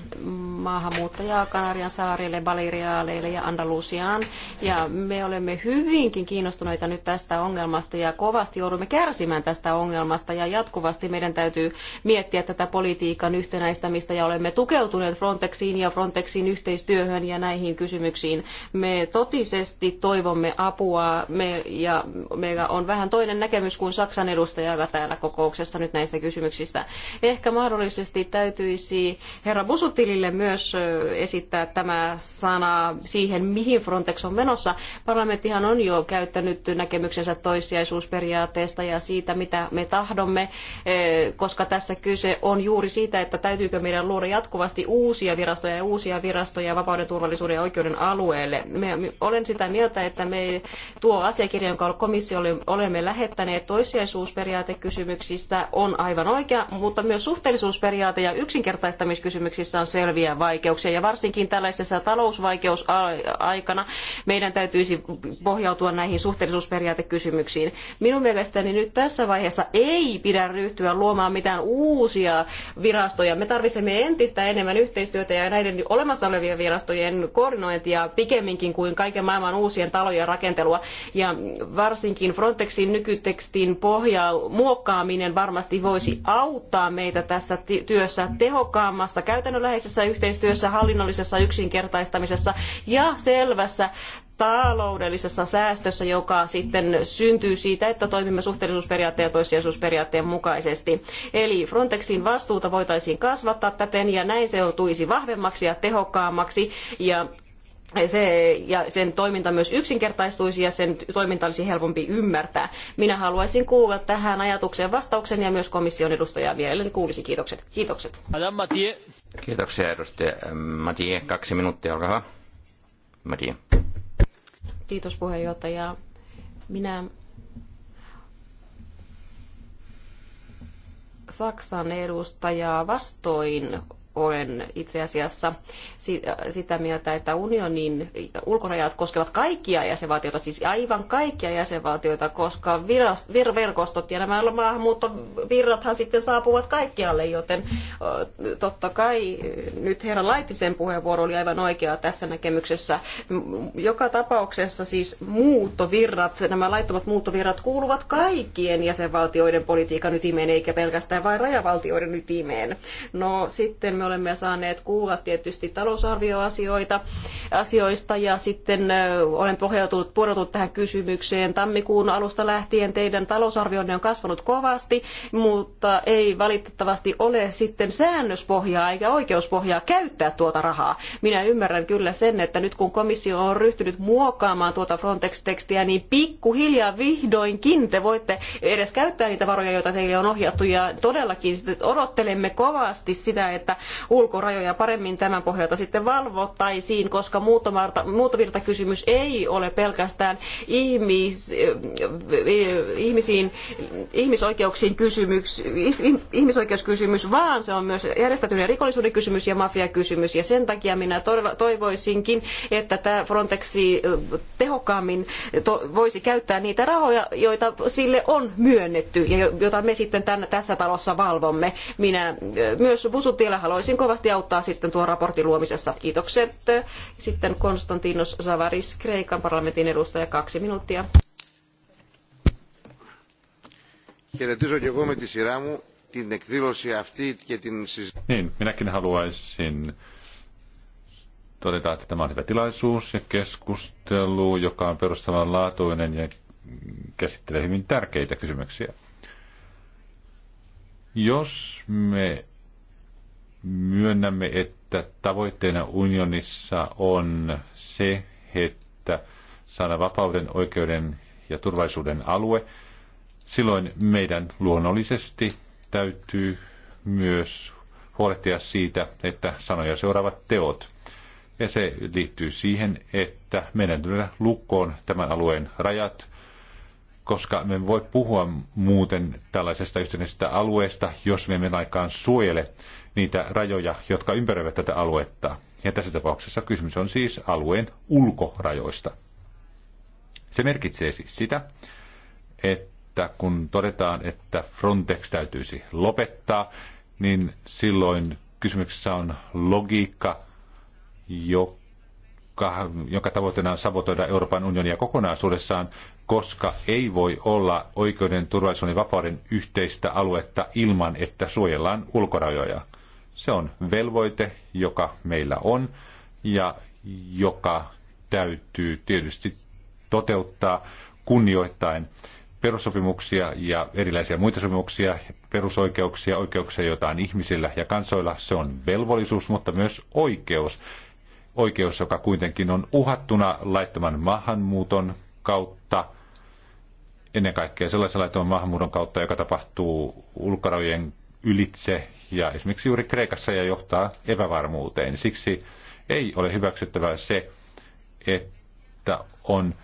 maahanmuuttajaa Kanarian saarille, Baleriaaleille ja Andalusiaan. Ja me olemme hyvinkin kiinnostuneita nyt tästä ongelmasta ja kovasti joudumme kärsimään tästä ongelmasta. Ja jatkuvasti meidän täytyy miettiä tätä politiikan yhtenäistämistä ja olemme tukeutuneet Frontexiin ja Frontexin yhteistyöhön ja näihin kysymyksiin. Me totisesti toivomme apua me, ja meillä on vähän toinen näkemys kuin Saksan edustaja täällä kokouksessa nyt näistä kysymyksistä. Ehkä Ehkä mahdollisesti täytyisi herra Busutilille myös esittää tämä sana siihen, mihin Frontex on menossa. Parlamenttihan on jo käyttänyt näkemyksensä toissijaisuusperiaatteesta ja siitä, mitä me tahdomme, koska tässä kyse on juuri siitä, että täytyykö meidän luoda jatkuvasti uusia virastoja ja uusia virastoja vapauden, turvallisuuden ja oikeuden alueelle. Me, olen sitä mieltä, että me tuo asiakirja, jonka komissiolle olemme lähettäneet toissijaisuusperiaatekysymyksistä, on aivan oikea, mutta myös suhteellisuusperiaate ja yksinkertaistamiskysymyksissä on selviä vaikeuksia ja varsinkin tällaisessa talousvaikeusaikana meidän täytyisi pohjautua näihin suhteellisuusperiaatekysymyksiin. Minun mielestäni nyt tässä vaiheessa ei pidä ryhtyä luomaan mitään uusia virastoja. Me tarvitsemme entistä enemmän yhteistyötä ja näiden olemassa olevien virastojen koordinointia pikemminkin kuin kaiken maailman uusien talojen rakentelua. Ja varsinkin Frontexin nykytekstin pohja muokkaaminen varmasti voisi auttaa meitä tässä työssä tehokkaammassa käytännönläheisessä yhteistyössä, hallinnollisessa yksinkertaistamisessa ja selvässä taloudellisessa säästössä, joka sitten syntyy siitä, että toimimme suhteellisuusperiaatteen ja toissijaisuusperiaatteen mukaisesti. Eli Frontexin vastuuta voitaisiin kasvattaa täten ja näin se tuisi vahvemmaksi ja tehokkaammaksi ja se, ja sen toiminta myös yksinkertaistuisi ja sen toiminta olisi helpompi ymmärtää. Minä haluaisin kuulla tähän ajatukseen vastauksen ja myös komission edustajaa mielelläni kuulisi. Kiitokset. Kiitokset. Kiitoksia edustaja eh, Matie. Kaksi minuuttia, olkaa hyvä. Matie. Kiitos puheenjohtaja. Minä Saksan edustajaa vastoin olen itse asiassa sitä mieltä, että unionin ulkorajat koskevat kaikkia jäsenvaltioita, siis aivan kaikkia jäsenvaltioita, koska vir- verkostot ja nämä maahanmuuttovirrathan sitten saapuvat kaikkialle, joten totta kai nyt herra Laitisen puheenvuoro oli aivan oikea tässä näkemyksessä. Joka tapauksessa siis muuttovirrat, nämä laittomat muuttovirrat kuuluvat kaikkien jäsenvaltioiden politiikan ytimeen, eikä pelkästään vain rajavaltioiden ytimeen. No sitten me olemme saaneet kuulla tietysti talousarvioasioita asioista ja sitten olen pohjautunut, pudotut tähän kysymykseen. Tammikuun alusta lähtien teidän talousarvionne on kasvanut kovasti, mutta ei valitettavasti ole sitten säännöspohjaa eikä oikeuspohjaa käyttää tuota rahaa. Minä ymmärrän kyllä sen, että nyt kun komissio on ryhtynyt muokkaamaan tuota Frontex-tekstiä, niin pikkuhiljaa vihdoinkin te voitte edes käyttää niitä varoja, joita teille on ohjattu ja todellakin odottelen odottelemme kovasti sitä, että ulkorajoja paremmin tämän pohjalta sitten valvottaisiin, koska muuttovirtakysymys ei ole pelkästään ihmis, eh, ihmisiin, ihmisoikeuksiin kysymys, ihmisoikeuskysymys, vaan se on myös järjestäytyneen rikollisuuden kysymys ja mafiakysymys. Ja sen takia minä toivoisinkin, että tämä Frontexi eh, tehokkaammin voisi käyttää niitä rahoja, joita sille on myönnetty ja jota me sitten tämän, tässä talossa valvomme. Minä eh, myös Busutille haluaisin haluaisin kovasti auttaa sitten tuon raportin luomisessa. Kiitokset. Sitten Konstantinos Savaris, Kreikan parlamentin edustaja, kaksi minuuttia. Χαιρετίζω και εγώ με τη σειρά μου την εκδήλωση αυτή και την συζήτηση. Niin, minäkin haluaisin todeta, että tämä on hyvä tilaisuus ja keskustelu, joka on perustavanlaatuinen ja käsittelee hyvin tärkeitä kysymyksiä. Jos me Myönnämme, että tavoitteena unionissa on se, että saada vapauden, oikeuden ja turvallisuuden alue. Silloin meidän luonnollisesti täytyy myös huolehtia siitä, että sanoja seuraavat teot. Ja se liittyy siihen, että meidän tulee lukkoon tämän alueen rajat, koska me voi puhua muuten tällaisesta yhtenäisestä alueesta, jos me emme aikaan suojele niitä rajoja, jotka ympäröivät tätä aluetta. Ja tässä tapauksessa kysymys on siis alueen ulkorajoista. Se merkitsee siis sitä, että kun todetaan, että Frontex täytyisi lopettaa, niin silloin kysymyksessä on logiikka, joka, jonka tavoitteena on sabotoida Euroopan unionia kokonaisuudessaan, koska ei voi olla oikeuden, turvallisuuden ja vapauden yhteistä aluetta ilman, että suojellaan ulkorajoja. Se on velvoite, joka meillä on ja joka täytyy tietysti toteuttaa kunnioittain perussopimuksia ja erilaisia muita sopimuksia, perusoikeuksia, oikeuksia, joita on ihmisillä ja kansoilla. Se on velvollisuus, mutta myös oikeus. Oikeus, joka kuitenkin on uhattuna laittoman maahanmuuton kautta, ennen kaikkea sellaisen laittoman maahanmuuton kautta, joka tapahtuu ulkorajojen ylitse ja esimerkiksi juuri Kreikassa ja johtaa epävarmuuteen. Siksi ei ole hyväksyttävää se, että on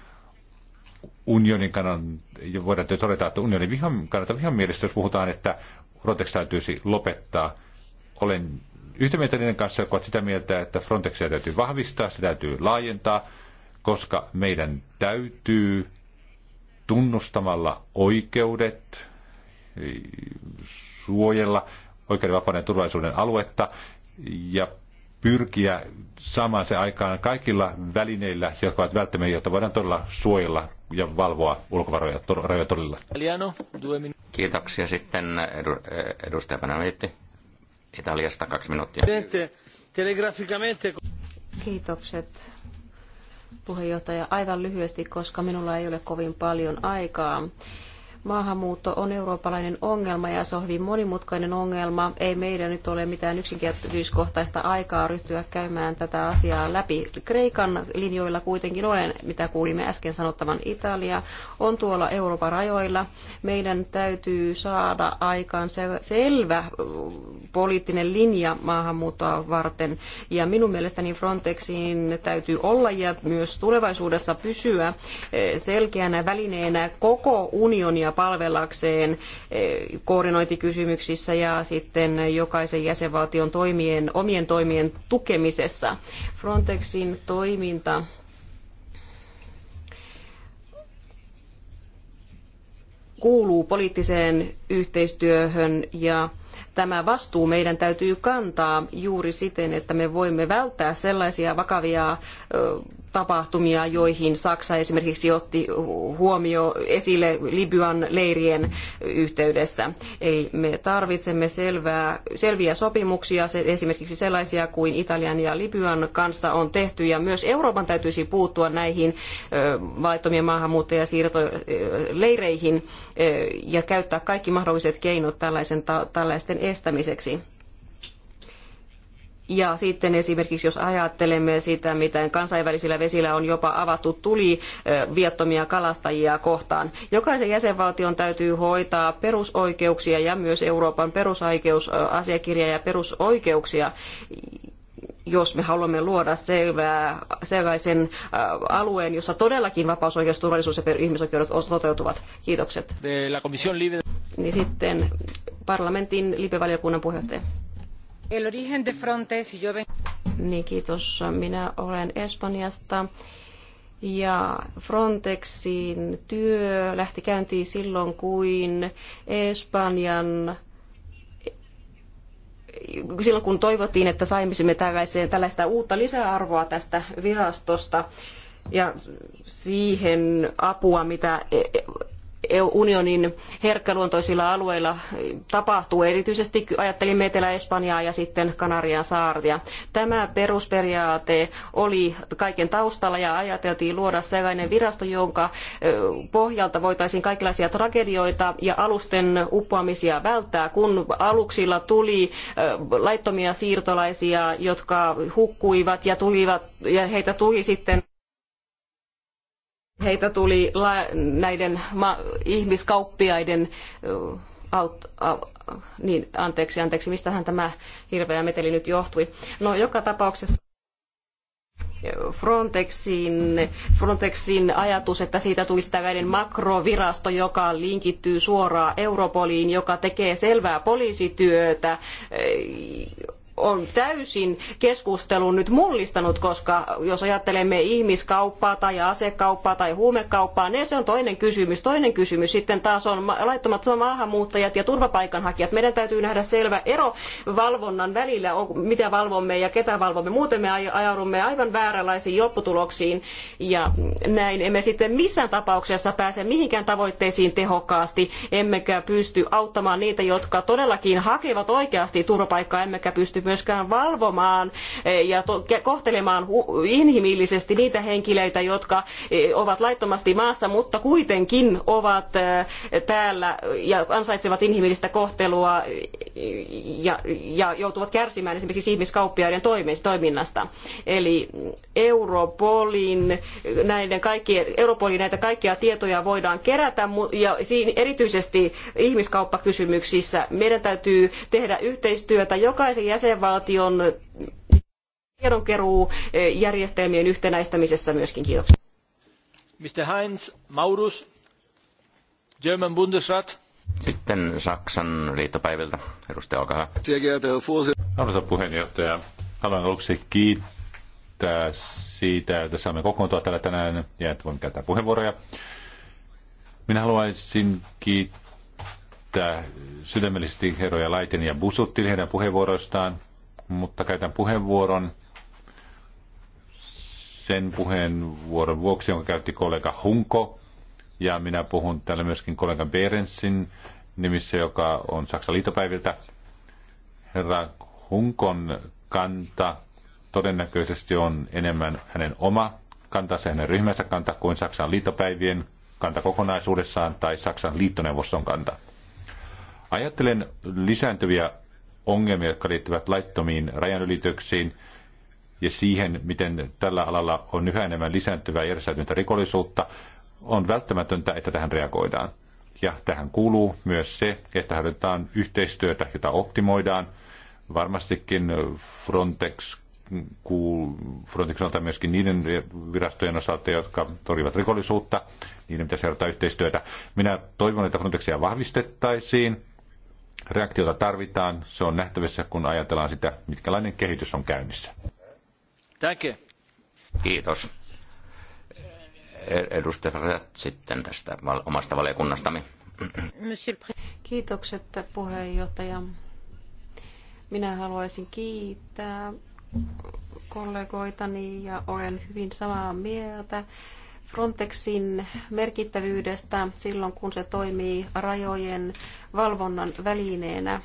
unionin kannan, ja voidaan todeta, että unionin vihan, kannalta vihan mielestä, jos puhutaan, että Frontex täytyisi lopettaa. Olen yhtä mieltä niiden kanssa, jotka ovat sitä mieltä, että Frontexia täytyy vahvistaa, se täytyy laajentaa, koska meidän täytyy tunnustamalla oikeudet suojella oikeudenvapauden ja turvallisuuden aluetta ja pyrkiä saamaan se aikaan kaikilla välineillä, jotka ovat välttämättä, jotta voidaan todella suojella ja valvoa ulkovaroja rajoitolilla. Kiitoksia sitten eh, edustaja Panametti Italiasta kaksi minuuttia. Kiitokset puheenjohtaja aivan lyhyesti, koska minulla ei ole kovin paljon aikaa. Maahanmuutto on eurooppalainen ongelma ja se on hyvin monimutkainen ongelma. Ei meidän nyt ole mitään yksinkertaiskohtaista aikaa ryhtyä käymään tätä asiaa läpi. Kreikan linjoilla kuitenkin olen, mitä kuulimme äsken sanottavan Italia, on tuolla Euroopan rajoilla. Meidän täytyy saada aikaan selvä poliittinen linja maahanmuuttoa varten. Ja minun mielestäni Frontexin täytyy olla ja myös tulevaisuudessa pysyä eh, selkeänä välineenä koko unionia palvellakseen eh, koordinointikysymyksissä ja sitten jokaisen jäsenvaltion toimien, omien toimien tukemisessa. Frontexin toiminta kuuluu poliittiseen yhteistyöhön ja tämä vastuu meidän täytyy kantaa juuri siten, että me voimme välttää sellaisia vakavia tapahtumia, joihin Saksa esimerkiksi otti huomio esille Libyan leirien yhteydessä. Eli me tarvitsemme selvää, selviä sopimuksia, esimerkiksi sellaisia kuin Italian ja Libyan kanssa on tehty, ja myös Euroopan täytyisi puuttua näihin laittomien maahanmuuttajasiirtoleireihin ja käyttää kaikki mahdolliset keinot tällaisen, tällaisten estämiseksi ja sitten esimerkiksi jos ajattelemme sitä, miten kansainvälisillä vesillä on jopa avattu tuli viattomia kalastajia kohtaan. Jokaisen jäsenvaltion täytyy hoitaa perusoikeuksia ja myös Euroopan perusoikeusasiakirja ja perusoikeuksia jos me haluamme luoda selvää, sellaisen alueen, jossa todellakin vapaus, oikeus, turvallisuus ja ihmisoikeudet toteutuvat. Kiitokset. Niin sitten parlamentin lipevaliokunnan puheenjohtaja. El origen de yo ven... Niin, kiitos. Minä olen Espanjasta. Ja Frontexin työ lähti käyntiin silloin, kuin Espanjan silloin kun toivottiin, että saimisimme tällaista uutta lisäarvoa tästä virastosta ja siihen apua, mitä e- e- unionin herkkäluontoisilla alueilla tapahtuu. Erityisesti ajattelimme Etelä-Espanjaa ja sitten Kanarian saaria. Tämä perusperiaate oli kaiken taustalla ja ajateltiin luoda sellainen virasto, jonka pohjalta voitaisiin kaikenlaisia tragedioita ja alusten uppoamisia välttää, kun aluksilla tuli laittomia siirtolaisia, jotka hukkuivat ja, tulivat, ja heitä tuli sitten Heitä tuli näiden ihmiskauppiaiden aut, niin, anteeksi, anteeksi, mistähän tämä hirveä meteli nyt johtui. No, joka tapauksessa Frontexin, Frontexin ajatus, että siitä tulisi tällainen makrovirasto, joka linkittyy suoraan Europoliin, joka tekee selvää poliisityötä, on täysin keskustelun nyt mullistanut, koska jos ajattelemme ihmiskauppaa tai asekauppaa tai huumekauppaa, niin se on toinen kysymys. Toinen kysymys sitten taas on laittomat maahanmuuttajat ja turvapaikanhakijat. Meidän täytyy nähdä selvä ero valvonnan välillä, mitä valvomme ja ketä valvomme. Muuten me ajaudumme aivan vääränlaisiin lopputuloksiin ja näin emme sitten missään tapauksessa pääse mihinkään tavoitteisiin tehokkaasti, emmekä pysty auttamaan niitä, jotka todellakin hakevat oikeasti turvapaikkaa, emmekä pysty myöskään valvomaan eh, ja kohtelemaan inhimillisesti niitä henkilöitä, jotka eh, ovat laittomasti maassa, mutta kuitenkin ovat eh, täällä ja ansaitsevat inhimillistä kohtelua ja, ja joutuvat kärsimään esimerkiksi ihmiskauppiaiden toiminnasta. Eli Europolin näiden kaikkien, Europolin näitä kaikkia tietoja voidaan kerätä ja erityisesti ihmiskauppakysymyksissä meidän täytyy tehdä yhteistyötä jokaisen jäsen jäsenvaltion tiedonkeruujärjestelmien yhtenäistämisessä myöskin. Kiitoksia. Mr. Heinz Maurus, German Bundesrat. Sitten Saksan liittopäiviltä. Edustaja, olkaa hyvä. Arvoisa puheenjohtaja, haluan aluksi kiittää siitä, että saamme kokoontua täällä tänään ja että voimme käyttää puheenvuoroja. Minä haluaisin kiittää sydämellisesti herroja Laiten ja Busuttil heidän puheenvuoroistaan mutta käytän puheenvuoron sen puheenvuoron vuoksi, jonka käytti kollega Hunko. Ja minä puhun täällä myöskin kollega Berensin nimissä, joka on Saksan liitopäiviltä. Herra Hunkon kanta todennäköisesti on enemmän hänen oma kantansa, hänen ryhmänsä kanta kuin Saksan liitopäivien kanta kokonaisuudessaan tai Saksan liittoneuvoston kanta. Ajattelen lisääntyviä ongelmia, jotka liittyvät laittomiin rajanylityksiin ja siihen, miten tällä alalla on yhä enemmän lisääntyvää järjestäytyntä rikollisuutta, on välttämätöntä, että tähän reagoidaan. Ja tähän kuuluu myös se, että harjoitetaan yhteistyötä, jota optimoidaan. Varmastikin Frontex, Frontex on myöskin niiden virastojen osalta, jotka torjuvat rikollisuutta. Niiden pitäisi harjoittaa yhteistyötä. Minä toivon, että Frontexia vahvistettaisiin Reaktiota tarvitaan, se on nähtävissä, kun ajatellaan sitä, mitkälainen kehitys on käynnissä. Täke. Kiitos. Edustaja sitten tästä omasta valiokunnastamme. Kiitokset puheenjohtaja. Minä haluaisin kiittää kollegoitani ja olen hyvin samaa mieltä Frontexin merkittävyydestä silloin, kun se toimii rajojen valvonnan välineenä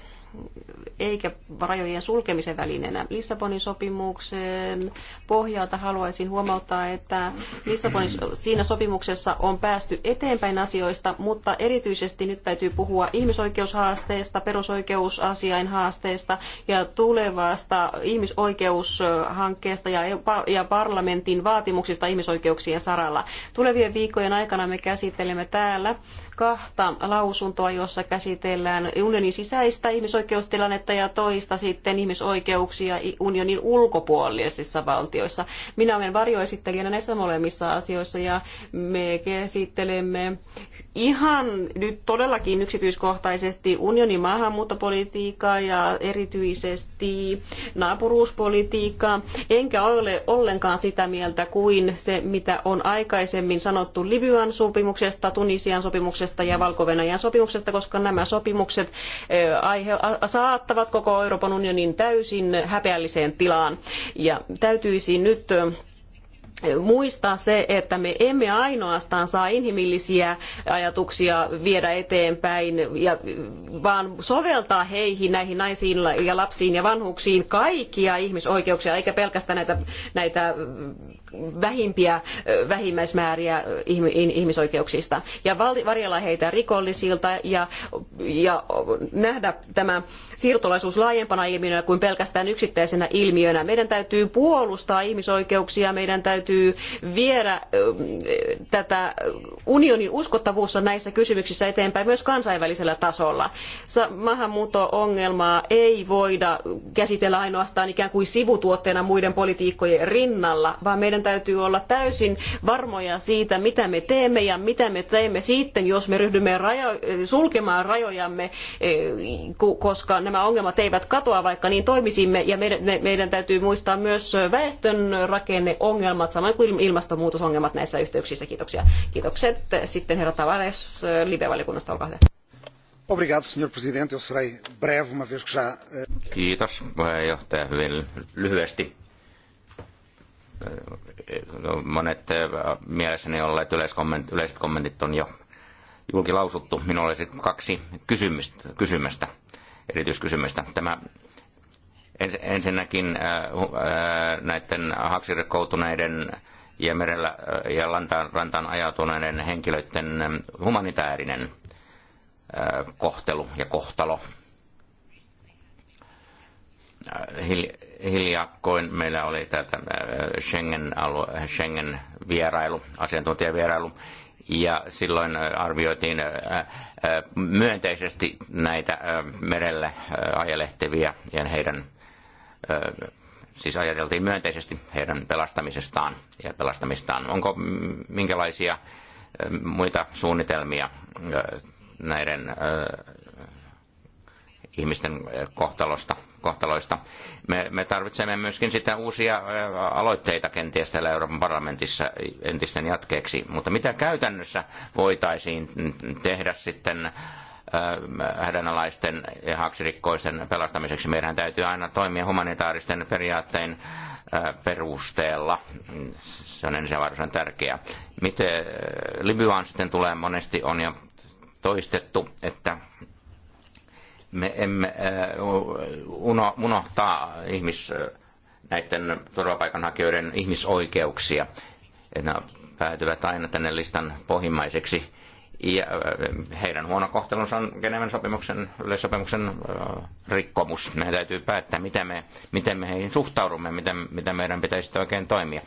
eikä rajojen sulkemisen välineenä. Lissabonin sopimuksen pohjalta haluaisin huomauttaa, että Lissabonin siinä sopimuksessa on päästy eteenpäin asioista, mutta erityisesti nyt täytyy puhua ihmisoikeushaasteesta perusoikeusasiain haasteesta ja tulevasta ihmisoikeushankkeesta ja parlamentin vaatimuksista ihmisoikeuksien saralla. Tulevien viikkojen aikana me käsittelemme täällä kahta lausuntoa, jossa käsitellään unionin sisäistä ihmisoikeuksia ihmisoikeustilannetta ja toista sitten ihmisoikeuksia unionin ulkopuolisissa valtioissa. Minä olen varjoesittelijänä näissä molemmissa asioissa ja me käsittelemme ihan nyt todellakin yksityiskohtaisesti unionin maahanmuuttopolitiikkaa ja erityisesti naapuruuspolitiikkaa. Enkä ole ollenkaan sitä mieltä kuin se, mitä on aikaisemmin sanottu Libyan sopimuksesta, Tunisian sopimuksesta ja valko sopimuksesta, koska nämä sopimukset saattavat koko Euroopan unionin täysin häpeälliseen tilaan. Ja täytyisi nyt muistaa se, että me emme ainoastaan saa inhimillisiä ajatuksia viedä eteenpäin, vaan soveltaa heihin, näihin naisiin ja lapsiin ja vanhuksiin kaikkia ihmisoikeuksia, eikä pelkästään näitä, näitä vähimpiä, vähimmäismääriä ihmisoikeuksista. Ja varjella heitä rikollisilta ja, ja nähdä tämä siirtolaisuus laajempana ilmiönä kuin pelkästään yksittäisenä ilmiönä. Meidän täytyy puolustaa ihmisoikeuksia, meidän täytyy täytyy viedä tätä unionin uskottavuutta näissä kysymyksissä eteenpäin myös kansainvälisellä tasolla. Maahanmuutto-ongelmaa ei voida käsitellä ainoastaan ikään kuin sivutuotteena muiden politiikkojen rinnalla, vaan meidän täytyy olla täysin varmoja siitä, mitä me teemme ja mitä me teemme sitten, jos me ryhdymme rajo- sulkemaan rajojamme, koska nämä ongelmat eivät katoa, vaikka niin toimisimme. Ja meidän, meidän täytyy muistaa myös väestön rakenneongelmat samoin kuin ilmastonmuutosongelmat näissä yhteyksissä. Kiitoksia. Kiitokset. Sitten herra Tavares Libe-valiokunnasta, olkaa Obrigado, senhor presidente. Eu serei breve, uma vez que já... Eh, Kiitos, puheenjohtaja. Hyvin lyhyesti eh, no, monet eh, mielessäni olleet yleiskomment, yleiset kommentit on jo julkilausuttu. Minulla olisi kaksi kysymystä, kysymystä, erityiskysymystä. Tämä ensinnäkin äh, äh, näiden haksirikoutuneiden ja merellä äh, ja lantaan, rantaan ajautuneiden henkilöiden ähm, humanitaarinen kohtelu ja kohtalo. Hiljakkoin meillä oli tätä Schengen, Schengen vierailu, asiantuntijavierailu, ja silloin arvioitiin myönteisesti näitä merelle ajelehtiviä ja heidän siis ajateltiin myönteisesti heidän pelastamisestaan ja pelastamistaan. Onko minkälaisia muita suunnitelmia näiden ihmisten kohtalosta, kohtaloista. Me, me tarvitsemme myöskin sitä uusia aloitteita kenties täällä Euroopan parlamentissa entisten jatkeeksi, mutta mitä käytännössä voitaisiin tehdä sitten Äh, hädänalaisten ja haksirikkoisten pelastamiseksi. Meidän täytyy aina toimia humanitaaristen periaatteen äh, perusteella. Se on varsin tärkeää. Miten äh, Libyaan sitten tulee monesti on jo toistettu, että me emme unohtaa ihmis, näiden turvapaikanhakijoiden ihmisoikeuksia. Ne päätyvät aina tänne listan pohjimmaiseksi ja äh, heidän huono kohtelunsa on Geneven sopimuksen, yleissopimuksen äh, rikkomus. Meidän täytyy päättää, miten me, miten me heihin suhtaudumme, miten, miten meidän pitäisi oikein toimia.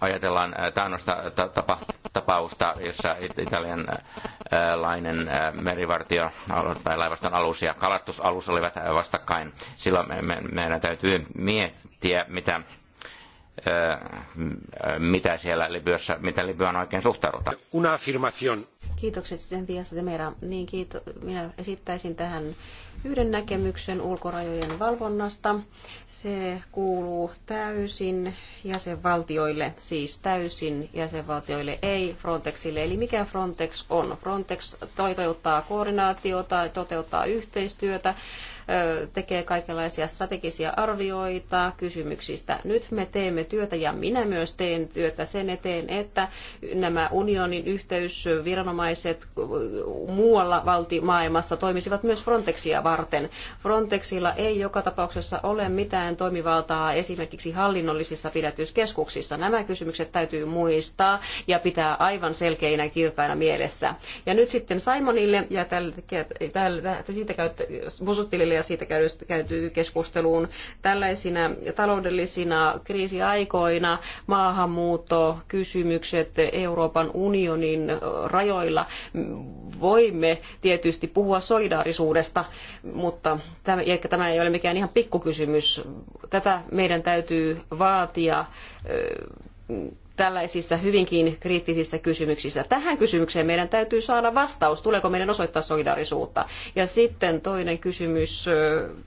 Ajatellaan äh, taannosta tapa, tapausta, jossa italianlainen merivartio tai laivaston alus ja kalastusalus olivat vastakkain. Silloin me, me, meidän täytyy miettiä, mitä mitä siellä Libyassa, miten Libyaan oikein suhtaudutaan. Una afirmación. Kiitokset sitten Niin kiito, minä esittäisin tähän yhden näkemyksen ulkorajojen valvonnasta. Se kuuluu täysin jäsenvaltioille, siis täysin jäsenvaltioille, ei Frontexille. Eli mikä Frontex on? Frontex toteuttaa koordinaatiota, toteuttaa yhteistyötä tekee kaikenlaisia strategisia arvioita kysymyksistä. Nyt me teemme työtä ja minä myös teen työtä sen eteen, että nämä unionin yhteysviranomaiset muualla valtimaailmassa toimisivat myös Frontexia varten. Frontexilla ei joka tapauksessa ole mitään toimivaltaa esimerkiksi hallinnollisissa pidätyskeskuksissa. Nämä kysymykset täytyy muistaa ja pitää aivan selkeinä kirkkaina mielessä. Ja nyt sitten Simonille ja tälle, tälle, siitä käyttö, ja siitä käyty keskusteluun. Tällaisina taloudellisina kriisiaikoina maahanmuuttokysymykset Euroopan unionin rajoilla voimme tietysti puhua solidaarisuudesta, mutta tämä ei ole mikään ihan pikkukysymys. Tätä meidän täytyy vaatia tällaisissa hyvinkin kriittisissä kysymyksissä. Tähän kysymykseen meidän täytyy saada vastaus, tuleeko meidän osoittaa solidaarisuutta. Ja sitten toinen kysymys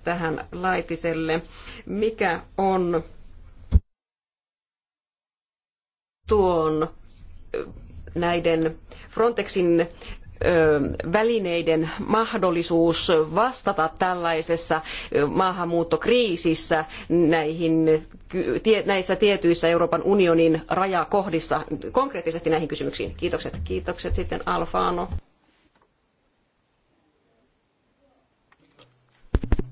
tähän Laitiselle. Mikä on tuon näiden Frontexin välineiden mahdollisuus vastata tällaisessa maahanmuuttokriisissä näihin, näissä tietyissä Euroopan unionin rajakohdissa konkreettisesti näihin kysymyksiin. Kiitokset. Kiitokset sitten Alfano.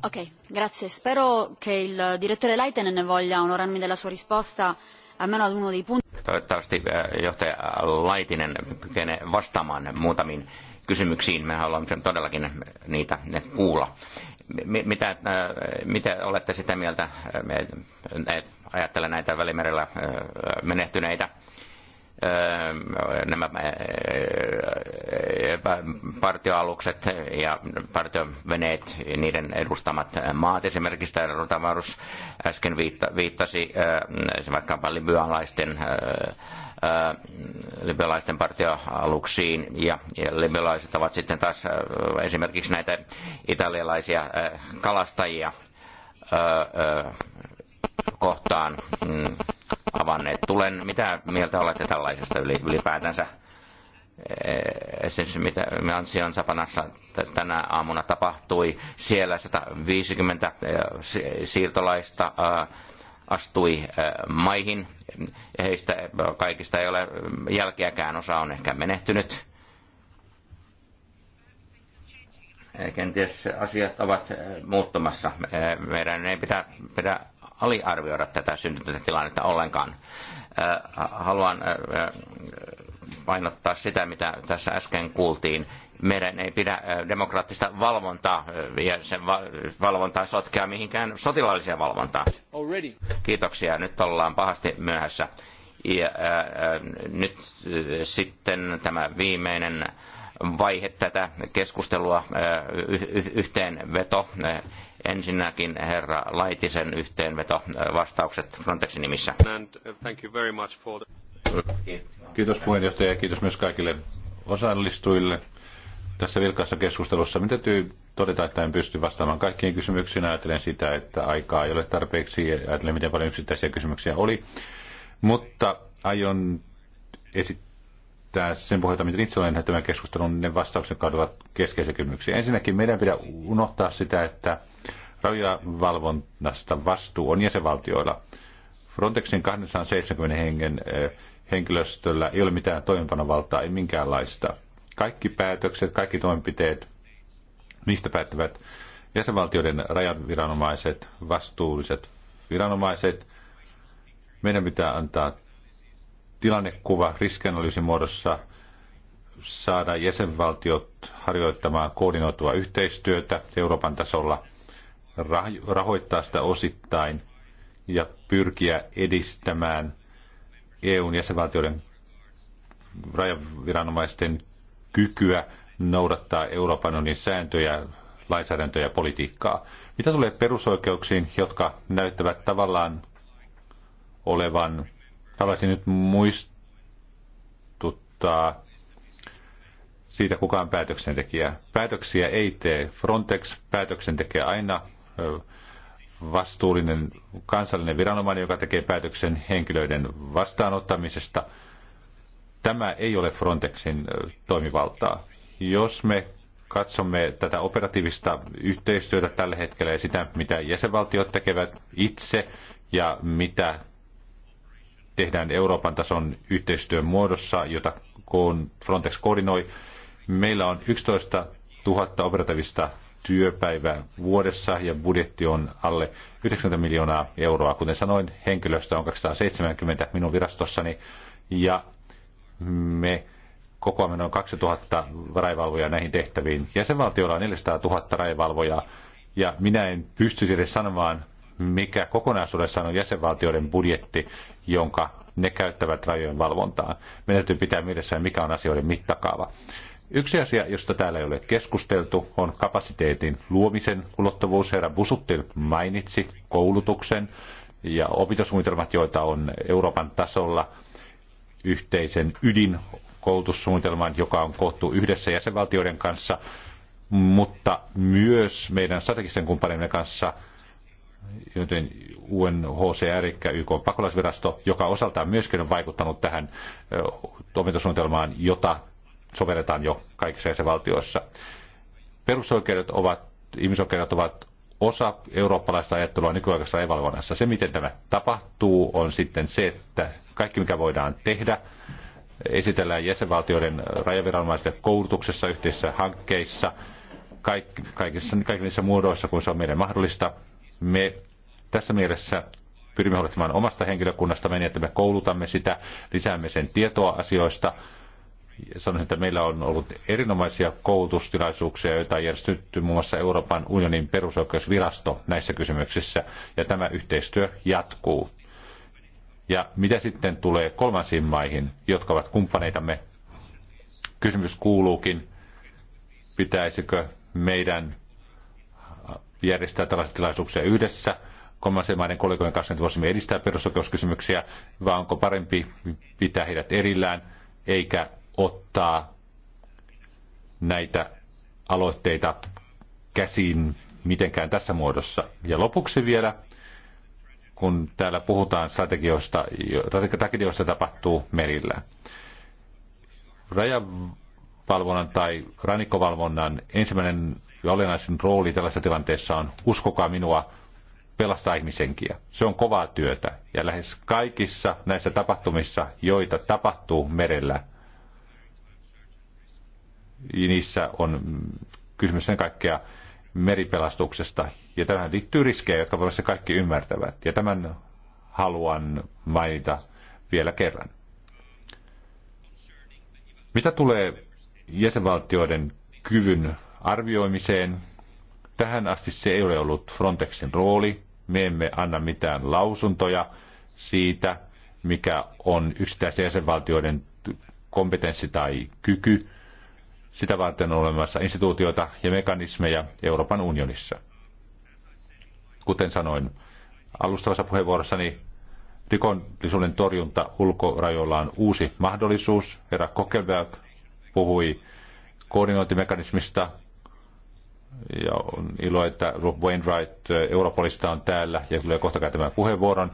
Ok, grazie. Spero che il direttore Leitenen voglia onorarmi della sua risposta Äh, Toivottavasti äh, johtaja Laitinen kykenee vastaamaan muutamiin kysymyksiin. Me haluamme todellakin niitä kuulla. Mitä, äh, mitä olette sitä mieltä, ajattelen näitä välimerellä menehtyneitä Öö, nämä öö, öö, partioalukset ja partioveneet ja niiden edustamat maat. Esimerkiksi tämä Rotavarus äsken viittasi vaikkapa libyalaisten, libyalaisten partioaluksiin ja libyalaiset ovat sitten taas esimerkiksi näitä italialaisia kalastajia kohtaan mm, avanneet. Tulen, mitä mieltä olette tällaisesta ylipäätänsä? Esimerkiksi eh, mitä Mansion Sapanassa tänä aamuna tapahtui, siellä 150 eh, siirtolaista eh, astui maihin. Heistä kaikista ei ole jälkeäkään, osa on ehkä menehtynyt. Kenties asiat ovat muuttumassa. Meidän ei pidä, pidä aliarvioida tätä syntynyttä tilannetta ollenkaan. Haluan painottaa sitä, mitä tässä äsken kuultiin. Meidän ei pidä demokraattista valvontaa ja sen valvontaa sotkea mihinkään sotilaalliseen valvontaan. Already. Kiitoksia. Nyt ollaan pahasti myöhässä. Ja, ää, ää, nyt sitten tämä viimeinen vaihe tätä keskustelua, ää, y- y- yhteenveto. Ää, Ensinnäkin herra Laitisen yhteenveto äh, vastaukset Frontexin nimissä. Uh, kiitos puheenjohtaja ja kiitos myös kaikille osallistujille tässä vilkkaassa keskustelussa. Mitä täytyy todeta, että en pysty vastaamaan kaikkiin kysymyksiin. Ajattelen sitä, että aikaa ei ole tarpeeksi ja ajattelen, miten paljon yksittäisiä kysymyksiä oli. Mutta aion esittää sen pohjalta, miten itse olen tämän keskustelun, ne vastaukset, jotka keskeisiä kysymyksiä. Ensinnäkin meidän pitää unohtaa sitä, että rajavalvonnasta vastuu on jäsenvaltioilla. Frontexin 270 hengen eh, henkilöstöllä ei ole mitään toimenpanovaltaa, ei minkäänlaista. Kaikki päätökset, kaikki toimenpiteet, niistä päättävät jäsenvaltioiden rajaviranomaiset, vastuulliset viranomaiset. Meidän pitää antaa tilannekuva riskianalyysin muodossa, saada jäsenvaltiot harjoittamaan koordinoitua yhteistyötä Euroopan tasolla – rahoittaa sitä osittain ja pyrkiä edistämään EUn jäsenvaltioiden rajaviranomaisten kykyä noudattaa Euroopan unionin sääntöjä, lainsäädäntöä ja politiikkaa. Mitä tulee perusoikeuksiin, jotka näyttävät tavallaan olevan, haluaisin nyt muistuttaa siitä kukaan päätöksentekijä. Päätöksiä ei tee Frontex, päätöksen tekee aina vastuullinen kansallinen viranomainen, joka tekee päätöksen henkilöiden vastaanottamisesta. Tämä ei ole Frontexin toimivaltaa. Jos me katsomme tätä operatiivista yhteistyötä tällä hetkellä ja sitä, mitä jäsenvaltiot tekevät itse ja mitä tehdään Euroopan tason yhteistyön muodossa, jota Frontex koordinoi, meillä on 11 000 operatiivista työpäivää vuodessa ja budjetti on alle 90 miljoonaa euroa. Kuten sanoin, henkilöstö on 270 minun virastossani ja me kokoamme noin 2000 raivalvojaa näihin tehtäviin. Jäsenvaltiolla on 400 000 raivalvojaa ja minä en pystyisi edes sanomaan, mikä kokonaisuudessaan on jäsenvaltioiden budjetti, jonka ne käyttävät rajojen valvontaan. Meidän täytyy pitää mielessä, mikä on asioiden mittakaava. Yksi asia, josta täällä ei ole keskusteltu, on kapasiteetin luomisen ulottuvuus. Herra Busuttil mainitsi koulutuksen ja opintosuunnitelmat, joita on Euroopan tasolla yhteisen ydinkoulutussuunnitelman, joka on koottu yhdessä jäsenvaltioiden kanssa, mutta myös meidän strategisten kumppanimme kanssa, joten UNHCR, eli YK pakolaisvirasto, joka osaltaan myöskin on vaikuttanut tähän opintosuunnitelmaan, jota sovelletaan jo kaikissa jäsenvaltioissa. Perusoikeudet ovat, ihmisoikeudet ovat osa eurooppalaista ajattelua nykyaikaisessa evalvonnassa. Se, miten tämä tapahtuu, on sitten se, että kaikki, mikä voidaan tehdä, esitellään jäsenvaltioiden rajaviranomaisille koulutuksessa, yhteisissä hankkeissa, kaikissa, kaikissa niissä muodoissa, kun se on meidän mahdollista. Me tässä mielessä pyrimme huolehtimaan omasta henkilökunnasta, niin että me koulutamme sitä, lisäämme sen tietoa asioista – Sanoin, että meillä on ollut erinomaisia koulutustilaisuuksia, joita on järjestetty muun muassa Euroopan unionin perusoikeusvirasto näissä kysymyksissä, ja tämä yhteistyö jatkuu. Ja mitä sitten tulee kolmansiin maihin, jotka ovat kumppaneitamme? Kysymys kuuluukin, pitäisikö meidän järjestää tällaisia tilaisuuksia yhdessä kolmansien maiden kollegojen kanssa, että voisimme edistää perusoikeuskysymyksiä, vai onko parempi pitää heidät erillään, eikä ottaa näitä aloitteita käsiin mitenkään tässä muodossa. Ja lopuksi vielä, kun täällä puhutaan strategioista, strategioista tapahtuu merillä. Rajavalvonnan tai rannikkovalvonnan ensimmäinen ja olennaisin rooli tällaisessa tilanteessa on, uskokaa minua, pelastaa ihmisenkiä. Se on kovaa työtä ja lähes kaikissa näissä tapahtumissa, joita tapahtuu merellä, niissä on kysymys sen kaikkea meripelastuksesta. Ja tähän liittyy riskejä, jotka varmasti kaikki ymmärtävät. Ja tämän haluan mainita vielä kerran. Mitä tulee jäsenvaltioiden kyvyn arvioimiseen, tähän asti se ei ole ollut Frontexin rooli. Me emme anna mitään lausuntoja siitä, mikä on yksittäisen jäsenvaltioiden kompetenssi tai kyky sitä varten on olemassa instituutioita ja mekanismeja Euroopan unionissa. Kuten sanoin alustavassa puheenvuorossani, rikollisuuden torjunta ulkorajoilla on uusi mahdollisuus. Herra Kokelberg puhui koordinointimekanismista, ja on ilo, että Rob Wainwright Europolista on täällä ja tulee kohta käyttämään puheenvuoron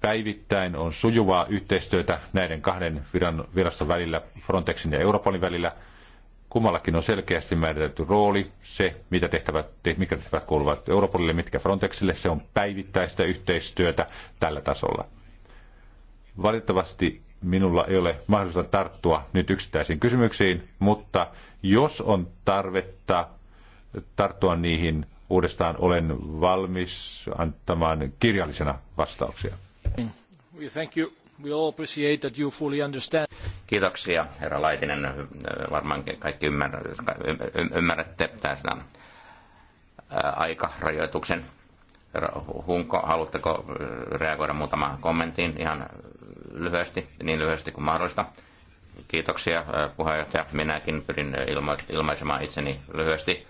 päivittäin on sujuvaa yhteistyötä näiden kahden viran, viraston välillä, Frontexin ja Europolin välillä. Kummallakin on selkeästi määritelty rooli, se mitä tehtävät, mitkä tehtävät kuuluvat Europolille, mitkä Frontexille, se on päivittäistä yhteistyötä tällä tasolla. Valitettavasti minulla ei ole mahdollista tarttua nyt yksittäisiin kysymyksiin, mutta jos on tarvetta tarttua niihin uudestaan, olen valmis antamaan kirjallisena vastauksia. Kiitoksia, herra Laitinen. Varmaan kaikki ymmärrätte tämän aikarajoituksen. Hunko, haluatteko reagoida muutamaan kommenttiin ihan lyhyesti, niin lyhyesti kuin mahdollista? Kiitoksia puheenjohtaja. Minäkin pyrin ilmaisemaan itseni lyhyesti.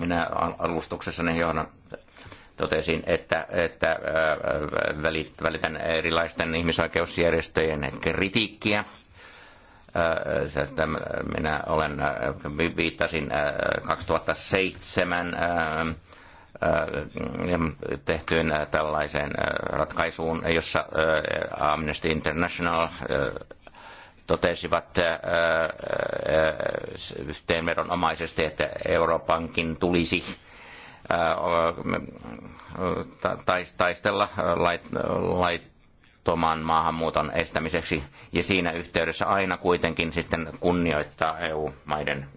Minä alustuksessani johdan totesin, että, että välitän erilaisten ihmisoikeusjärjestöjen kritiikkiä. Minä olen, viittasin 2007 tehtyyn tällaiseen ratkaisuun, jossa Amnesty International totesivat yhteenvedonomaisesti, että Euroopankin tulisi taistella laittoman maahanmuuton estämiseksi ja siinä yhteydessä aina kuitenkin sitten kunnioittaa EU-maiden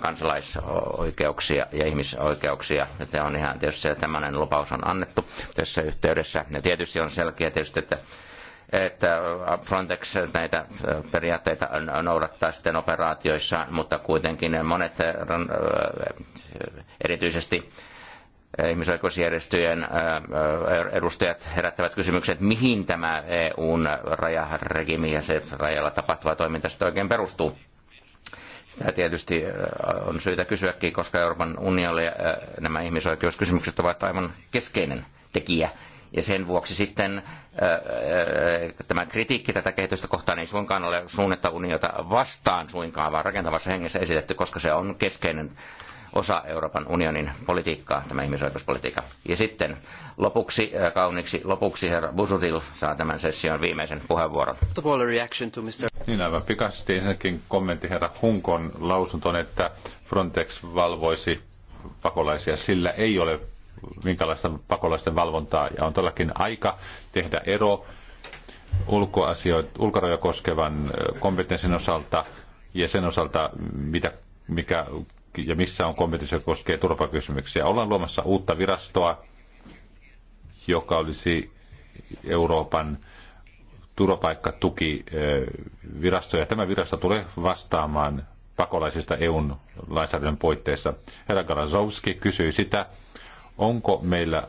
kansalaisoikeuksia ja ihmisoikeuksia. Se on ihan tietysti tämmöinen lupaus on annettu tässä yhteydessä. Ja tietysti on selkeä tietysti, että että äh, Frontex näitä äh, periaatteita noudattaa sitten operaatioissa, mutta kuitenkin monet äh, erityisesti ihmisoikeusjärjestöjen edustajat herättävät kysymyksen, että mihin tämä EUn rajaregimi ja se rajalla tapahtuva toiminta sitten oikein perustuu. Sitä tietysti on syytä kysyäkin, koska Euroopan unionille nämä ihmisoikeuskysymykset ovat aivan keskeinen tekijä ja sen vuoksi sitten äh, äh, tämä kritiikki tätä kehitystä kohtaan ei suinkaan ole suunnetta uniota vastaan suinkaan, vaan rakentavassa hengessä esitetty, koska se on keskeinen osa Euroopan unionin politiikkaa, tämä ihmisoikeuspolitiikka. Ja sitten lopuksi, äh, kauniiksi lopuksi herra Busutil saa tämän session viimeisen puheenvuoron. Niin aivan pikaisesti ensinnäkin kommentti herra Hunkon lausuntoon, että Frontex valvoisi pakolaisia. Sillä ei ole minkälaista pakolaisten valvontaa. Ja on todellakin aika tehdä ero ulkoasioita, koskevan kompetenssin osalta ja sen osalta, mitä, mikä ja missä on kompetenssi, joka koskee turvapaikkakysymyksiä. Ollaan luomassa uutta virastoa, joka olisi Euroopan turvapaikkatuki-virasto, ja tämä virasto tulee vastaamaan pakolaisista EUn lainsäädännön puitteissa. Herra Garazowski kysyi sitä, onko meillä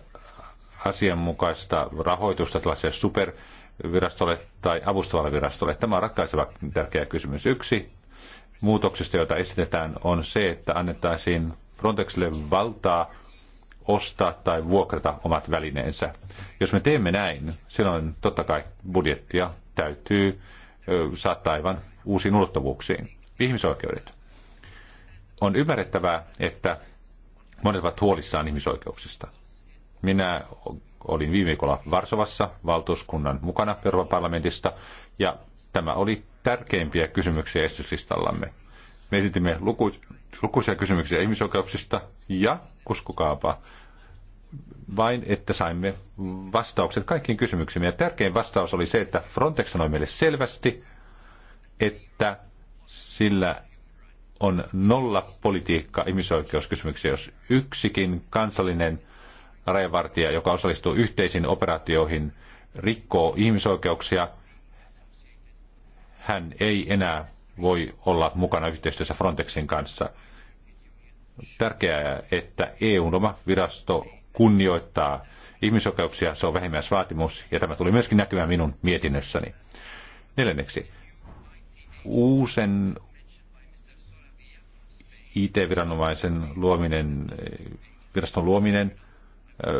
asianmukaista rahoitusta tällaiselle supervirastolle tai avustavalle virastolle? Tämä on ratkaiseva tärkeä kysymys. Yksi muutoksista, joita esitetään, on se, että annettaisiin Frontexille valtaa ostaa tai vuokrata omat välineensä. Jos me teemme näin, silloin totta kai budjettia täytyy saattaa aivan uusiin ulottuvuuksiin. Ihmisoikeudet. On ymmärrettävää, että Monet ovat huolissaan ihmisoikeuksista. Minä olin viime viikolla Varsovassa valtuuskunnan mukana Euroopan parlamentista, ja tämä oli tärkeimpiä kysymyksiä esityslistallamme. Me esitimme luku, lukuisia kysymyksiä ihmisoikeuksista, ja uskokaapa, vain että saimme vastaukset kaikkiin kysymyksiin. Ja tärkein vastaus oli se, että Frontex sanoi meille selvästi, että sillä on nolla politiikka ihmisoikeuskysymyksiä, jos yksikin kansallinen rajavartija, joka osallistuu yhteisiin operaatioihin, rikkoo ihmisoikeuksia, hän ei enää voi olla mukana yhteistyössä Frontexin kanssa. Tärkeää, että EUn oma virasto kunnioittaa ihmisoikeuksia, se on vähimmäisvaatimus, ja tämä tuli myöskin näkymään minun mietinnössäni. Neljänneksi, uusen, IT-viranomaisen luominen, viraston luominen.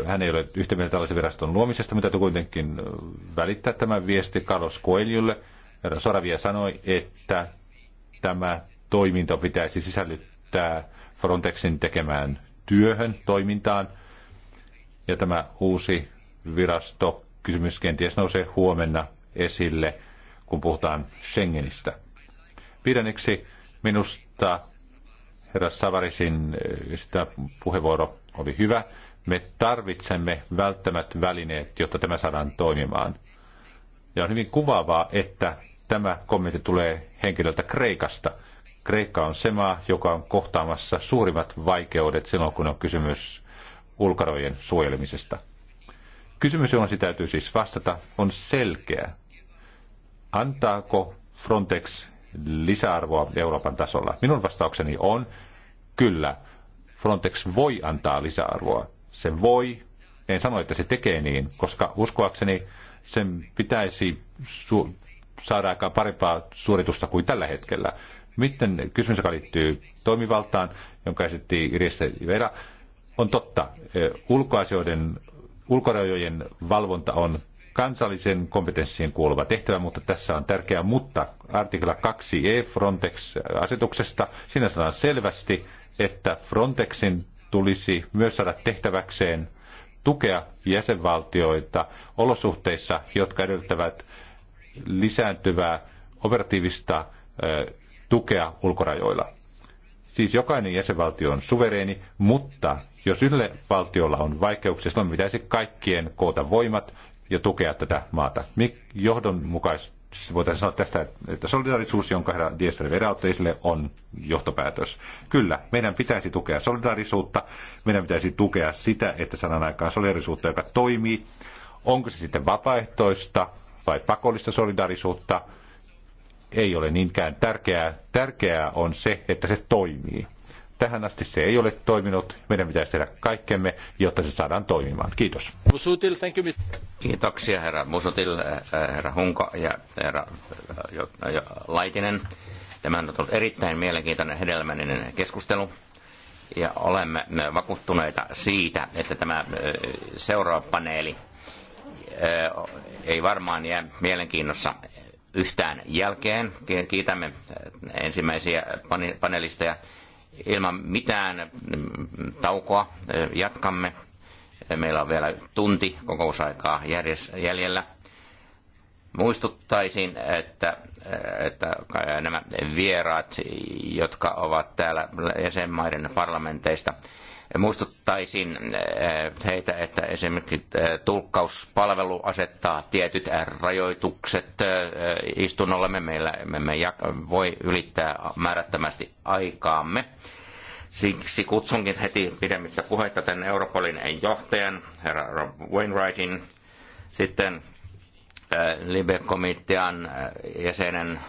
Hän ei ole yhtä mieltä tällaisen viraston luomisesta, mitä täytyy kuitenkin välittää tämä viesti Carlos Coeljulle. Soravia sanoi, että tämä toiminto pitäisi sisällyttää Frontexin tekemään työhön, toimintaan. Ja tämä uusi virasto, kysymys kenties nousee huomenna esille, kun puhutaan Schengenistä. Viidenneksi minusta herra Savarisin eh, sitä puheenvuoro oli hyvä. Me tarvitsemme välttämät välineet, jotta tämä saadaan toimimaan. Ja on hyvin kuvaavaa, että tämä kommentti tulee henkilöltä Kreikasta. Kreikka on se maa, joka on kohtaamassa suurimmat vaikeudet silloin, kun on kysymys ulkorajojen suojelemisesta. Kysymys, johon se täytyy siis vastata, on selkeä. Antaako Frontex lisäarvoa Euroopan tasolla? Minun vastaukseni on kyllä. Frontex voi antaa lisäarvoa. Se voi. En sano, että se tekee niin, koska uskoakseni sen pitäisi su- saada aika parempaa suoritusta kuin tällä hetkellä. Miten kysymys, joka liittyy toimivaltaan, jonka esitti Iriste Vera, on totta. Ulkoasioiden, ulkorajojen valvonta on kansallisen kompetenssiin kuuluva tehtävä, mutta tässä on tärkeää, mutta artikla 2e Frontex-asetuksesta, siinä sanotaan selvästi, että Frontexin tulisi myös saada tehtäväkseen tukea jäsenvaltioita olosuhteissa, jotka edellyttävät lisääntyvää operatiivista tukea ulkorajoilla. Siis jokainen jäsenvaltio on suvereeni, mutta jos yhdelle valtiolla on vaikeuksia, silloin pitäisi kaikkien koota voimat ja tukea tätä maata. Johdonmukaisesti voitaisiin sanoa tästä, että solidaarisuus, jonka herra Diester veräyttäisille on johtopäätös. Kyllä, meidän pitäisi tukea solidaarisuutta, meidän pitäisi tukea sitä, että sanan aikaan solidaarisuutta, joka toimii. Onko se sitten vapaaehtoista vai pakollista solidaarisuutta, ei ole niinkään tärkeää. Tärkeää on se, että se toimii. Tähän asti se ei ole toiminut. Meidän pitäisi tehdä kaikkemme, jotta se saadaan toimimaan. Kiitos. Kiitoksia herra Musutil, eh, eh, herra Hunko ja herra eh, Laitinen. Tämä on ollut erittäin mielenkiintoinen hedelmällinen keskustelu ja olemme vakuuttuneita siitä, että tämä seuraava paneeli ei varmaan jää mielenkiinnossa yhtään jälkeen. Kiitämme ensimmäisiä panelisteja Ilman mitään mm, taukoa e, jatkamme. E, meillä on vielä tunti kokousaikaa jäljellä. Muistuttaisin, että, e, että nämä vieraat, jotka ovat täällä jäsenmaiden parlamenteista, Muistuttaisin eh, heitä, että esimerkiksi eh, tulkkauspalvelu asettaa tietyt eh, rajoitukset istunnollemme. Meillä emme voi ylittää määrättömästi aikaamme. Siksi kutsunkin heti pidemmittä puhetta tämän Europolin johtajan, herra Rob Wainwrightin, sitten Libe-komitean jäsenen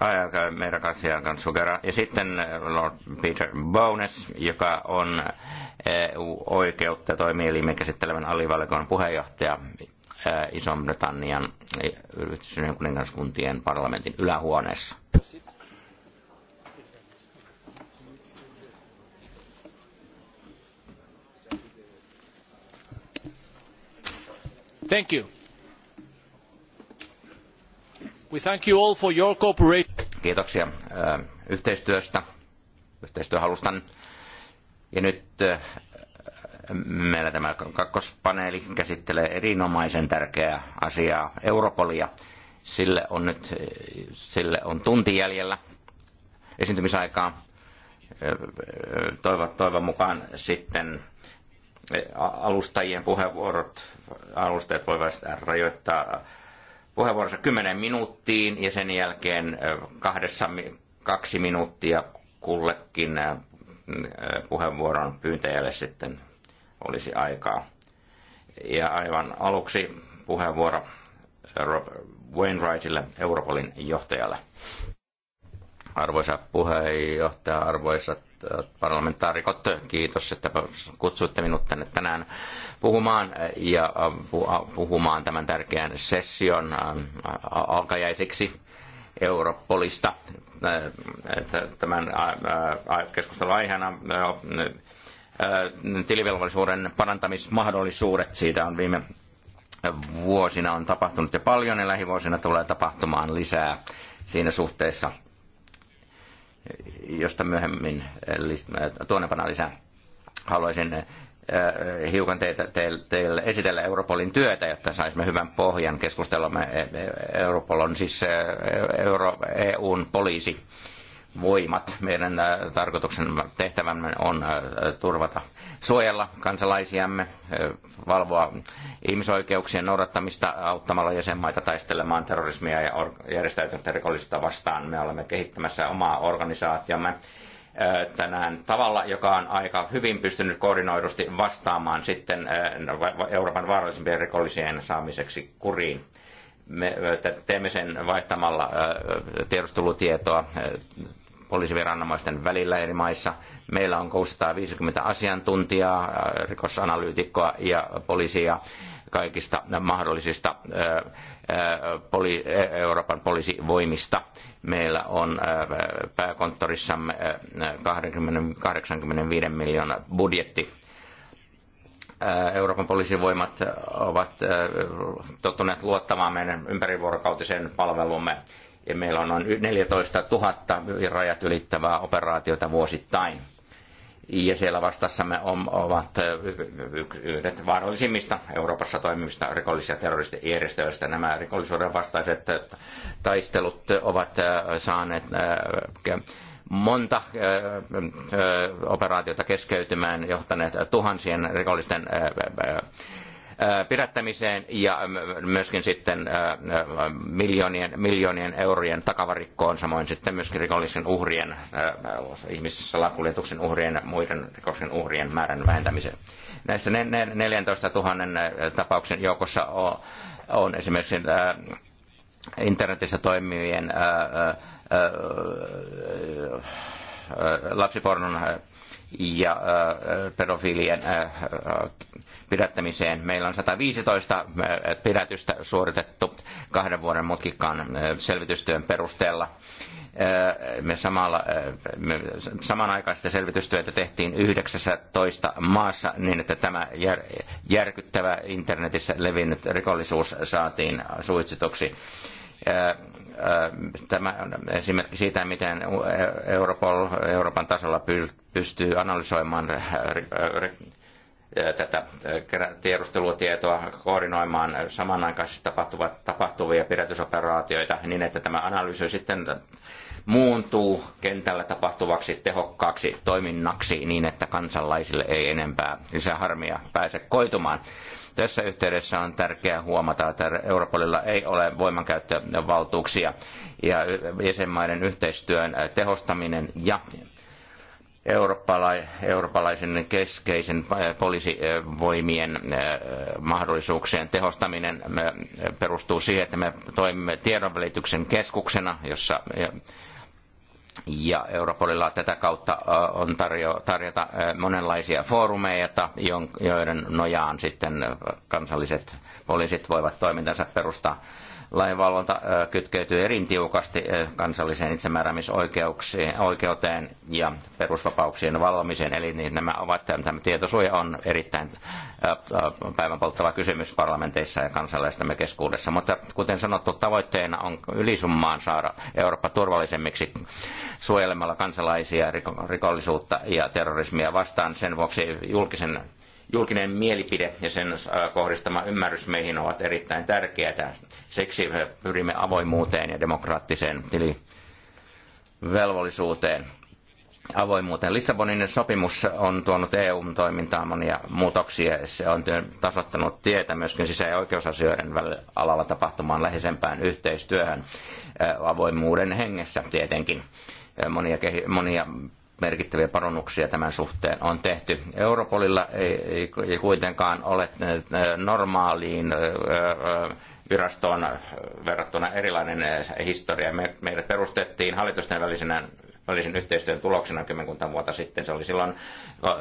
Ajaa meidän kanssa Kansugera. Ja sitten äh, Lord Peter Bones, joka on EU-oikeutta äh, toimielimen käsittelevän alivalikon puheenjohtaja äh, Ison-Britannian yhdistyneen kuningaskuntien parlamentin ylähuoneessa. Thank you. Kiitoksia yhteistyöstä, yhteistyöhalustan. Ja nyt meillä tämä kakkospaneeli käsittelee erinomaisen tärkeää asiaa, Europolia. Sille on nyt sille on tunti jäljellä esiintymisaikaa. Toivon, toivon mukaan sitten alustajien puheenvuorot, alustajat voivat rajoittaa puheenvuoronsa 10 minuuttiin ja sen jälkeen kahdessa, kaksi minuuttia kullekin mm, puheenvuoron pyyntäjälle sitten olisi aikaa. Ja aivan aluksi puheenvuoro Rob Wainwrightille, Europolin johtajalle. Arvoisa puheenjohtaja, arvoisat äh, parlamentaarikot, kiitos, että kutsuitte minut tänne tänään puhumaan äh, ja äh, puhumaan tämän tärkeän session alkajaisiksi Europolista. Tämän keskustelun aiheena tilivelvollisuuden parantamismahdollisuudet. Siitä on viime vuosina on tapahtunut jo paljon ja lähivuosina tulee tapahtumaan lisää siinä suhteessa josta myöhemmin äh, tuonnepana lisää. Haluaisin äh, hiukan teitä, teille, teille esitellä Europolin työtä, jotta saisimme hyvän pohjan keskustelumme. E-, e-, Europol on siis äh, Euro, EUn poliisi voimat. Meidän äh, tarkoituksen tehtävämme on äh, turvata, suojella kansalaisiamme, äh, valvoa ihmisoikeuksien noudattamista auttamalla jäsenmaita taistelemaan terrorismia ja järjestäytyntä rikollisuutta vastaan. Me olemme kehittämässä omaa organisaatiomme tänään tavalla, joka on aika hyvin pystynyt koordinoidusti vastaamaan sitten Euroopan vaarallisimpien rikollisien saamiseksi kuriin me teemme sen vaihtamalla tiedustelutietoa poliisiviranomaisten välillä eri maissa. Meillä on 650 asiantuntijaa, äh, rikosanalyytikkoa ja poliisia kaikista mahdollisista äh, äh, poli, e-, Euroopan poliisivoimista. Meillä on pääkonttorissamme 20, 85 miljoonan budjetti Euroopan poliisivoimat ovat tottuneet luottamaan meidän ympärivuorokautiseen palvelumme ja meillä on noin 14 000 rajat ylittävää operaatiota vuosittain. Ja siellä vastassamme ovat yhdet vaarallisimmista Euroopassa toimivista rikollis- ja terroristijärjestöistä. Nämä rikollisuuden vastaiset taistelut ovat saaneet monta operaatiota keskeytymään, johtaneet tuhansien rikollisten pidättämiseen ja myöskin sitten miljoonien, miljoonien eurojen takavarikkoon, samoin sitten myöskin rikollisen uhrien, ihmissalakuljetuksen uhrien ja muiden rikoksen uhrien määrän vähentämiseen. Näissä 14 000 tapauksen joukossa on esimerkiksi internetissä toimivien lapsipornon ja äh, äh, pedofiilien äh, pidättämiseen. Meillä on 115 pidätystä suoritettu kahden vuoden mutkikkaan selvitystyön perusteella. Me samalla, me samanaikaisesti selvitystyötä tehtiin 19 maassa niin, että tämä jär, järkyttävä internetissä levinnyt rikollisuus saatiin suitsituksi tämä on esimerkki siitä, miten Europol Euroopan tasolla pystyy analysoimaan tätä tiedustelutietoa, koordinoimaan samanaikaisesti tapahtuvia pidätysoperaatioita niin, että tämä analyysi sitten muuntuu kentällä tapahtuvaksi tehokkaaksi toiminnaksi niin, että kansalaisille ei enempää lisää harmia pääse koitumaan. Tässä yhteydessä on tärkeää huomata, että Europolilla ei ole voimankäyttövaltuuksia ja jäsenmaiden yhteistyön tehostaminen ja eurooppala, eurooppalaisen keskeisen äh, poliisivoimien äh, mahdollisuuksien tehostaminen äh, perustuu siihen, että me toimimme tiedonvälityksen keskuksena, jossa ja Europolilla tätä kautta on tarjo, tarjota monenlaisia foorumeita, joiden nojaan sitten kansalliset poliisit voivat toimintansa perustaa lainvalvonta kytkeytyy erin tiukasti kansalliseen itsemääräämisoikeuteen ja perusvapauksien valvomiseen. Eli niin nämä ovat, tämä tietosuoja on erittäin päivänpolttava kysymys parlamenteissa ja kansalaistamme keskuudessa. Mutta kuten sanottu, tavoitteena on ylisummaan saada Eurooppa turvallisemmiksi suojelemalla kansalaisia rikollisuutta ja terrorismia vastaan. Sen vuoksi julkisen julkinen mielipide ja sen äh, kohdistama ymmärrys meihin ovat erittäin tärkeitä. Siksi äh, pyrimme avoimuuteen ja demokraattiseen tilivelvollisuuteen. Avoimuuteen. Lissabonin sopimus on tuonut EU-toimintaan monia muutoksia. ja Se on tasoittanut tietä myöskin sisä- ja oikeusasioiden alalla tapahtumaan läheisempään yhteistyöhön äh, avoimuuden hengessä tietenkin. Monia, monia merkittäviä parannuksia tämän suhteen on tehty. Europolilla ei, ei kuitenkaan ole äh, normaaliin äh, äh, virastoon verrattuna erilainen historia. Me, meidät perustettiin hallitusten välisenä välisen yhteistyön tuloksena kymmenkunta vuotta sitten. Se oli silloin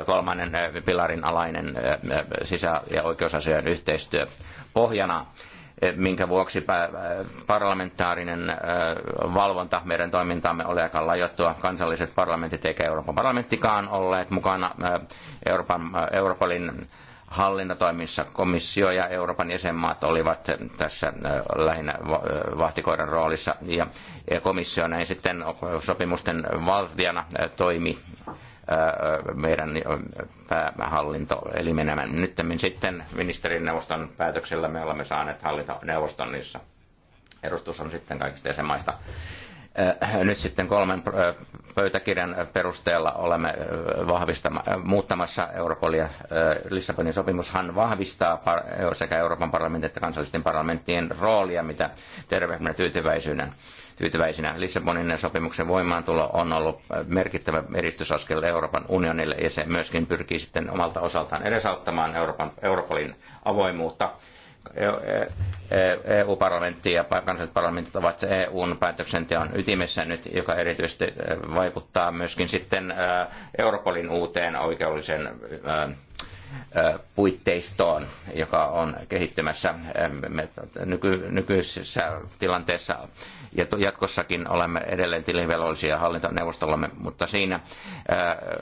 kolmannen pilarin alainen sisä- ja oikeusasioiden yhteistyö pohjana minkä vuoksi parlamentaarinen valvonta meidän toimintaamme oli aika lajottua. Kansalliset parlamentit eikä Euroopan parlamenttikaan olleet mukana Euroopan, Europolin hallintatoimissa. Komissio ja Euroopan jäsenmaat olivat tässä lähinnä vahtikoiran roolissa ja komissio näin sitten sopimusten valtiana toimi meidän eli menemään. Nyt sitten ministerineuvoston päätöksellä me olemme saaneet hallintoneuvoston, niissä edustus on sitten kaikista jäsenmaista. Nyt sitten kolmen pöytäkirjan perusteella olemme muuttamassa Europolia. Lissabonin sopimushan vahvistaa sekä Euroopan parlamentin että kansallisten parlamenttien roolia, mitä tervehdimme tyytyväisyyden tyytyväisinä. Lissabonin sopimuksen voimaantulo on ollut merkittävä edistysaskel Euroopan unionille ja se myöskin pyrkii sitten omalta osaltaan edesauttamaan Euroopan, Europolin avoimuutta. EU-parlamentti e, e, e ja kansalliset parlamentit ovat EUn päätöksenteon ytimessä nyt, joka erityisesti vaikuttaa myöskin sitten Europolin uuteen oikeudellisen puitteistoon, joka on kehittymässä. Me nykyisessä tilanteessa ja jatkossakin olemme edelleen tilivelvollisia hallintoneuvostollamme, mutta siinä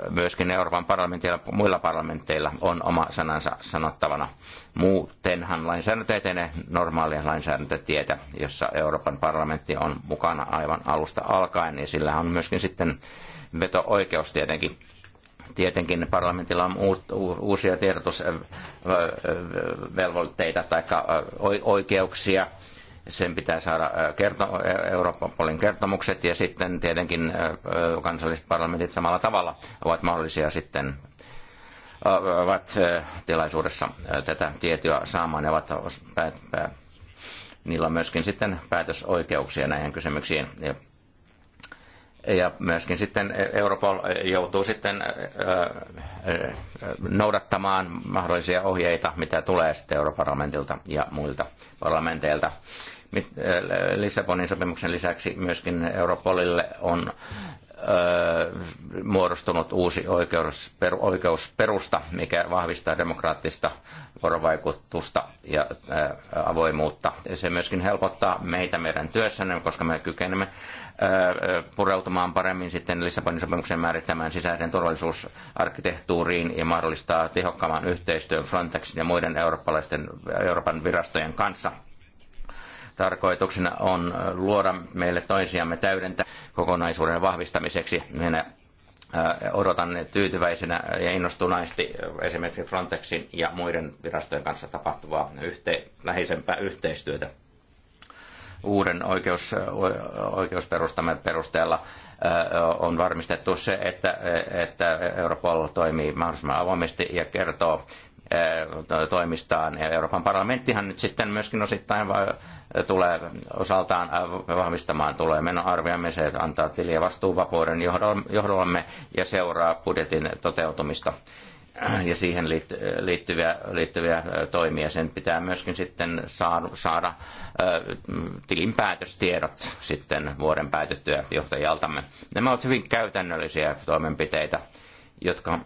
myöskin Euroopan parlamentilla ja muilla parlamenteilla on oma sanansa sanottavana. Muutenhan lainsäädäntö etenee normaalia lainsäädäntötietä, jossa Euroopan parlamentti on mukana aivan alusta alkaen ja sillä on myöskin sitten veto-oikeus tietenkin tietenkin parlamentilla on uusia tiedotusvelvoitteita tai oikeuksia sen pitää saada kerto, Euroopan puolen kertomukset ja sitten tietenkin kansalliset parlamentit samalla tavalla ovat mahdollisia sitten ovat tilaisuudessa tätä tietoa saamaan ja ovat päät, pää, niillä on myöskin sitten päätösoikeuksia näihin kysymyksiin. Ja ja myöskin sitten Europol joutuu sitten noudattamaan mahdollisia ohjeita, mitä tulee sitten Europarlamentilta ja muilta parlamenteilta. Lissabonin sopimuksen lisäksi myöskin Europolille on muodostunut uusi oikeus, per, oikeusperusta, mikä vahvistaa demokraattista vuorovaikutusta ja ää, avoimuutta. Se myöskin helpottaa meitä meidän työssämme, koska me kykenemme ää, pureutumaan paremmin sitten Lissabonin sopimuksen määrittämään sisäisen turvallisuusarkkitehtuuriin ja mahdollistaa tehokkaamman yhteistyön Frontexin ja muiden eurooppalaisten, Euroopan virastojen kanssa Tarkoituksena on luoda meille toisiamme täydentää kokonaisuuden vahvistamiseksi. Minä äh, odotan tyytyväisenä ja innostuneesti esimerkiksi Frontexin ja muiden virastojen kanssa tapahtuvaa yhte, läheisempää yhteistyötä uuden oikeus, oikeusperustamme perusteella äh, on varmistettu se, että, että Europol toimii mahdollisimman avoimesti ja kertoo toimistaan. Ja Euroopan parlamenttihan nyt sitten myöskin osittain tulee osaltaan vahvistamaan tulee menoarviamme. Se antaa tiliä vastuuvapuuden johdollamme ja seuraa budjetin toteutumista ja siihen liittyviä, liittyviä toimia. Sen pitää myöskin sitten saada, saada tilinpäätöstiedot sitten vuoden päätettyä johtajaltamme. Nämä ovat hyvin käytännöllisiä toimenpiteitä, jotka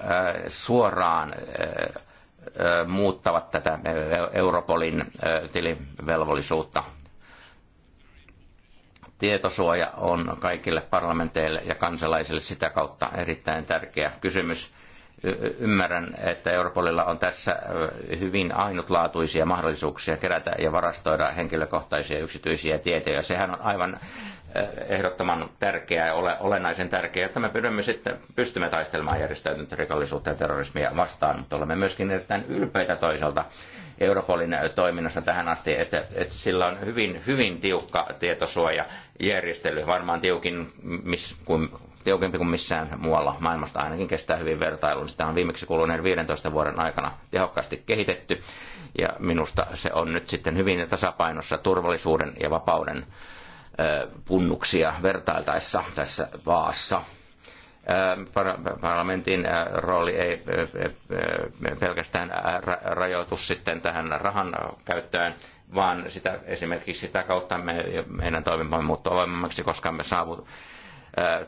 Äh, suoraan äh, äh, muuttavat tätä Europolin tilivelvollisuutta. Tietosuoja on kaikille parlamenteille ja kansalaisille sitä kautta erittäin tärkeä kysymys. Ymmärrän, että Europolilla on tässä hyvin ainutlaatuisia mahdollisuuksia kerätä ja varastoida henkilökohtaisia yksityisiä tietoja. Sehän on aivan ehdottoman tärkeää ja ole, olennaisen tärkeää, että me pyrimme sitten pystymme taistelemaan järjestäytynyttä rikollisuutta ja terrorismia vastaan, mutta olemme myöskin erittäin ylpeitä toisaalta Europolin toiminnassa tähän asti, että, että sillä on hyvin, hyvin tiukka tietosuojajärjestely, varmaan tiukin, miss, kuin, tiukempi kuin missään muualla maailmasta ainakin kestää hyvin vertailun. Sitä on viimeksi kuluneen 15 vuoden aikana tehokkaasti kehitetty ja minusta se on nyt sitten hyvin tasapainossa turvallisuuden ja vapauden punnuksia vertailtaessa tässä vaassa. Parlamentin rooli ei pelkästään rajoitu sitten tähän rahan käyttöön, vaan sitä, esimerkiksi sitä kautta me, meidän toimimme muuttuu avoimemmaksi, koska me saavut,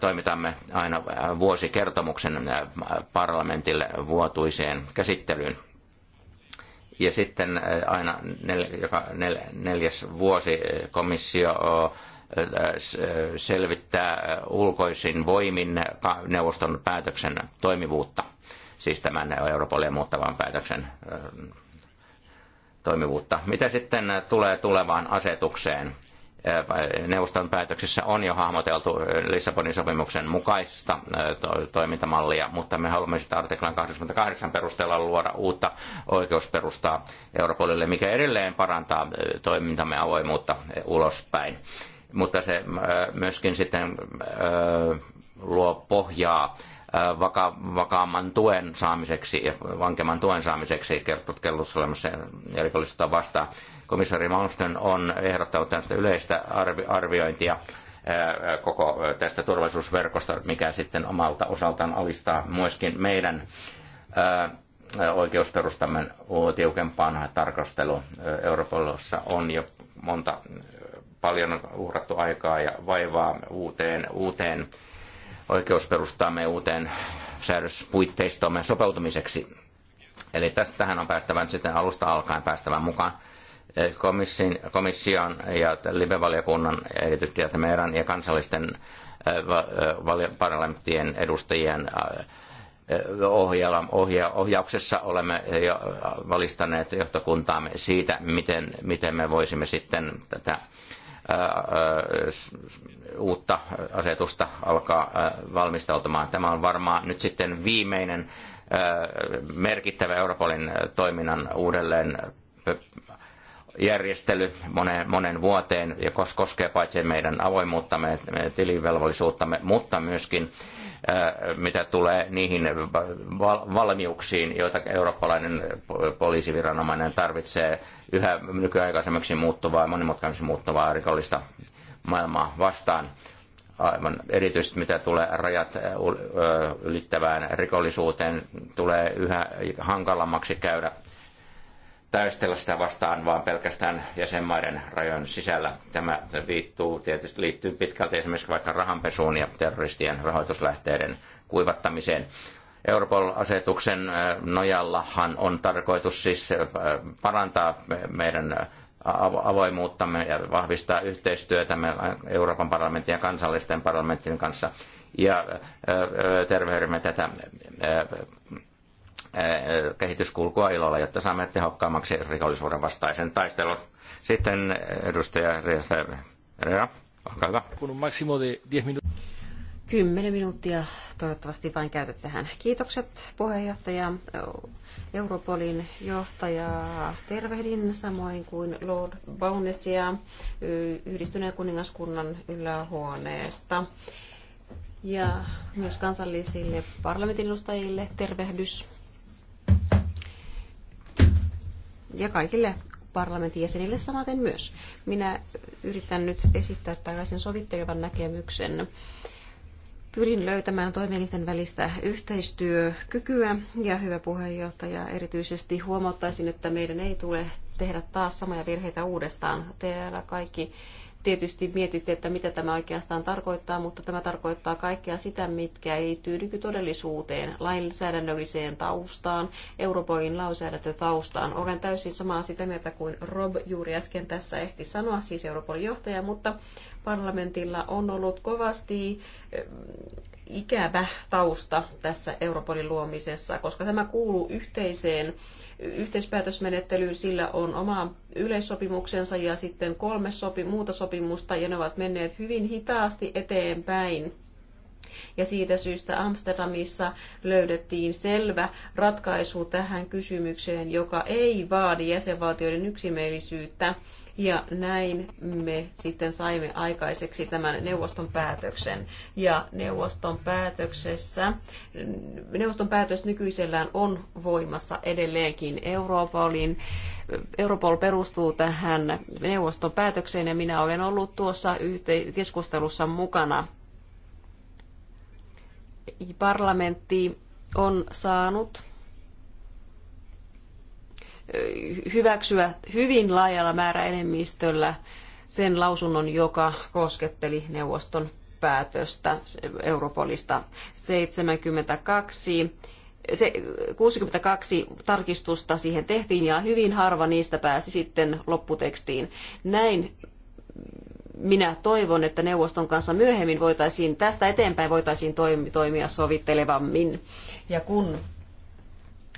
toimitamme aina vuosikertomuksen parlamentille vuotuiseen käsittelyyn. Ja sitten aina nel, joka nel, neljäs vuosi komissio Äh, selvittää äh, ulkoisin voimin neuvoston päätöksen toimivuutta, siis tämän Europolia muuttavan päätöksen äh, toimivuutta. Mitä sitten tulee tulevaan asetukseen? Neuvoston päätöksessä on jo hahmoteltu Lissabonin sopimuksen mukaista toimintamallia, mutta me haluamme sitä artiklan 28 perusteella luoda uutta oikeusperustaa Europolille, mikä edelleen parantaa toimintamme avoimuutta ulospäin mutta se äh, myöskin sitten äh, luo pohjaa äh, vaka- vakaamman tuen saamiseksi ja vankemman tuen saamiseksi kertokellussalemassa ja rikollisuutta vastaan. Komissaari Malmström on ehdottanut tästä yleistä arvi- arviointia koko tästä turvallisuusverkosta, mikä sitten omalta osaltaan alistaa myöskin meidän oikeusperustamme tiukempaan tarkasteluun. Euroopassa on jo monta paljon uhrattu aikaa ja vaivaa uuteen, uuteen oikeusperustamme, uuteen säädöspuitteistomme sopeutumiseksi. Eli tästähän on päästävä nyt sitten alusta alkaen päästävän mukaan komission, komission ja live-valiokunnan, erityisesti meidän ja kansallisten parlamenttien edustajien ohja, ohjauksessa olemme jo valistaneet johtokuntaamme siitä, miten, miten me voisimme sitten tätä uutta asetusta alkaa valmistautumaan. Tämä on varmaan nyt sitten viimeinen merkittävä Europolin toiminnan uudelleen järjestely monen, monen vuoteen, ja koskee paitsi meidän avoimuuttamme, tilivelvollisuuttamme, mutta myöskin Äh, mitä tulee niihin valmiuksiin, joita eurooppalainen poliisiviranomainen tarvitsee yhä nykyaikaisemmaksi muuttuvaa, monimutkaisemmaksi muuttuvaa rikollista maailmaa vastaan. Aivan erityisesti mitä tulee rajat äh, ylittävään rikollisuuteen, tulee yhä hankalammaksi käydä taistella sitä vastaan, vaan pelkästään jäsenmaiden rajojen sisällä. Tämä viittuu, tietysti liittyy pitkälti esimerkiksi vaikka rahanpesuun ja terroristien rahoituslähteiden kuivattamiseen. Europol-asetuksen äh, nojallahan on tarkoitus siis äh, parantaa meidän äh, avoimuuttamme ja vahvistaa yhteistyötä Euroopan parlamentin ja kansallisten parlamentin kanssa. Ja tervehdymme tätä kehityskulkua ilolla, jotta saamme tehokkaammaksi rikollisuuden vastaisen taistelun. Sitten edustaja Rea, olkaa hyvä. Kun on maksimo de 10 minuuttia. Kymmenen minuuttia toivottavasti vain käytät tähän. Kiitokset puheenjohtaja Europolin johtajaa tervehdin, samoin kuin Lord Baunesia yhdistyneen kuningaskunnan ylähuoneesta. Ja myös kansallisille parlamentin edustajille tervehdys. ja kaikille parlamentin jäsenille samaten myös. Minä yritän nyt esittää tällaisen sovittelevan näkemyksen. Pyrin löytämään toimielinten välistä yhteistyökykyä ja hyvä puheenjohtaja erityisesti huomauttaisin, että meidän ei tule tehdä taas samoja virheitä uudestaan. Täällä kaikki tietysti mietitte, että mitä tämä oikeastaan tarkoittaa, mutta tämä tarkoittaa kaikkea sitä, mitkä ei tyydy todellisuuteen, lainsäädännölliseen taustaan, Euroopan lainsäädäntötaustaan. Olen täysin samaa sitä mieltä kuin Rob juuri äsken tässä ehti sanoa, siis Euroopan johtaja, mutta parlamentilla on ollut kovasti ikävä tausta tässä Europolin luomisessa, koska tämä kuuluu yhteiseen yhteispäätösmenettelyyn, sillä on oma yleissopimuksensa ja sitten kolme sopi, muuta sopimusta, ja ne ovat menneet hyvin hitaasti eteenpäin. Ja siitä syystä Amsterdamissa löydettiin selvä ratkaisu tähän kysymykseen, joka ei vaadi jäsenvaltioiden yksimielisyyttä, ja näin me sitten saimme aikaiseksi tämän neuvoston päätöksen. Ja neuvoston päätöksessä, neuvoston päätös nykyisellään on voimassa edelleenkin Europolin. Europol perustuu tähän neuvoston päätökseen ja minä olen ollut tuossa keskustelussa mukana. Parlamentti on saanut hyväksyä hyvin laajalla määräenemmistöllä sen lausunnon, joka kosketteli neuvoston päätöstä Europolista 72 se 62 tarkistusta siihen tehtiin ja hyvin harva niistä pääsi sitten lopputekstiin. Näin minä toivon, että neuvoston kanssa myöhemmin voitaisiin, tästä eteenpäin voitaisiin toimia sovittelevammin. Ja kun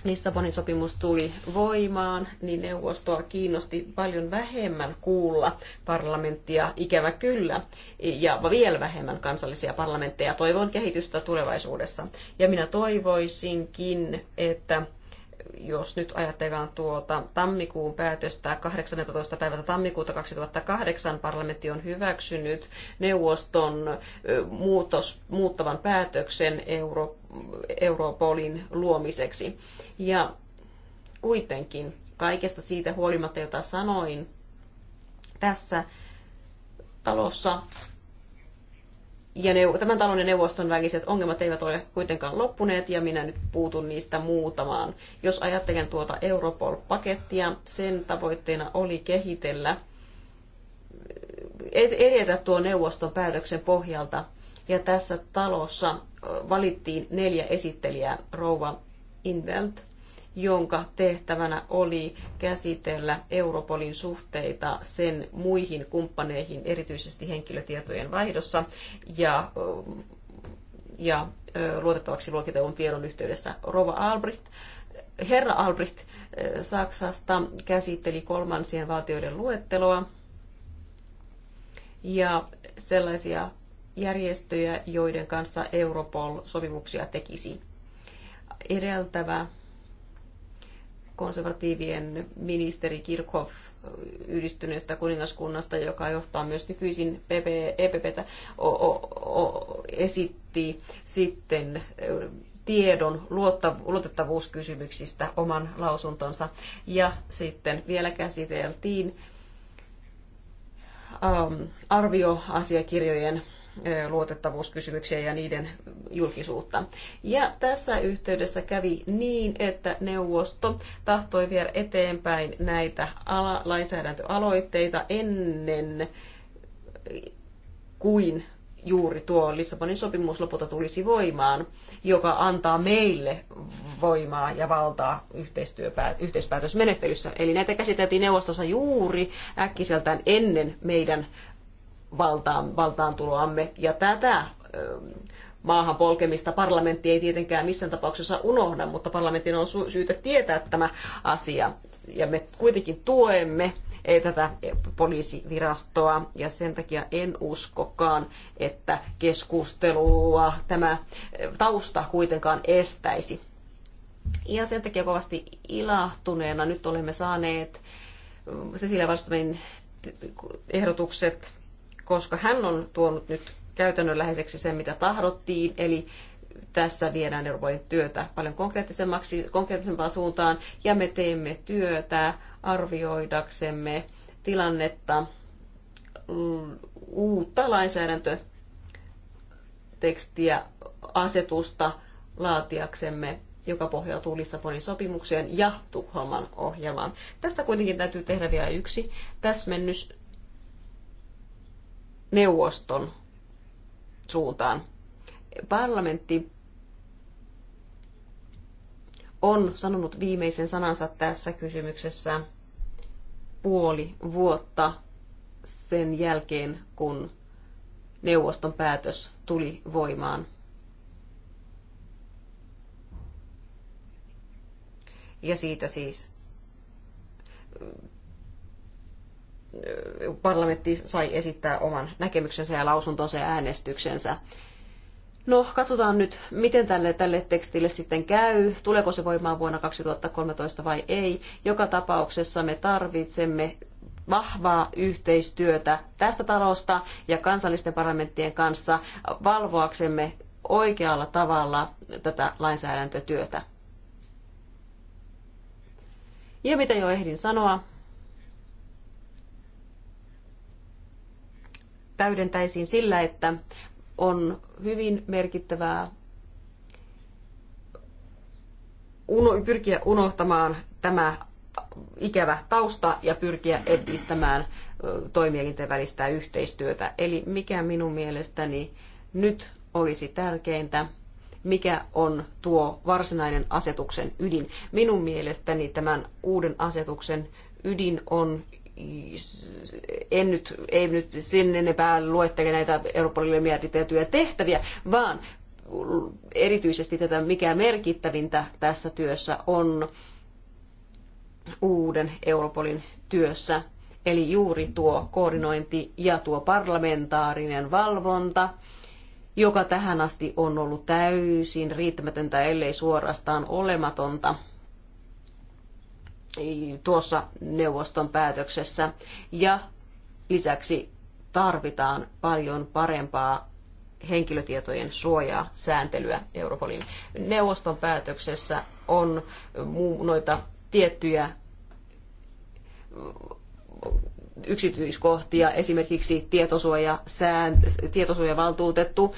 Lissabonin sopimus tuli voimaan, niin neuvostoa kiinnosti paljon vähemmän kuulla parlamenttia, ikävä kyllä, ja vielä vähemmän kansallisia parlamentteja. Toivon kehitystä tulevaisuudessa. Ja minä toivoisinkin, että jos nyt ajatellaan tuota tammikuun päätöstä 18. päivältä tammikuuta 2008 parlamentti on hyväksynyt neuvoston muutos, muuttavan päätöksen Euro, Europolin luomiseksi. Ja kuitenkin kaikesta siitä huolimatta, jota sanoin, tässä talossa ja neu- tämän talon ja neuvoston väliset ongelmat eivät ole kuitenkaan loppuneet ja minä nyt puutun niistä muutamaan. Jos ajattelen tuota Europol-pakettia, sen tavoitteena oli kehitellä, eh, edetä tuo neuvoston päätöksen pohjalta. Ja tässä talossa valittiin neljä esittelijää, rouva Invelt, jonka tehtävänä oli käsitellä Europolin suhteita sen muihin kumppaneihin, erityisesti henkilötietojen vaihdossa ja, ja luotettavaksi luokitellun tiedon yhteydessä. Rova Albrecht, herra Albrecht Saksasta käsitteli kolmansien valtioiden luetteloa ja sellaisia järjestöjä, joiden kanssa Europol sopimuksia tekisi. Edeltävä konservatiivien ministeri Kirchhoff yhdistyneestä kuningaskunnasta, joka johtaa myös nykyisin PP, EPPtä, o, o, o, esitti sitten tiedon luotettavuuskysymyksistä oman lausuntonsa. Ja sitten vielä käsiteltiin um, arvioasiakirjojen luotettavuuskysymyksiä ja niiden julkisuutta. Ja tässä yhteydessä kävi niin, että neuvosto tahtoi vielä eteenpäin näitä ala- lainsäädäntöaloitteita ennen kuin juuri tuo Lissabonin sopimus lopulta tulisi voimaan, joka antaa meille voimaa ja valtaa yhteispäätösmenettelyssä. Eli näitä käsiteltiin neuvostossa juuri äkkiseltään ennen meidän valtaan, valtaantuloamme. Ja tätä ähm, maahan polkemista parlamentti ei tietenkään missään tapauksessa unohda, mutta parlamentin on syytä tietää tämä asia. Ja me kuitenkin tuemme ei eh, tätä eh, poliisivirastoa ja sen takia en uskokaan, että keskustelua tämä eh, tausta kuitenkaan estäisi. Ja sen takia kovasti ilahtuneena nyt olemme saaneet mm, Cecilia Vastumin ehdotukset koska hän on tuonut nyt käytännönläheiseksi sen, mitä tahdottiin, eli tässä viedään Euroopan työtä paljon konkreettisemmaksi, konkreettisempaan suuntaan, ja me teemme työtä arvioidaksemme tilannetta uutta lainsäädäntötekstiä, asetusta laatiaksemme, joka pohjautuu Lissabonin sopimukseen ja Tukholman ohjelmaan. Tässä kuitenkin täytyy tehdä vielä yksi täsmennys neuvoston suuntaan. Parlamentti on sanonut viimeisen sanansa tässä kysymyksessä puoli vuotta sen jälkeen, kun neuvoston päätös tuli voimaan. Ja siitä siis parlamentti sai esittää oman näkemyksensä ja lausuntonsa ja äänestyksensä. No, katsotaan nyt, miten tälle, tälle tekstille sitten käy, tuleeko se voimaan vuonna 2013 vai ei. Joka tapauksessa me tarvitsemme vahvaa yhteistyötä tästä talosta ja kansallisten parlamenttien kanssa valvoaksemme oikealla tavalla tätä lainsäädäntötyötä. Ja mitä jo ehdin sanoa, täydentäisin sillä, että on hyvin merkittävää uno pyrkiä unohtamaan tämä ikävä tausta ja pyrkiä edistämään toimielinten välistä yhteistyötä. Eli mikä minun mielestäni nyt olisi tärkeintä, mikä on tuo varsinainen asetuksen ydin. Minun mielestäni tämän uuden asetuksen ydin on en nyt, ei nyt sinne enempää luettele näitä Europolille mietitettyjä tehtäviä, vaan erityisesti tätä, mikä merkittävintä tässä työssä on uuden Europolin työssä. Eli juuri tuo koordinointi ja tuo parlamentaarinen valvonta, joka tähän asti on ollut täysin riittämätöntä, ellei suorastaan olematonta – tuossa neuvoston päätöksessä. Ja lisäksi tarvitaan paljon parempaa henkilötietojen suojaa sääntelyä Europolin. Neuvoston päätöksessä on noita tiettyjä mm, yksityiskohtia, esimerkiksi tietosuojavaltuutettu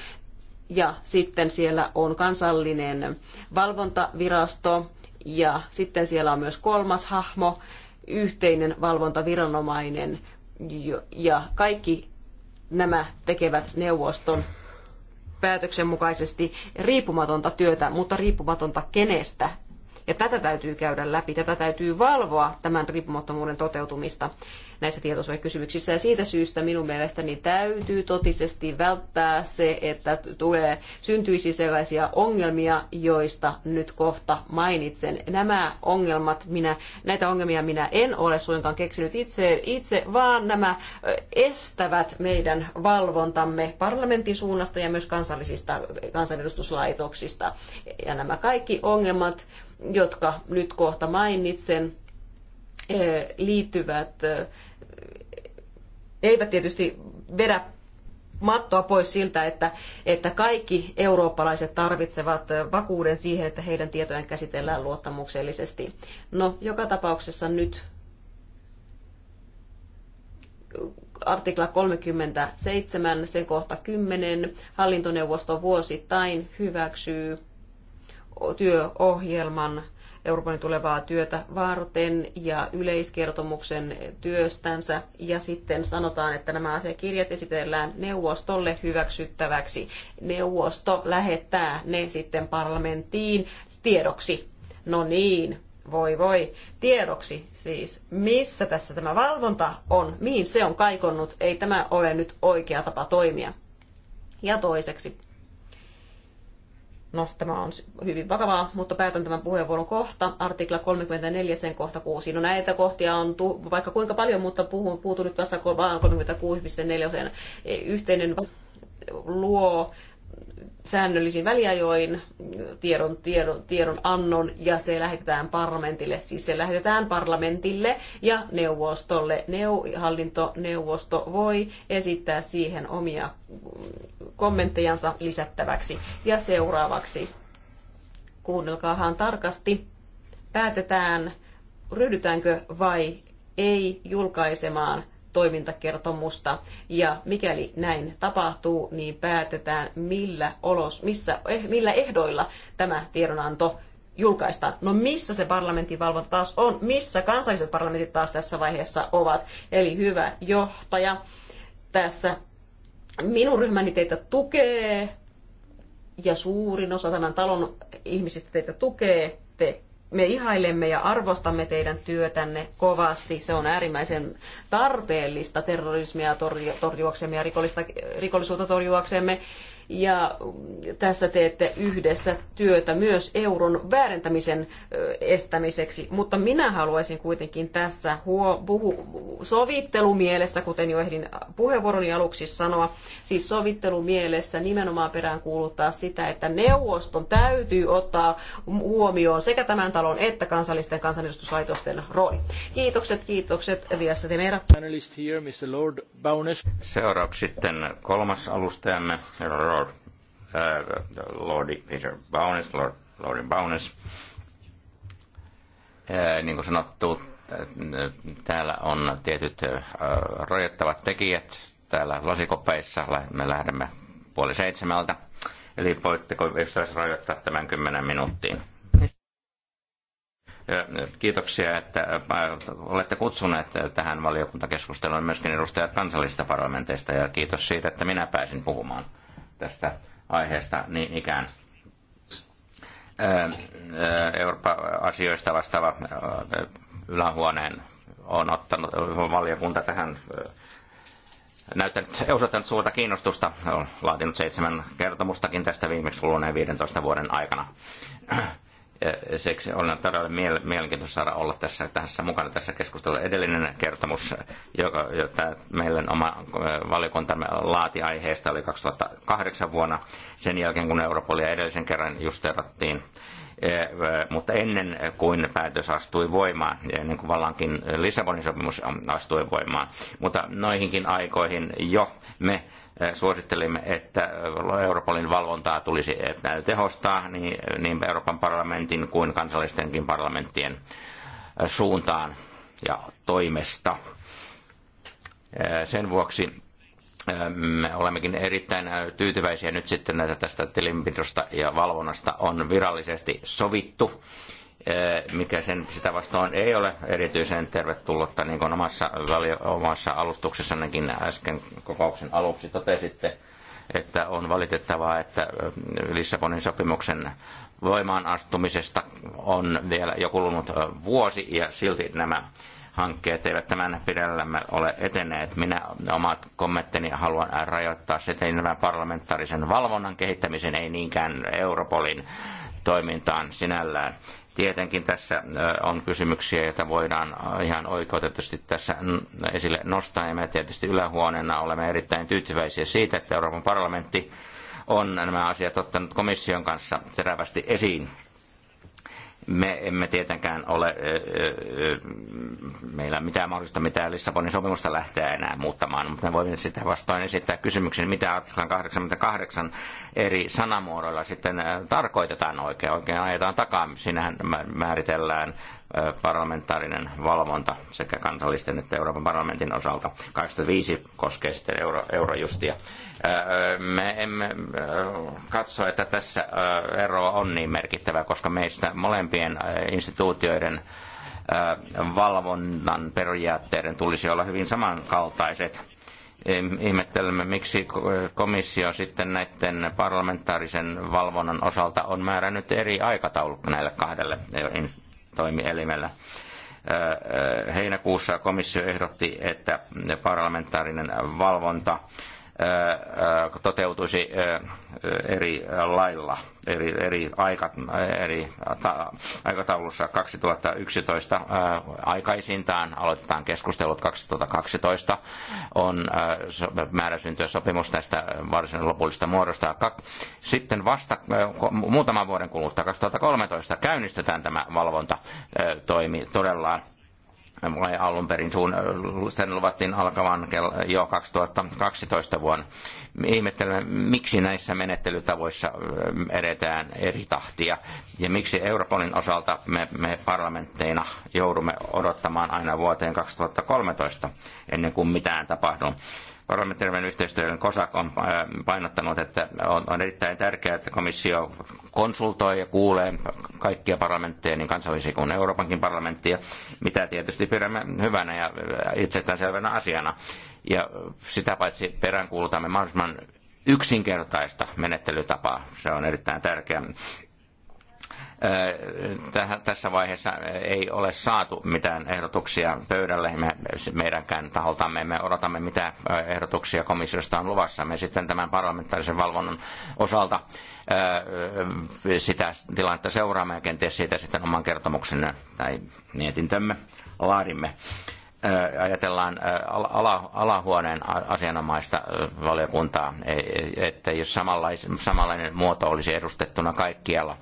ja sitten siellä on kansallinen valvontavirasto, ja sitten siellä on myös kolmas hahmo, yhteinen valvontaviranomainen. Ja kaikki nämä tekevät neuvoston päätöksen mukaisesti riippumatonta työtä, mutta riippumatonta kenestä. Ja tätä täytyy käydä läpi, tätä täytyy valvoa tämän riippumattomuuden toteutumista näissä tietosuojakysymyksissä. Ja siitä syystä minun mielestäni täytyy totisesti välttää se, että tulee, syntyisi sellaisia ongelmia, joista nyt kohta mainitsen. Nämä ongelmat, minä, näitä ongelmia minä en ole suinkaan keksinyt itse, itse, vaan nämä estävät meidän valvontamme parlamentin suunnasta ja myös kansallisista kansanedustuslaitoksista. Ja nämä kaikki ongelmat, jotka nyt kohta mainitsen, liittyvät eivät tietysti vedä mattoa pois siltä, että, että kaikki eurooppalaiset tarvitsevat vakuuden siihen, että heidän tietojaan käsitellään luottamuksellisesti. No, joka tapauksessa nyt artikla 37, sen kohta 10, hallintoneuvosto vuosittain hyväksyy työohjelman Euroopan tulevaa työtä varten ja yleiskertomuksen työstänsä. Ja sitten sanotaan, että nämä asiakirjat esitellään neuvostolle hyväksyttäväksi. Neuvosto lähettää ne sitten parlamenttiin tiedoksi. No niin, voi voi, tiedoksi siis, missä tässä tämä valvonta on, mihin se on kaikonnut, ei tämä ole nyt oikea tapa toimia. Ja toiseksi, No, tämä on hyvin vakavaa, mutta päätän tämän puheenvuoron kohta. Artikla 34, sen kohta 6. No näitä kohtia on tu- vaikka kuinka paljon, mutta puhun, puutun nyt tässä 36.4. Eh, yhteinen luo säännöllisin väliajoin tiedon, tiedon, tiedon annon ja se lähetetään parlamentille. Siis se lähetetään parlamentille ja neuvostolle. Neu, hallintoneuvosto voi esittää siihen omia mm, kommenttejansa lisättäväksi. Ja seuraavaksi, kuunnelkaahan tarkasti, päätetään ryhdytäänkö vai ei julkaisemaan toimintakertomusta. Ja mikäli näin tapahtuu, niin päätetään millä, olos, missä, eh, millä ehdoilla tämä tiedonanto julkaistaan. No missä se parlamentin valvonta taas on? Missä kansalliset parlamentit taas tässä vaiheessa ovat? Eli hyvä johtaja, tässä minun ryhmäni teitä tukee ja suurin osa tämän talon ihmisistä teitä tukee. Te me ihailemme ja arvostamme teidän työtänne kovasti. Se on äärimmäisen tarpeellista terrorismia torjuaksemme ja rikollista, rikollisuutta torjuaksemme ja tässä teette yhdessä työtä myös euron väärentämisen estämiseksi. Mutta minä haluaisin kuitenkin tässä huo, puhu, sovittelumielessä, kuten jo ehdin puheenvuoroni aluksi sanoa, siis sovittelumielessä nimenomaan perään kuuluttaa sitä, että neuvoston täytyy ottaa huomioon sekä tämän talon että kansallisten kansanedustuslaitosten rooli. Kiitokset, kiitokset Viassa Temera. Seuraavaksi sitten kolmas alustajamme, herra Äh, Lordi Peter Bowness, Lord, Lordin Bowness. Äh, niin kuin sanottu, äh, täällä on tietyt rajoittavat tekijät täällä lasikopeissa. Me lähdemme puoli seitsemältä. Eli voitteko ystävässä rajoittaa tämän kymmenen minuuttiin? Kiitoksia, että olette kutsuneet tähän valiokuntakeskusteluun myöskin edustajat kansallisista parlamenteista ja kiitos siitä, että minä pääsin puhumaan tästä aiheesta niin ikään. Euroopan asioista vastaava ylähuoneen on ottanut valiokunta tähän näyttänyt, osoittanut suurta kiinnostusta. On laatinut seitsemän kertomustakin tästä viimeksi kuluneen 15 vuoden aikana. Eh, Seksi on todella mielenkiintoista saada olla tässä, tässä mukana tässä keskustelussa. Edellinen kertomus, joka, jota meillä oma eh, valiokuntamme laati aiheesta, oli 2008 vuonna, sen jälkeen kun Europolia edellisen kerran justerattiin eh, mutta ennen kuin päätös astui voimaan, ennen kuin vallankin Lissabonin sopimus astui voimaan, mutta noihinkin aikoihin jo me suosittelimme, että Europolin valvontaa tulisi tehostaa niin, niin Euroopan parlamentin kuin kansallistenkin parlamenttien suuntaan ja toimesta. Sen vuoksi me olemmekin erittäin tyytyväisiä nyt sitten näitä tästä tilinpidosta ja valvonnasta on virallisesti sovittu Eh, mikä sen, sitä vastaan ei ole erityisen tervetullutta, niin kuin omassa, omassa alustuksessannekin äsken kokouksen aluksi totesitte, että on valitettavaa, että eh, Lissabonin sopimuksen voimaan astumisesta on vielä jo kulunut eh, vuosi ja silti nämä hankkeet eivät tämän pidellämme ole eteneet. Minä omat kommenttini haluan rajoittaa sitten tämän parlamentaarisen valvonnan kehittämisen, ei niinkään Europolin toimintaan sinällään. Tietenkin tässä on kysymyksiä, joita voidaan ihan oikeutetusti tässä esille nostaa, ja me tietysti ylähuoneena olemme erittäin tyytyväisiä siitä, että Euroopan parlamentti on nämä asiat ottanut komission kanssa terävästi esiin me emme tietenkään ole, meillä mitään mahdollista mitään Lissabonin sopimusta lähteä enää muuttamaan, mutta me voimme sitten vastoin esittää kysymyksen, mitä artiklan 88 eri sanamuodoilla sitten tarkoitetaan oikein. Oikein ajetaan takaa, sinähän määritellään parlamentaarinen valvonta sekä kansallisten että Euroopan parlamentin osalta. 25 koskee sitten euro, eurojustia. Me emme katso, että tässä ero on niin merkittävä, koska meistä molempien instituutioiden valvonnan periaatteiden tulisi olla hyvin samankaltaiset. Ihmettelemme, miksi komissio sitten näiden parlamentaarisen valvonnan osalta on määrännyt eri aikataulut näille kahdelle toimielimellä. Heinäkuussa komissio ehdotti, että parlamentaarinen valvonta toteutuisi eri lailla, eri, eri, aika, eri ta, aikataulussa 2011 aikaisintaan. Aloitetaan keskustelut 2012. On määrä syntyä sopimus tästä varsin lopullista muodosta. Sitten vasta muutaman vuoden kuluttua 2013 käynnistetään tämä valvonta toimi todellaan alun perin suun, sen luvattiin alkavan jo 2012 vuonna. Ihmettelen, miksi näissä menettelytavoissa edetään eri tahtia ja miksi Europolin osalta me, me parlamentteina joudumme odottamaan aina vuoteen 2013 ennen kuin mitään tapahtuu parlamentaarinen yhteistyön COSAC on äh, painottanut, että on, erittäin tärkeää, että komissio konsultoi ja kuulee kaikkia parlamentteja, niin kansallisia kuin Euroopankin parlamenttia, mitä tietysti pidämme hyvänä ja äh, itsestäänselvänä asiana. Ja sitä paitsi peräänkuulutamme mahdollisimman yksinkertaista menettelytapaa. Se on erittäin tärkeää tässä vaiheessa ei ole saatu mitään ehdotuksia pöydälle. Me, meidänkään taholtamme me odotamme, mitä ehdotuksia komissiosta on luvassa. Me sitten tämän parlamentaarisen valvonnan osalta sitä tilannetta seuraamme ja kenties siitä sitten oman kertomuksen tai mietintömme laadimme ajatellaan ala, alahuoneen asianomaista valiokuntaa, e, e, että jos samanlais, samanlainen muoto olisi edustettuna kaikkialla,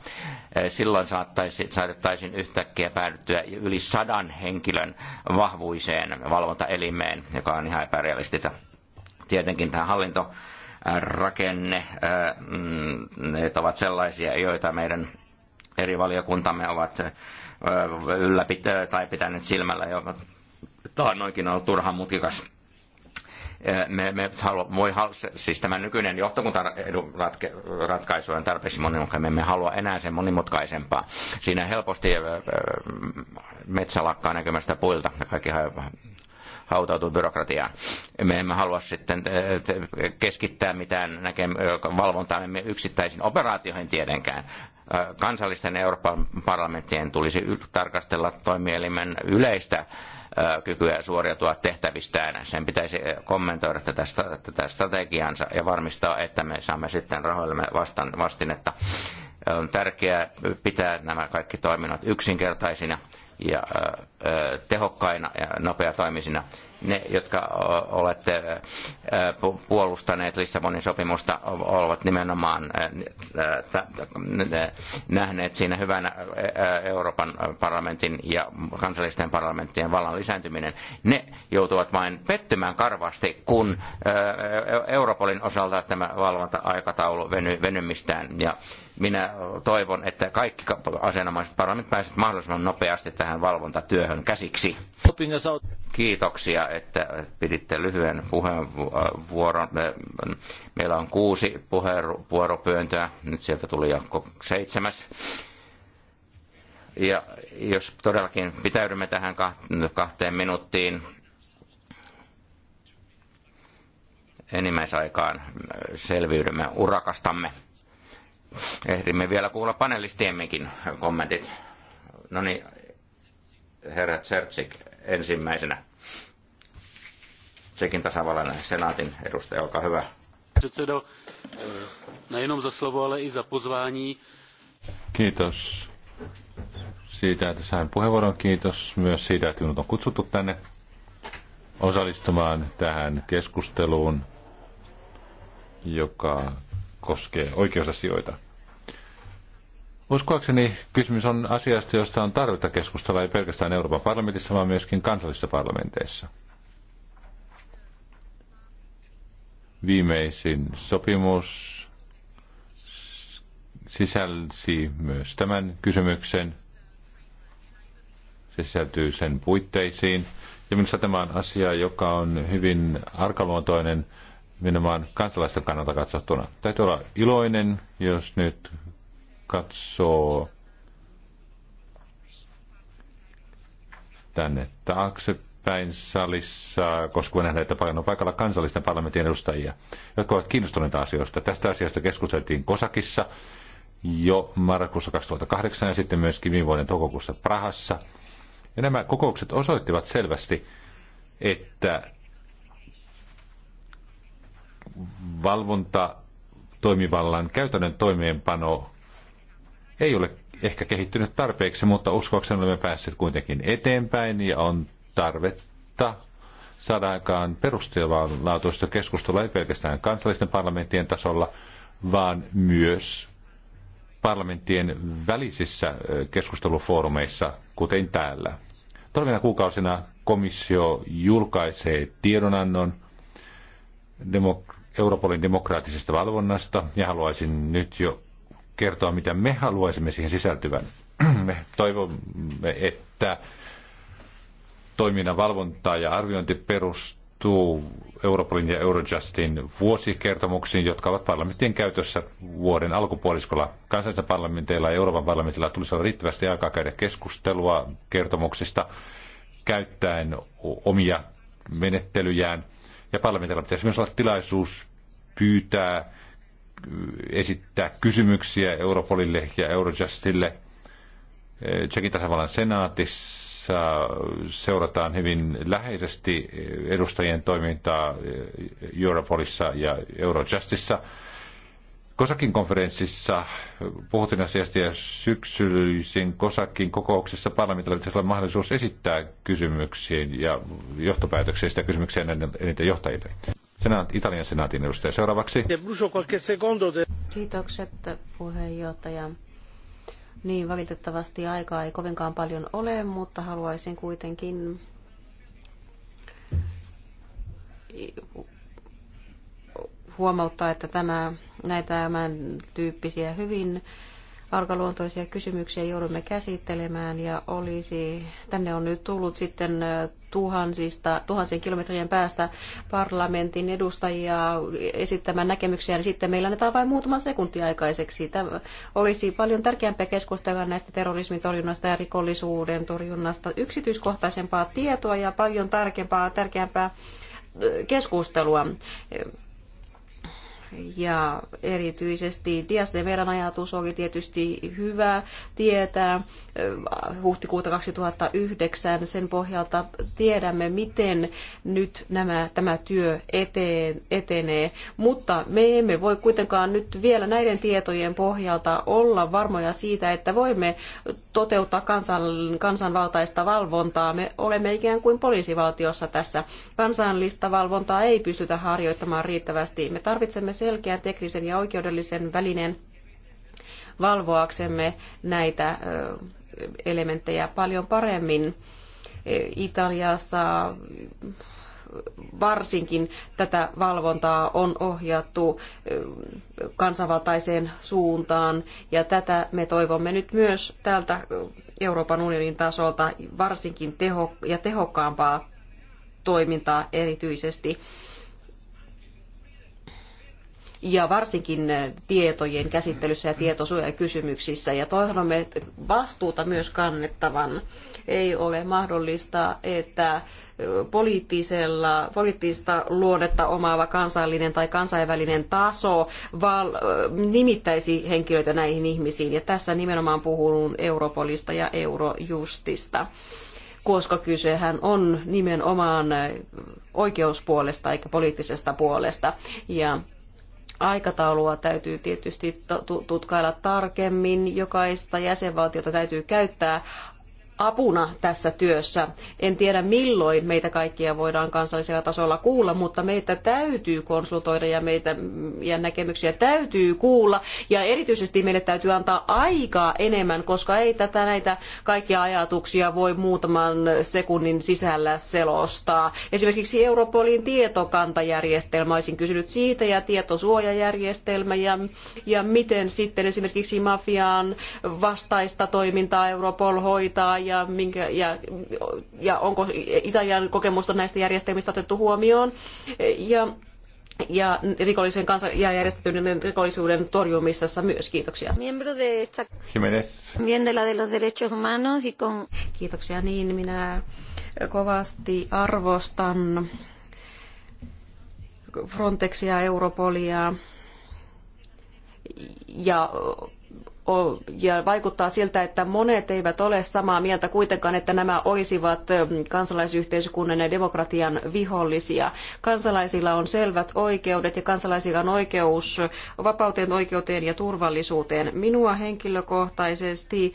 silloin saattaisi, saatettaisiin yhtäkkiä päädyttyä yli sadan henkilön vahvuiseen valvontaelimeen, joka on ihan epärealistista. Tietenkin tämä hallinto rakenne, mm, ne ovat sellaisia, joita meidän eri valiokuntamme ovat ylläpitäneet tai pitäneet silmällä jo taannoinkin ollut turhan mutkikas me, me halu, voi, siis tämä nykyinen ratkaisu on tarpeeksi monimutkainen. Me emme halua enää sen monimutkaisempaa. Siinä helposti metsä lakkaa näkymästä puilta. Kaikki hautautuu byrokratiaan. Me emme halua sitten keskittää mitään näkem- valvontaa emme yksittäisiin operaatioihin tietenkään. Kansallisten Euroopan parlamenttien tulisi tarkastella toimielimen yleistä kykyä suoriutua tehtävistään. Sen pitäisi eh, kommentoida tätä, tätä strategiansa ja varmistaa, että me saamme sitten rahoillemme vastan, vastinetta. On tärkeää pitää nämä kaikki toiminnot yksinkertaisina ja eh, eh, tehokkaina ja nopeatoimisina ne, jotka olette puolustaneet Lissabonin sopimusta, ovat nimenomaan nähneet siinä hyvänä Euroopan parlamentin ja kansallisten parlamenttien vallan lisääntyminen. Ne joutuvat vain pettymään karvasti, kun Europolin osalta tämä valvonta-aikataulu veny, venymistään ja minä toivon, että kaikki asianomaiset parlamentit pääsevät mahdollisimman nopeasti tähän valvontatyöhön käsiksi. Kiitoksia, että piditte lyhyen puheenvuoron. Meillä on kuusi puheenvuoropyöntöä, nyt sieltä tuli jo seitsemäs. Ja jos todellakin pitäydymme tähän kahteen minuuttiin, enimmäisaikaan selviydymme urakastamme. Ehdimme vielä kuulla panelistiemmekin kommentit. No niin, herra Tsertsik ensimmäisenä. Sekin tasavallan senaatin edustaja, olkaa hyvä. Předsedo, nejenom za slovo, ale i za pozvání. Kiitos siitä, että sain puheenvuoron. Kiitos myös siitä, että minut on kutsuttu tänne osallistumaan tähän keskusteluun, joka koskee oikeusasioita. Uskoakseni kysymys on asiasta, josta on tarvetta keskustella ei pelkästään Euroopan parlamentissa, vaan myöskin kansallisissa parlamenteissa. Viimeisin sopimus sisälsi myös tämän kysymyksen. Se sisältyy sen puitteisiin. Ja minusta tämä on asia, joka on hyvin arkaluontoinen nimenomaan kansalaisten kannalta katsottuna. Täytyy olla iloinen, jos nyt katsoo tänne taaksepäin salissa, koska voi nähdä, että paljon on paikalla kansallisten parlamentin edustajia, jotka ovat kiinnostuneita asioista. Tästä asiasta keskusteltiin Kosakissa jo marraskuussa 2008 ja sitten myöskin viime vuoden toukokuussa Prahassa. Ja nämä kokoukset osoittivat selvästi, että valvonta toimivallan käytännön toimeenpano ei ole ehkä kehittynyt tarpeeksi, mutta uskoakseni olemme päässeet kuitenkin eteenpäin ja on tarvetta saada aikaan perustavanlaatuista keskustelua ei pelkästään kansallisten parlamenttien tasolla, vaan myös parlamenttien välisissä keskustelufoorumeissa, kuten täällä. Tulevina kuukausina komissio julkaisee tiedonannon demok- Europolin demokraattisesta valvonnasta ja haluaisin nyt jo kertoa, mitä me haluaisimme siihen sisältyvän. Me toivomme, että toiminnan valvontaa ja arviointi perustuu Europolin ja Eurojustin vuosikertomuksiin, jotka ovat parlamenttien käytössä vuoden alkupuoliskolla. Kansallisilla parlamenteilla ja Euroopan parlamentilla tulisi olla riittävästi aikaa käydä keskustelua kertomuksista käyttäen omia menettelyjään – ja parlamentilla pitäisi myös olla tilaisuus pyytää, esittää kysymyksiä Europolille ja Eurojustille. Tsekin tasavallan senaatissa seurataan hyvin läheisesti edustajien toimintaa Europolissa ja Eurojustissa. Kosakin konferenssissa puhutin asiasta ja syksyisin Kosakin kokouksessa parlamentilla pitäisi mahdollisuus esittää kysymyksiin ja sitä kysymyksiä eniten johtajille. Senaat, Italian senaatin edustaja seuraavaksi. Kiitokset puheenjohtaja. Niin, valitettavasti aikaa ei kovinkaan paljon ole, mutta haluaisin kuitenkin huomauttaa, että tämä näitä tämän tyyppisiä hyvin arkaluontoisia kysymyksiä joudumme käsittelemään ja olisi, tänne on nyt tullut sitten tuhansista, tuhansien kilometrien päästä parlamentin edustajia esittämään näkemyksiä, niin sitten meillä annetaan vain muutama sekunti aikaiseksi. Tämä olisi paljon tärkeämpää keskustella näistä terrorismin torjunnasta ja rikollisuuden torjunnasta yksityiskohtaisempaa tietoa ja paljon tarkempaa, tärkeämpää keskustelua. Ja erityisesti Dias de Meran ajatus oli tietysti hyvä tietää äh, huhtikuuta 2009. Sen pohjalta tiedämme, miten nyt nämä, tämä työ eteen, etenee, mutta me emme voi kuitenkaan nyt vielä näiden tietojen pohjalta olla varmoja siitä, että voimme toteuttaa kansan, kansanvaltaista valvontaa. Me olemme ikään kuin poliisivaltiossa tässä. Kansanlista valvontaa ei pystytä harjoittamaan riittävästi. Me tarvitsemme selkeä teknisen ja oikeudellisen välineen valvoaksemme näitä elementtejä paljon paremmin. E, Italiassa varsinkin tätä valvontaa on ohjattu kansanvaltaiseen suuntaan ja tätä me toivomme nyt myös tältä Euroopan unionin tasolta varsinkin teho- ja tehokkaampaa toimintaa erityisesti ja varsinkin tietojen käsittelyssä ja tietosuojakysymyksissä. Ja toivomme vastuuta myös kannettavan. Ei ole mahdollista, että poliittisella, poliittista luonnetta omaava kansallinen tai kansainvälinen taso val, nimittäisi henkilöitä näihin ihmisiin. Ja tässä nimenomaan puhun Europolista ja Eurojustista koska kysehän on nimenomaan oikeuspuolesta eikä poliittisesta puolesta. Ja Aikataulua täytyy tietysti tutkailla tarkemmin. Jokaista jäsenvaltiota täytyy käyttää apuna tässä työssä. En tiedä milloin meitä kaikkia voidaan kansallisella tasolla kuulla, mutta meitä täytyy konsultoida ja meitä ja näkemyksiä täytyy kuulla. Ja erityisesti meille täytyy antaa aikaa enemmän, koska ei tätä näitä kaikkia ajatuksia voi muutaman sekunnin sisällä selostaa. Esimerkiksi Europolin tietokantajärjestelmä, olisin kysynyt siitä, ja tietosuojajärjestelmä, ja, ja miten sitten esimerkiksi mafian vastaista toimintaa Europol hoitaa, ja, minkä, ja, ja onko Italian kokemusta näistä järjestelmistä otettu huomioon. Ja ja rikollisen kanssa ja järjestetyn rikollisuuden torjumisessa myös. Kiitoksia. Miembro de esta... Jiménez. Bien de la de los derechos humanos y con... Kiitoksia. Niin, minä kovasti arvostan Frontexia, Europolia ja ja vaikuttaa siltä, että monet eivät ole samaa mieltä kuitenkaan, että nämä olisivat kansalaisyhteiskunnan ja demokratian vihollisia. Kansalaisilla on selvät oikeudet ja kansalaisilla on oikeus vapauteen, oikeuteen ja turvallisuuteen. Minua henkilökohtaisesti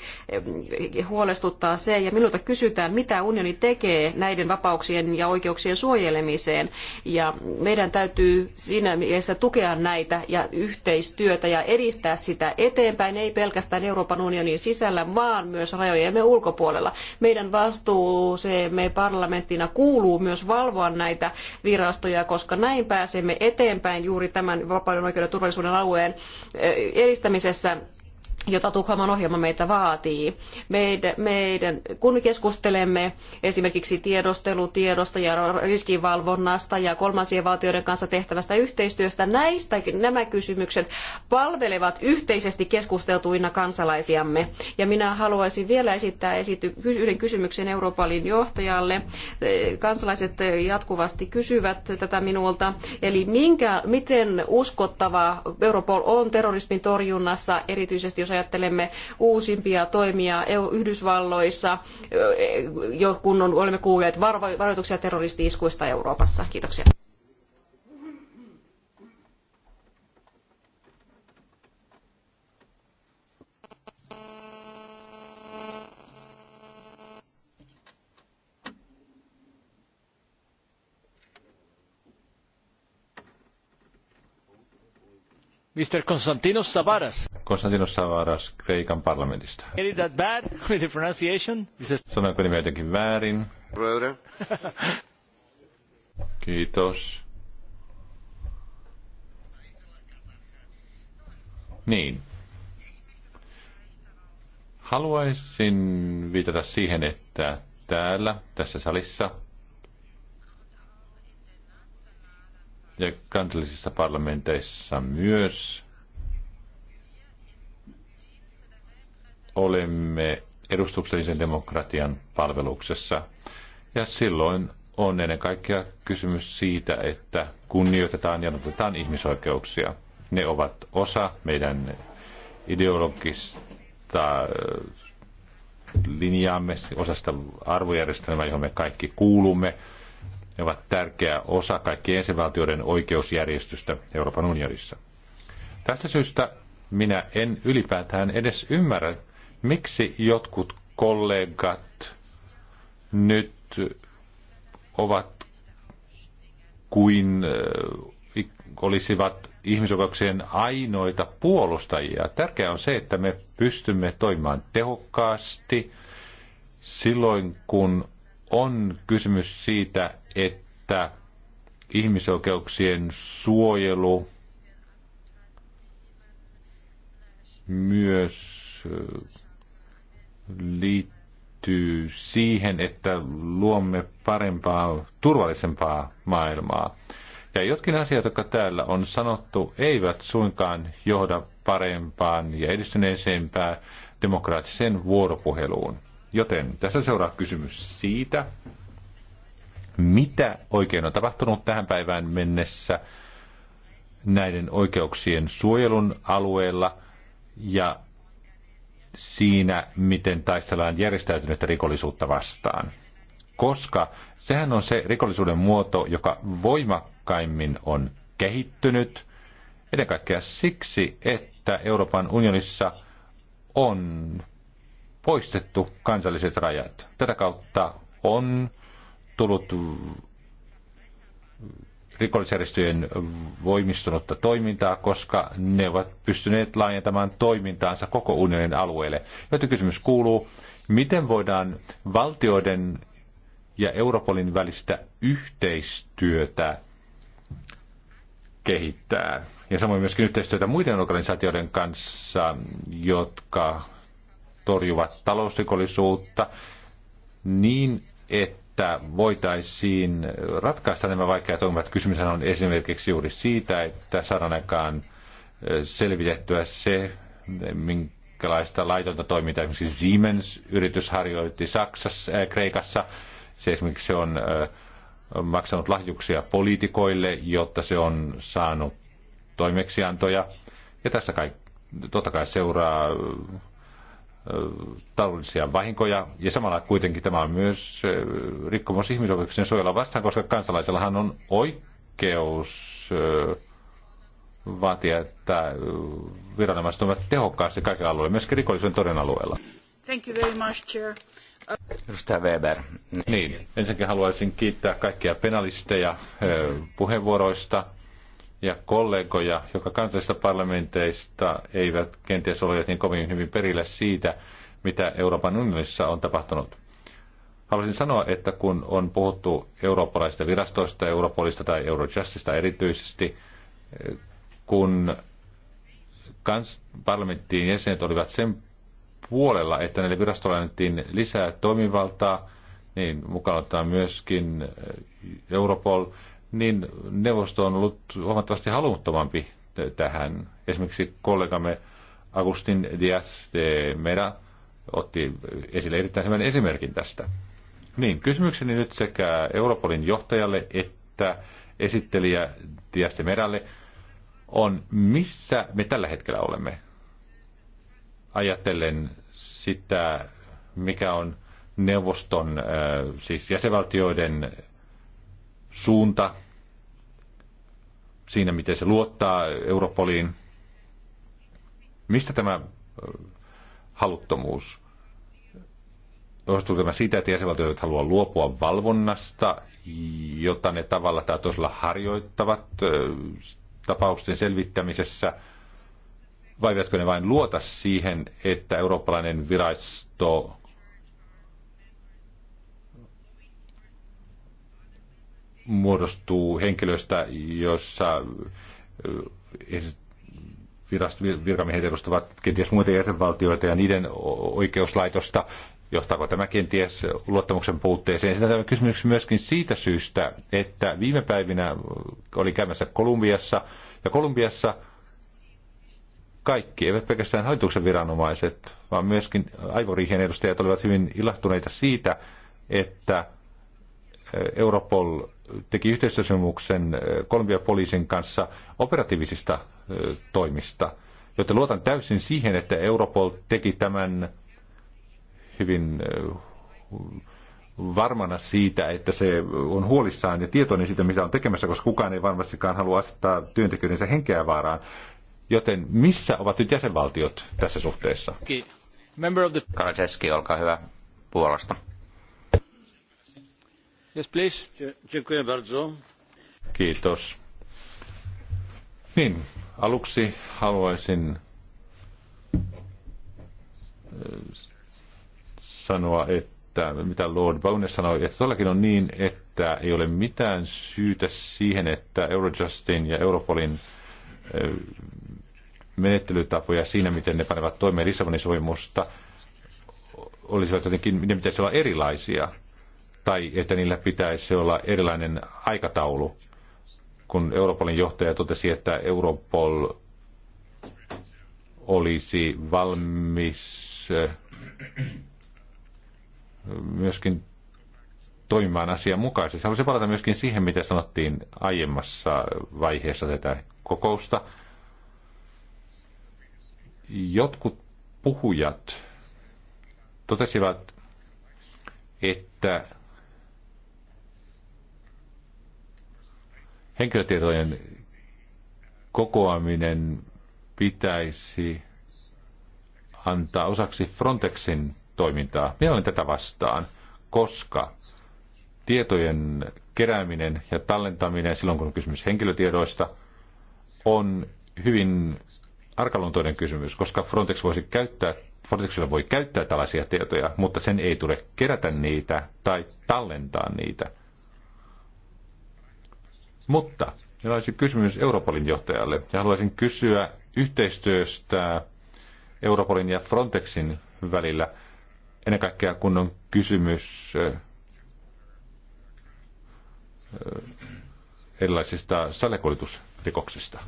huolestuttaa se, ja minulta kysytään, mitä unioni tekee näiden vapauksien ja oikeuksien suojelemiseen. Ja meidän täytyy siinä mielessä tukea näitä ja yhteistyötä ja edistää sitä eteenpäin, ei pelkästään Euroopan unionin sisällä, vaan myös rajojemme ulkopuolella. Meidän vastuuseemme parlamenttina kuuluu myös valvoa näitä virastoja, koska näin pääsemme eteenpäin juuri tämän vapauden oikeuden ja turvallisuuden alueen eh, edistämisessä jota Tukholman ohjelma meitä vaatii. Meidän, meidän, kun keskustelemme esimerkiksi tiedostelutiedosta ja riskivalvonnasta ja kolmansien valtioiden kanssa tehtävästä yhteistyöstä, näistä nämä kysymykset palvelevat yhteisesti keskusteltuina kansalaisiamme. Ja minä haluaisin vielä esittää esity, yhden kysymyksen Euroopan johtajalle. Kansalaiset jatkuvasti kysyvät tätä minulta. Eli minkä, miten uskottava Europol on terrorismin torjunnassa, erityisesti jos ajattelemme uusimpia toimia e Yhdysvalloissa, kun olemme kuulleet varoituksia terroristi-iskuista Euroopassa. Kiitoksia. Mr. Konstantinos Savaras. Konstantinos Savaras Kreikan parlamentista. Get it that bad with the pronunciation? Is... Sanoinko nimi jotenkin väärin? Kiitos. Niin. Haluaisin viitata siihen, että täällä, tässä salissa, ja kansallisissa parlamenteissa myös olemme edustuksellisen demokratian palveluksessa. Ja silloin on ennen kaikkea kysymys siitä, että kunnioitetaan ja noudatetaan ihmisoikeuksia. Ne ovat osa meidän ideologista äh, linjaamme, osasta arvojärjestelmää, johon me kaikki kuulumme. Ne ovat tärkeä osa kaikkien ensivaltioiden oikeusjärjestystä Euroopan unionissa. Tästä syystä minä en ylipäätään edes ymmärrä, miksi jotkut kollegat nyt ovat kuin äh, olisivat ihmisoikeuksien ainoita puolustajia. Tärkeää on se, että me pystymme toimimaan tehokkaasti silloin, kun on kysymys siitä, että ihmisoikeuksien suojelu myös liittyy siihen, että luomme parempaa, turvallisempaa maailmaa. Ja jotkin asiat, jotka täällä on sanottu, eivät suinkaan johda parempaan ja edistyneisempään demokraattiseen vuoropuheluun. Joten tässä seuraa kysymys siitä, mitä oikein on tapahtunut tähän päivään mennessä näiden oikeuksien suojelun alueella ja siinä, miten taistellaan järjestäytynyttä rikollisuutta vastaan. Koska sehän on se rikollisuuden muoto, joka voimakkaimmin on kehittynyt, ennen kaikkea siksi, että Euroopan unionissa on poistettu kansalliset rajat. Tätä kautta on tullut rikollisjärjestöjen voimistunutta toimintaa, koska ne ovat pystyneet laajentamaan toimintaansa koko unionin alueelle. Joten kysymys kuuluu, miten voidaan valtioiden ja Europolin välistä yhteistyötä kehittää. Ja samoin myöskin yhteistyötä muiden organisaatioiden kanssa, jotka torjuvat talousrikollisuutta, niin että että voitaisiin ratkaista nämä vaikeat ongelmat. Kysymys on esimerkiksi juuri siitä, että saadaan aikaan selvitettyä se, minkälaista laitonta toimintaa esimerkiksi Siemens-yritys harjoitti Saksassa, äh, Kreikassa. Se esimerkiksi on äh, maksanut lahjuksia poliitikoille, jotta se on saanut toimeksiantoja. Ja tässä kaikki, totta kai seuraa taloudellisia vahinkoja, ja samalla kuitenkin tämä on myös rikkomus ihmisoikeuksien suojella vastaan, koska kansalaisellahan on oikeus vaatia, että viranomaiset ovat tehokkaasti kaikilla alueilla, myös rikollisuuden toden alueella. Thank you very much, Chair. Edustaja Weber. Niin, ensinnäkin haluaisin kiittää kaikkia penalisteja puheenvuoroista ja kollegoja, joka kansallisista parlamenteista eivät kenties ole niin kovin hyvin perillä siitä, mitä Euroopan unionissa on tapahtunut. Haluaisin sanoa, että kun on puhuttu eurooppalaisista virastoista, Europolista tai Eurojustista erityisesti, kun kans- parlamenttiin jäsenet olivat sen puolella, että näille virastoille annettiin lisää toimivaltaa, niin mukaan ottaa myöskin Europol, niin neuvosto on ollut huomattavasti haluttomampi tähän. Esimerkiksi kollegamme Agustin Diaz de Mera otti esille erittäin hyvän esimerkin tästä. Niin, kysymykseni nyt sekä Europolin johtajalle että esittelijä Diaz de Meralle on, missä me tällä hetkellä olemme? Ajatellen sitä, mikä on neuvoston, äh, siis jäsenvaltioiden suunta siinä, miten se luottaa Europoliin. Mistä tämä haluttomuus? Johtuu tämä siitä, että jäsenvaltiot haluavat luopua valvonnasta, jota ne tavalla tai toisella harjoittavat tapausten selvittämisessä, vai eivätkö ne vain luota siihen, että eurooppalainen virasto muodostuu henkilöstä, jossa virkamiehet edustavat kenties muita jäsenvaltioita ja niiden oikeuslaitosta. Johtaako tämä kenties luottamuksen puutteeseen? Sitä tämä kysymys myöskin siitä syystä, että viime päivinä oli käymässä Kolumbiassa, ja Kolumbiassa kaikki, eivät pelkästään hallituksen viranomaiset, vaan myöskin aivoriihien edustajat olivat hyvin ilahtuneita siitä, että Europol teki yhteistyösopimuksen Kolumbian poliisin kanssa operatiivisista toimista, joten luotan täysin siihen, että Europol teki tämän hyvin varmana siitä, että se on huolissaan ja tietoinen siitä, mitä on tekemässä, koska kukaan ei varmastikaan halua asettaa työntekijöidensä henkeä vaaraan. Joten missä ovat nyt jäsenvaltiot tässä suhteessa? Kaleseski, olkaa hyvä, Puolasta. Kiitos. Niin, aluksi haluaisin äh, sanoa, että mitä Lord Bowne sanoi, että todellakin on niin, että ei ole mitään syytä siihen, että Eurojustin ja Europolin äh, menettelytapoja siinä, miten ne panevat toimeen Lissabonin sopimusta, olisivat jotenkin, ne pitäisi olla erilaisia tai että niillä pitäisi olla erilainen aikataulu. Kun Europolin johtaja totesi, että Europol olisi valmis äh, myöskin toimimaan asian mukaisesti. Haluaisin palata myöskin siihen, mitä sanottiin aiemmassa vaiheessa tätä kokousta. Jotkut puhujat totesivat, että henkilötietojen kokoaminen pitäisi antaa osaksi Frontexin toimintaa. Minä olen tätä vastaan, koska tietojen kerääminen ja tallentaminen silloin, kun on kysymys henkilötiedoista, on hyvin arkaluontoinen kysymys, koska Frontex voisi käyttää, Frontexilla voi käyttää tällaisia tietoja, mutta sen ei tule kerätä niitä tai tallentaa niitä – mutta minulla olisi kysymys Europolin johtajalle ja haluaisin kysyä yhteistyöstä Europolin ja Frontexin välillä. Ennen kaikkea kun on kysymys erilaisista salakuljetusrikoksista.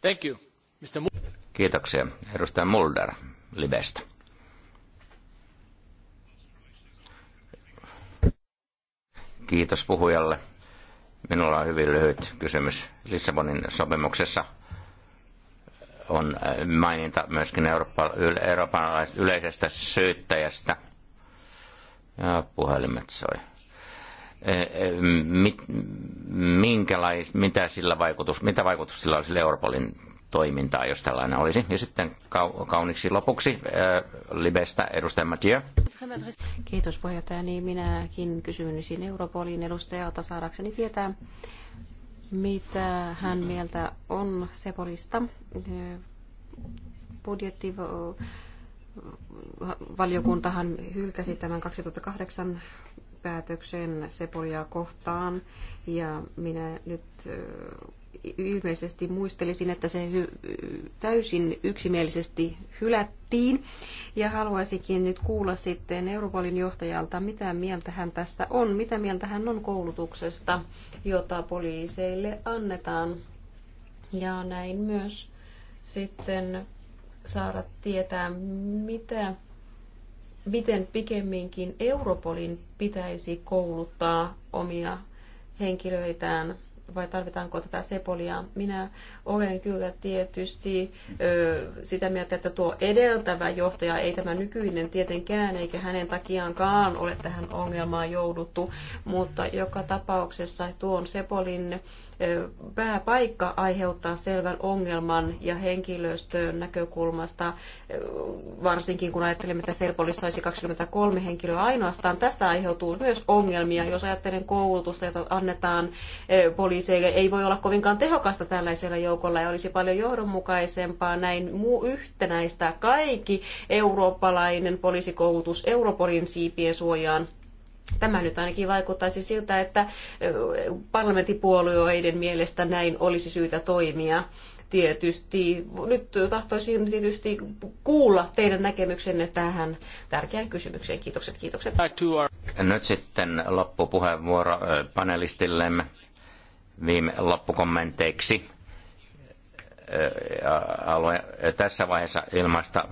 Thank you. Mr. Kiitoksia. Edustaja Mulder Libestä. Kiitos puhujalle. Minulla on hyvin lyhyt kysymys. Lissabonin sopimuksessa on äh, maininta myöskin Euroopan eurooppalaisesta yleisestä syyttäjästä. Ja puhelimet soi. Mit, minkälais, mitä, sillä vaikutus, mitä vaikutus sillä olisi Europolin toimintaa, jos tällainen olisi. Ja sitten kauniksi lopuksi äh, Libestä edustaja Mathieu. Kiitos puheenjohtaja. Niin minäkin kysyisin Europolin edustajalta saadakseni tietää, mitä hän mieltä on Sepolista. Budjetti valiokuntahan hylkäsi tämän 2008 päätöksen Sepolia kohtaan ja minä nyt ilmeisesti muistelisin, että se täysin yksimielisesti hylättiin. Ja haluaisinkin nyt kuulla sitten Euroopan johtajalta, mitä mieltä hän tästä on, mitä mieltä hän on koulutuksesta, jota poliiseille annetaan. Ja näin myös sitten saada tietää, mitä miten pikemminkin Europolin pitäisi kouluttaa omia henkilöitään vai tarvitaanko tätä sepolia. Minä olen kyllä tietysti ö, sitä mieltä, että tuo edeltävä johtaja, ei tämä nykyinen tietenkään, eikä hänen takiaankaan ole tähän ongelmaan jouduttu, mutta joka tapauksessa tuon sepolin ö, pääpaikka aiheuttaa selvän ongelman ja henkilöstön näkökulmasta, varsinkin kun ajattelemme, että Serpolissa saisi 23 henkilöä ainoastaan, tästä aiheutuu myös ongelmia, jos ajattelen koulutusta, jota annetaan poliisille juuri se ei voi olla kovinkaan tehokasta tällaisella joukolla ja olisi paljon johdonmukaisempaa näin muu yhtenäistä kaikki eurooppalainen poliisikoulutus Europolin siipien suojaan Tämä nyt ainakin vaikuttaisi siltä, että parlamenttipuolueiden mielestä näin olisi syytä toimia tietysti. Nyt tahtoisin tietysti kuulla teidän näkemyksenne tähän tärkeään kysymykseen. Kiitokset, kiitokset. Nyt sitten loppupuheenvuoro panelistillemme viime loppukommenteiksi Haluan tässä vaiheessa ilmaista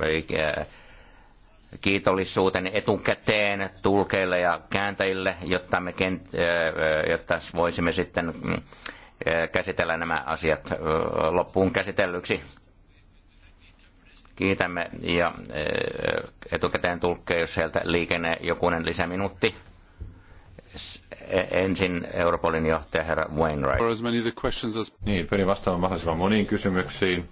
kiitollisuuteni etukäteen tulkeille ja kääntäjille, jotta me kent, jotta voisimme sitten käsitellä nämä asiat loppuun käsitellyksi. Kiitämme ja etukäteen tulkkeen, jos sieltä liikenee jokunen lisäminuutti. E- ensin Europolin johtaja herra Wainwright. Niin, pyrin vastaamaan mahdollisimman moniin kysymyksiin.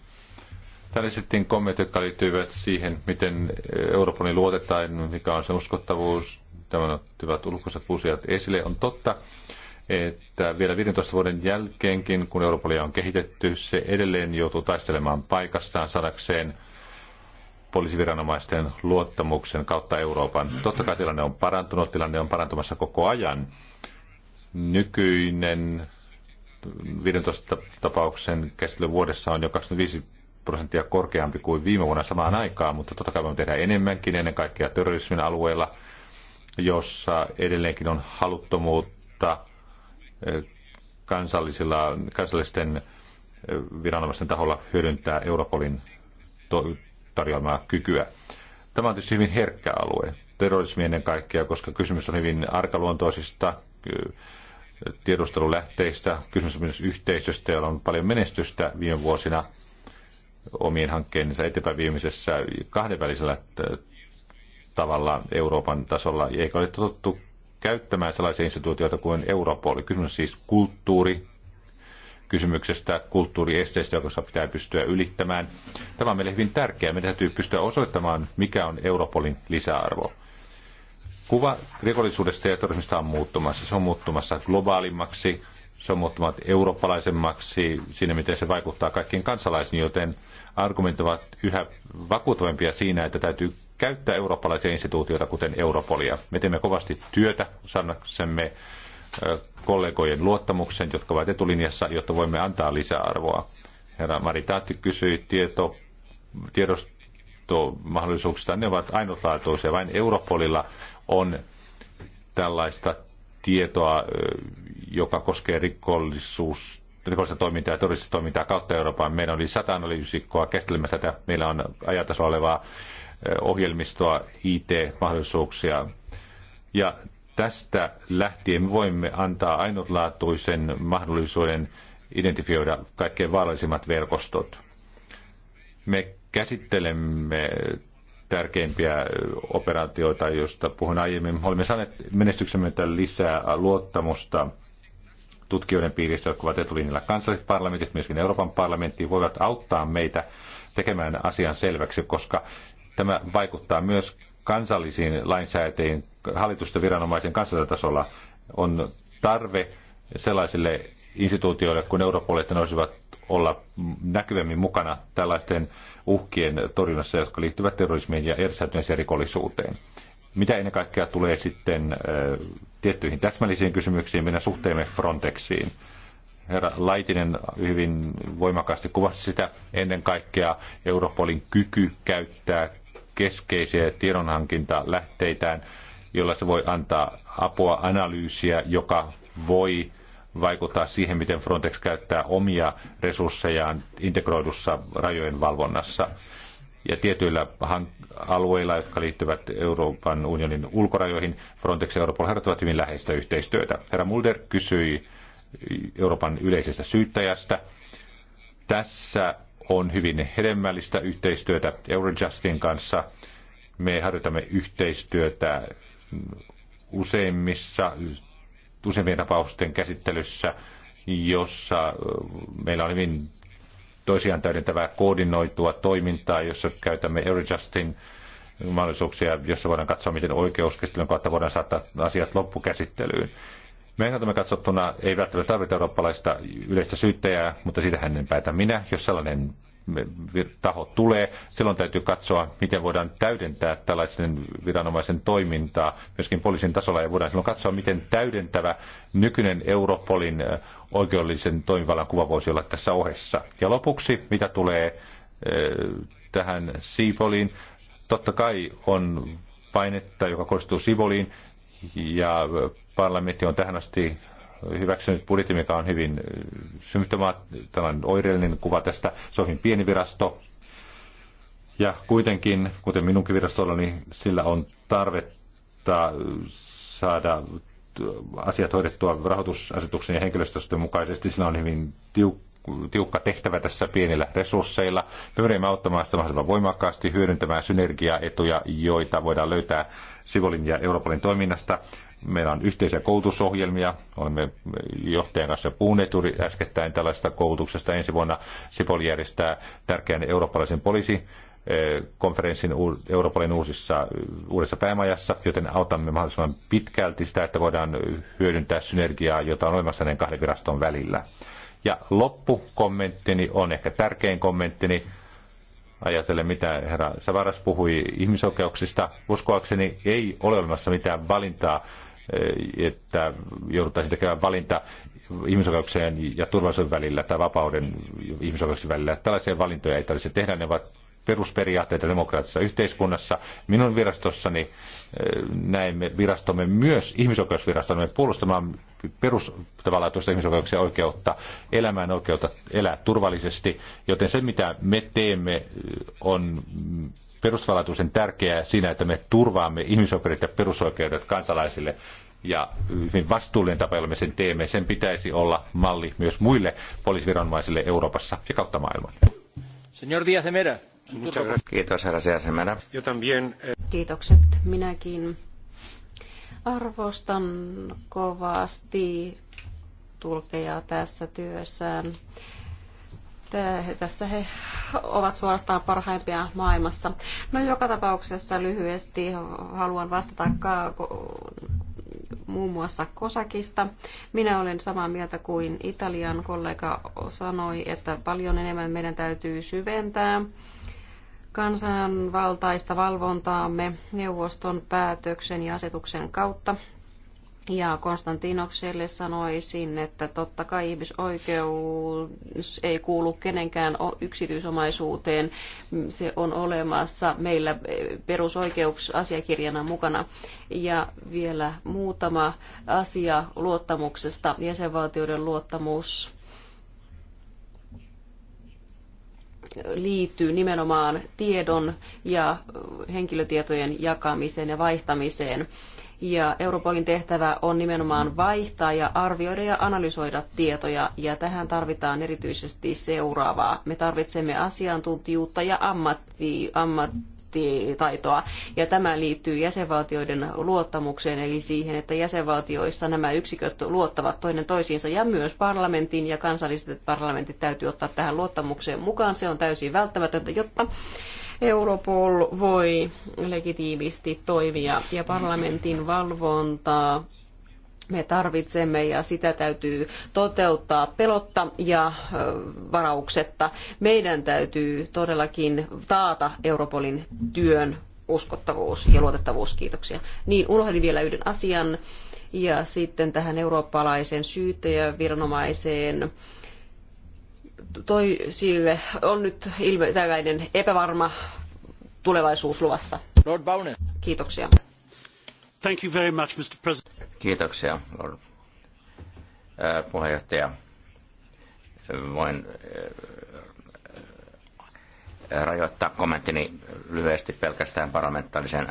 Täällä sitten kommentit, jotka liittyivät siihen, miten Europolin luotetaan, mikä on sen uskottavuus. Tämä ottivat ulkoiset puusijat esille. On totta, että vielä 15 vuoden jälkeenkin, kun Europolia on kehitetty, se edelleen joutuu taistelemaan paikastaan sadakseen poliisiviranomaisten luottamuksen kautta Euroopan. Totta kai tilanne on parantunut, tilanne on parantumassa koko ajan nykyinen 15 tapauksen käsittely vuodessa on jo 25 prosenttia korkeampi kuin viime vuonna samaan aikaan, mutta totta kai voimme tehdä enemmänkin ennen kaikkea terrorismin alueella, jossa edelleenkin on haluttomuutta eh, kansallisilla, kansallisten eh, viranomaisten taholla hyödyntää Europolin tarjoamaa kykyä. Tämä on tietysti hyvin herkkä alue, terrorismi ennen kaikkea, koska kysymys on hyvin arkaluontoisista eh, tiedustelulähteistä, kysymys myös yhteisöstä, jolla on paljon menestystä viime vuosina omien hankkeensa eteenpäin viemisessä kahdenvälisellä äh, tavalla Euroopan tasolla, eikä ole totuttu käyttämään sellaisia instituutioita kuin Europol. Kysymys siis kulttuuri, kysymyksestä, kulttuuriesteistä, joka pitää pystyä ylittämään. Tämä on meille hyvin tärkeää. Meidän täytyy pystyä osoittamaan, mikä on Europolin lisäarvo. Kuva rikollisuudesta ja terrorismista on muuttumassa. Se on muuttumassa globaalimmaksi, se on muuttumassa eurooppalaisemmaksi siinä, miten se vaikuttaa kaikkiin kansalaisiin, joten argumentit ovat yhä vakuuttavampia siinä, että täytyy käyttää eurooppalaisia instituutioita, kuten Europolia. Me teemme kovasti työtä sannaksemme kollegojen luottamuksen, jotka ovat etulinjassa, jotta voimme antaa lisäarvoa. Herra Mari Taatti kysyi tieto, tiedostomahdollisuuksista. Ne ovat ainutlaatuisia. Vain Europolilla on tällaista tietoa, joka koskee rikollisuus, rikollista toimintaa ja turistista toimintaa kautta Euroopan. Meillä oli sata analyysikkoa käsittelemässä tätä. Meillä on ajatasolla olevaa ohjelmistoa, IT-mahdollisuuksia. Ja tästä lähtien me voimme antaa ainutlaatuisen mahdollisuuden identifioida kaikkein vaarallisimmat verkostot. Me käsittelemme tärkeimpiä operaatioita, joista puhuin aiemmin. Olemme saaneet menestyksemme lisää luottamusta tutkijoiden piirissä, jotka ovat etulinjalla kansalliset parlamentit, myöskin Euroopan parlamentti, voivat auttaa meitä tekemään asian selväksi, koska tämä vaikuttaa myös kansallisiin lainsäätäjiin, hallitusten viranomaisen kansallisella tasolla on tarve sellaisille instituutioille kun Euroopalle että ne olisivat olla näkyvämmin mukana tällaisten uhkien torjunnassa, jotka liittyvät terrorismiin ja järjestäytyneeseen rikollisuuteen. Mitä ennen kaikkea tulee sitten äh, tiettyihin täsmällisiin kysymyksiin, meidän suhteemme Frontexiin? herra Laitinen hyvin voimakkaasti kuvasi sitä ennen kaikkea Europolin kyky käyttää keskeisiä tiedonhankintalähteitään, jolla se voi antaa apua analyysiä, joka voi vaikuttaa siihen, miten Frontex käyttää omia resurssejaan integroidussa rajojen valvonnassa. Ja tietyillä alueilla, jotka liittyvät Euroopan unionin ulkorajoihin, Frontex ja Europol harjoittavat hyvin läheistä yhteistyötä. Herra Mulder kysyi Euroopan yleisestä syyttäjästä. Tässä on hyvin hedelmällistä yhteistyötä Eurojustin kanssa. Me harjoitamme yhteistyötä useimmissa useimpien tapausten käsittelyssä, jossa meillä on hyvin toisiaan täydentävää koordinoitua toimintaa, jossa käytämme Eurojustin mahdollisuuksia, jossa voidaan katsoa, miten oikeuskäsittelyn kautta voidaan saattaa asiat loppukäsittelyyn. Meidän kannaltamme katsottuna ei välttämättä tarvita eurooppalaista yleistä syyttäjää, mutta siitä en päätä minä. Jos sellainen taho tulee. Silloin täytyy katsoa, miten voidaan täydentää tällaisen viranomaisen toimintaa myöskin poliisin tasolla. Ja voidaan silloin katsoa, miten täydentävä nykyinen Europolin oikeudellisen toimivallan kuva voisi olla tässä ohessa. Ja lopuksi, mitä tulee tähän Siipoliin, totta kai on painetta, joka kohdistuu siipoliin ja parlamentti on tähän asti hyväksynyt budjetin, mikä on hyvin symptomaattinen oireellinen kuva tästä. Se on hyvin pieni virasto. Ja kuitenkin, kuten minunkin virastolla, niin sillä on tarvetta saada asiat hoidettua rahoitusasetuksen ja henkilöstösten mukaisesti. Sillä on hyvin tiukka tiukka tehtävä tässä pienillä resursseilla. pyrimme auttamaan sitä mahdollisimman voimakkaasti hyödyntämään synergiaetuja, joita voidaan löytää Sivolin ja Euroopan toiminnasta. Meillä on yhteisiä koulutusohjelmia. Olemme johtajan kanssa puhuneet juuri äskettäin tällaista koulutuksesta. Ensi vuonna Sipol järjestää tärkeän eurooppalaisen poliisi eh, konferenssin Euroopan uusissa, uudessa päämajassa, joten autamme mahdollisimman pitkälti sitä, että voidaan hyödyntää synergiaa, jota on olemassa näiden kahden viraston välillä. Ja loppukommenttini on ehkä tärkein kommenttini. Ajatellen, mitä herra Savaras puhui ihmisoikeuksista. Uskoakseni ei ole olemassa mitään valintaa eh, että jouduttaisiin tekemään valinta ihmisoikeuksien ja turvallisuuden välillä tai vapauden ihmisoikeuksien välillä. Tällaisia valintoja ei tarvitse tehdä, ne ovat perusperiaatteita demokraattisessa yhteiskunnassa. Minun virastossani eh, näemme virastomme myös ihmisoikeusvirastomme puolustamaan perus tuosta ihmisoikeuksia oikeutta elämään, oikeutta elää turvallisesti, joten se mitä me teemme eh, on perustavanlaatuisen tärkeää siinä, että me turvaamme ihmisoikeudet ja perusoikeudet kansalaisille ja hyvin vastuullinen tapa, jolla me sen teemme, sen pitäisi olla malli myös muille poliisiviranomaisille Euroopassa ja kautta maailman. Señor Díaz de Mera. Kiitos, herra eh, Kiitokset minäkin. Arvostan kovasti tulkeja tässä työssään. Tässä he ovat suorastaan parhaimpia maailmassa. No joka tapauksessa lyhyesti haluan vastata muun muassa Kosakista. Minä olen samaa mieltä kuin Italian kollega sanoi, että paljon enemmän meidän täytyy syventää kansanvaltaista valvontaamme neuvoston päätöksen ja asetuksen kautta. Ja Konstantinokselle sanoisin, että totta kai ihmisoikeus ei kuulu kenenkään yksityisomaisuuteen. Se on olemassa meillä perusoikeusasiakirjana mukana. Ja vielä muutama asia luottamuksesta, jäsenvaltioiden luottamus liittyy nimenomaan tiedon ja henkilötietojen jakamiseen ja vaihtamiseen. Ja Europolin tehtävä on nimenomaan vaihtaa ja arvioida ja analysoida tietoja, ja tähän tarvitaan erityisesti seuraavaa. Me tarvitsemme asiantuntijuutta ja ammatti, ammat, ammattitaitoa. Ja tämä liittyy jäsenvaltioiden luottamukseen, eli siihen, että jäsenvaltioissa nämä yksiköt luottavat toinen toisiinsa ja myös parlamentin ja kansalliset parlamentit täytyy ottaa tähän luottamukseen mukaan. Se on täysin välttämätöntä, jotta Europol voi legitiimisti toimia ja parlamentin valvontaa me tarvitsemme ja sitä täytyy toteuttaa pelotta ja varauksetta. Meidän täytyy todellakin taata Europolin työn uskottavuus ja luotettavuus. Kiitoksia. Niin, unohdin vielä yhden asian ja sitten tähän eurooppalaiseen syyttäjäviranomaiseen toi, sille on nyt ilme, tällainen epävarma tulevaisuus luvassa. Lord Kiitoksia. Thank you very much, Mr. President. Kiitoksia, Lord puheenjohtaja. Voin rajoittaa kommenttini lyhyesti pelkästään parlamentaariseen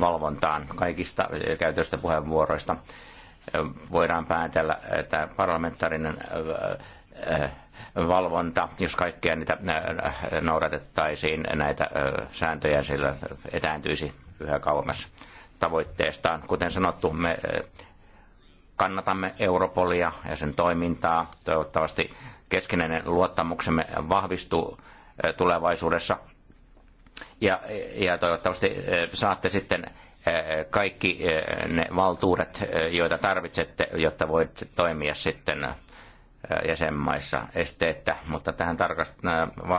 valvontaan kaikista käytöstä puheenvuoroista. Voidaan päätellä, että parlamentaarinen valvonta, jos kaikkia niitä noudatettaisiin, näitä sääntöjä sillä etääntyisi yhä kauemmas tavoitteestaan. Kuten sanottu, me eh, kannatamme Europolia ja sen toimintaa. Toivottavasti keskinäinen luottamuksemme vahvistuu eh, tulevaisuudessa. Ja, eh, ja toivottavasti saatte sitten kaikki ne valtuudet, joita tarvitsette, jotta voit toimia sitten jäsenmaissa esteettä, mutta tähän tarkast-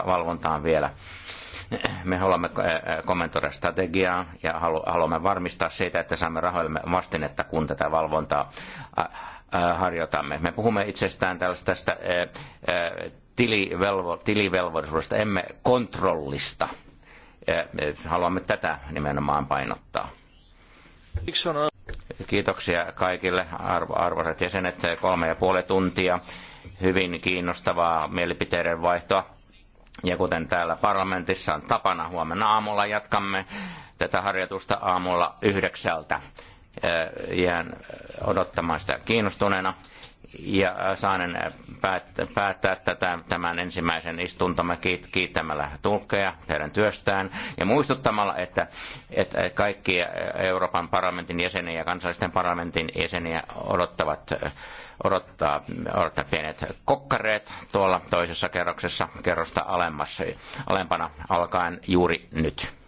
valvontaan vielä me haluamme eh, eh, kommentoida strategiaa ja haluamme varmistaa siitä, että saamme rahoillemme vastinetta, kun tätä valvontaa harjoitamme. Me puhumme itsestään tästä eh, tilivelvo, tilivelvollisuudesta, emme kontrollista. Haluamme tätä nimenomaan painottaa. Kiitoksia kaikille arvo, arvoisat jäsenet. Kolme ja puoli tuntia hyvin kiinnostavaa mielipiteiden vaihtoa ja kuten täällä parlamentissa on tapana, huomenna aamulla jatkamme tätä harjoitusta aamulla yhdeksältä. Äh, jään äh, odottamaan sitä kiinnostuneena ja äh, saanen päättää tätä, tämän ensimmäisen istuntomme kiit, kiittämällä tulkkeja heidän työstään ja muistuttamalla, että, että kaikki Euroopan parlamentin jäseniä ja kansallisten parlamentin jäseniä odottavat odottaa, odottaa pienet kokkareet tuolla toisessa kerroksessa kerrosta alemmassa, alempana alkaen juuri nyt.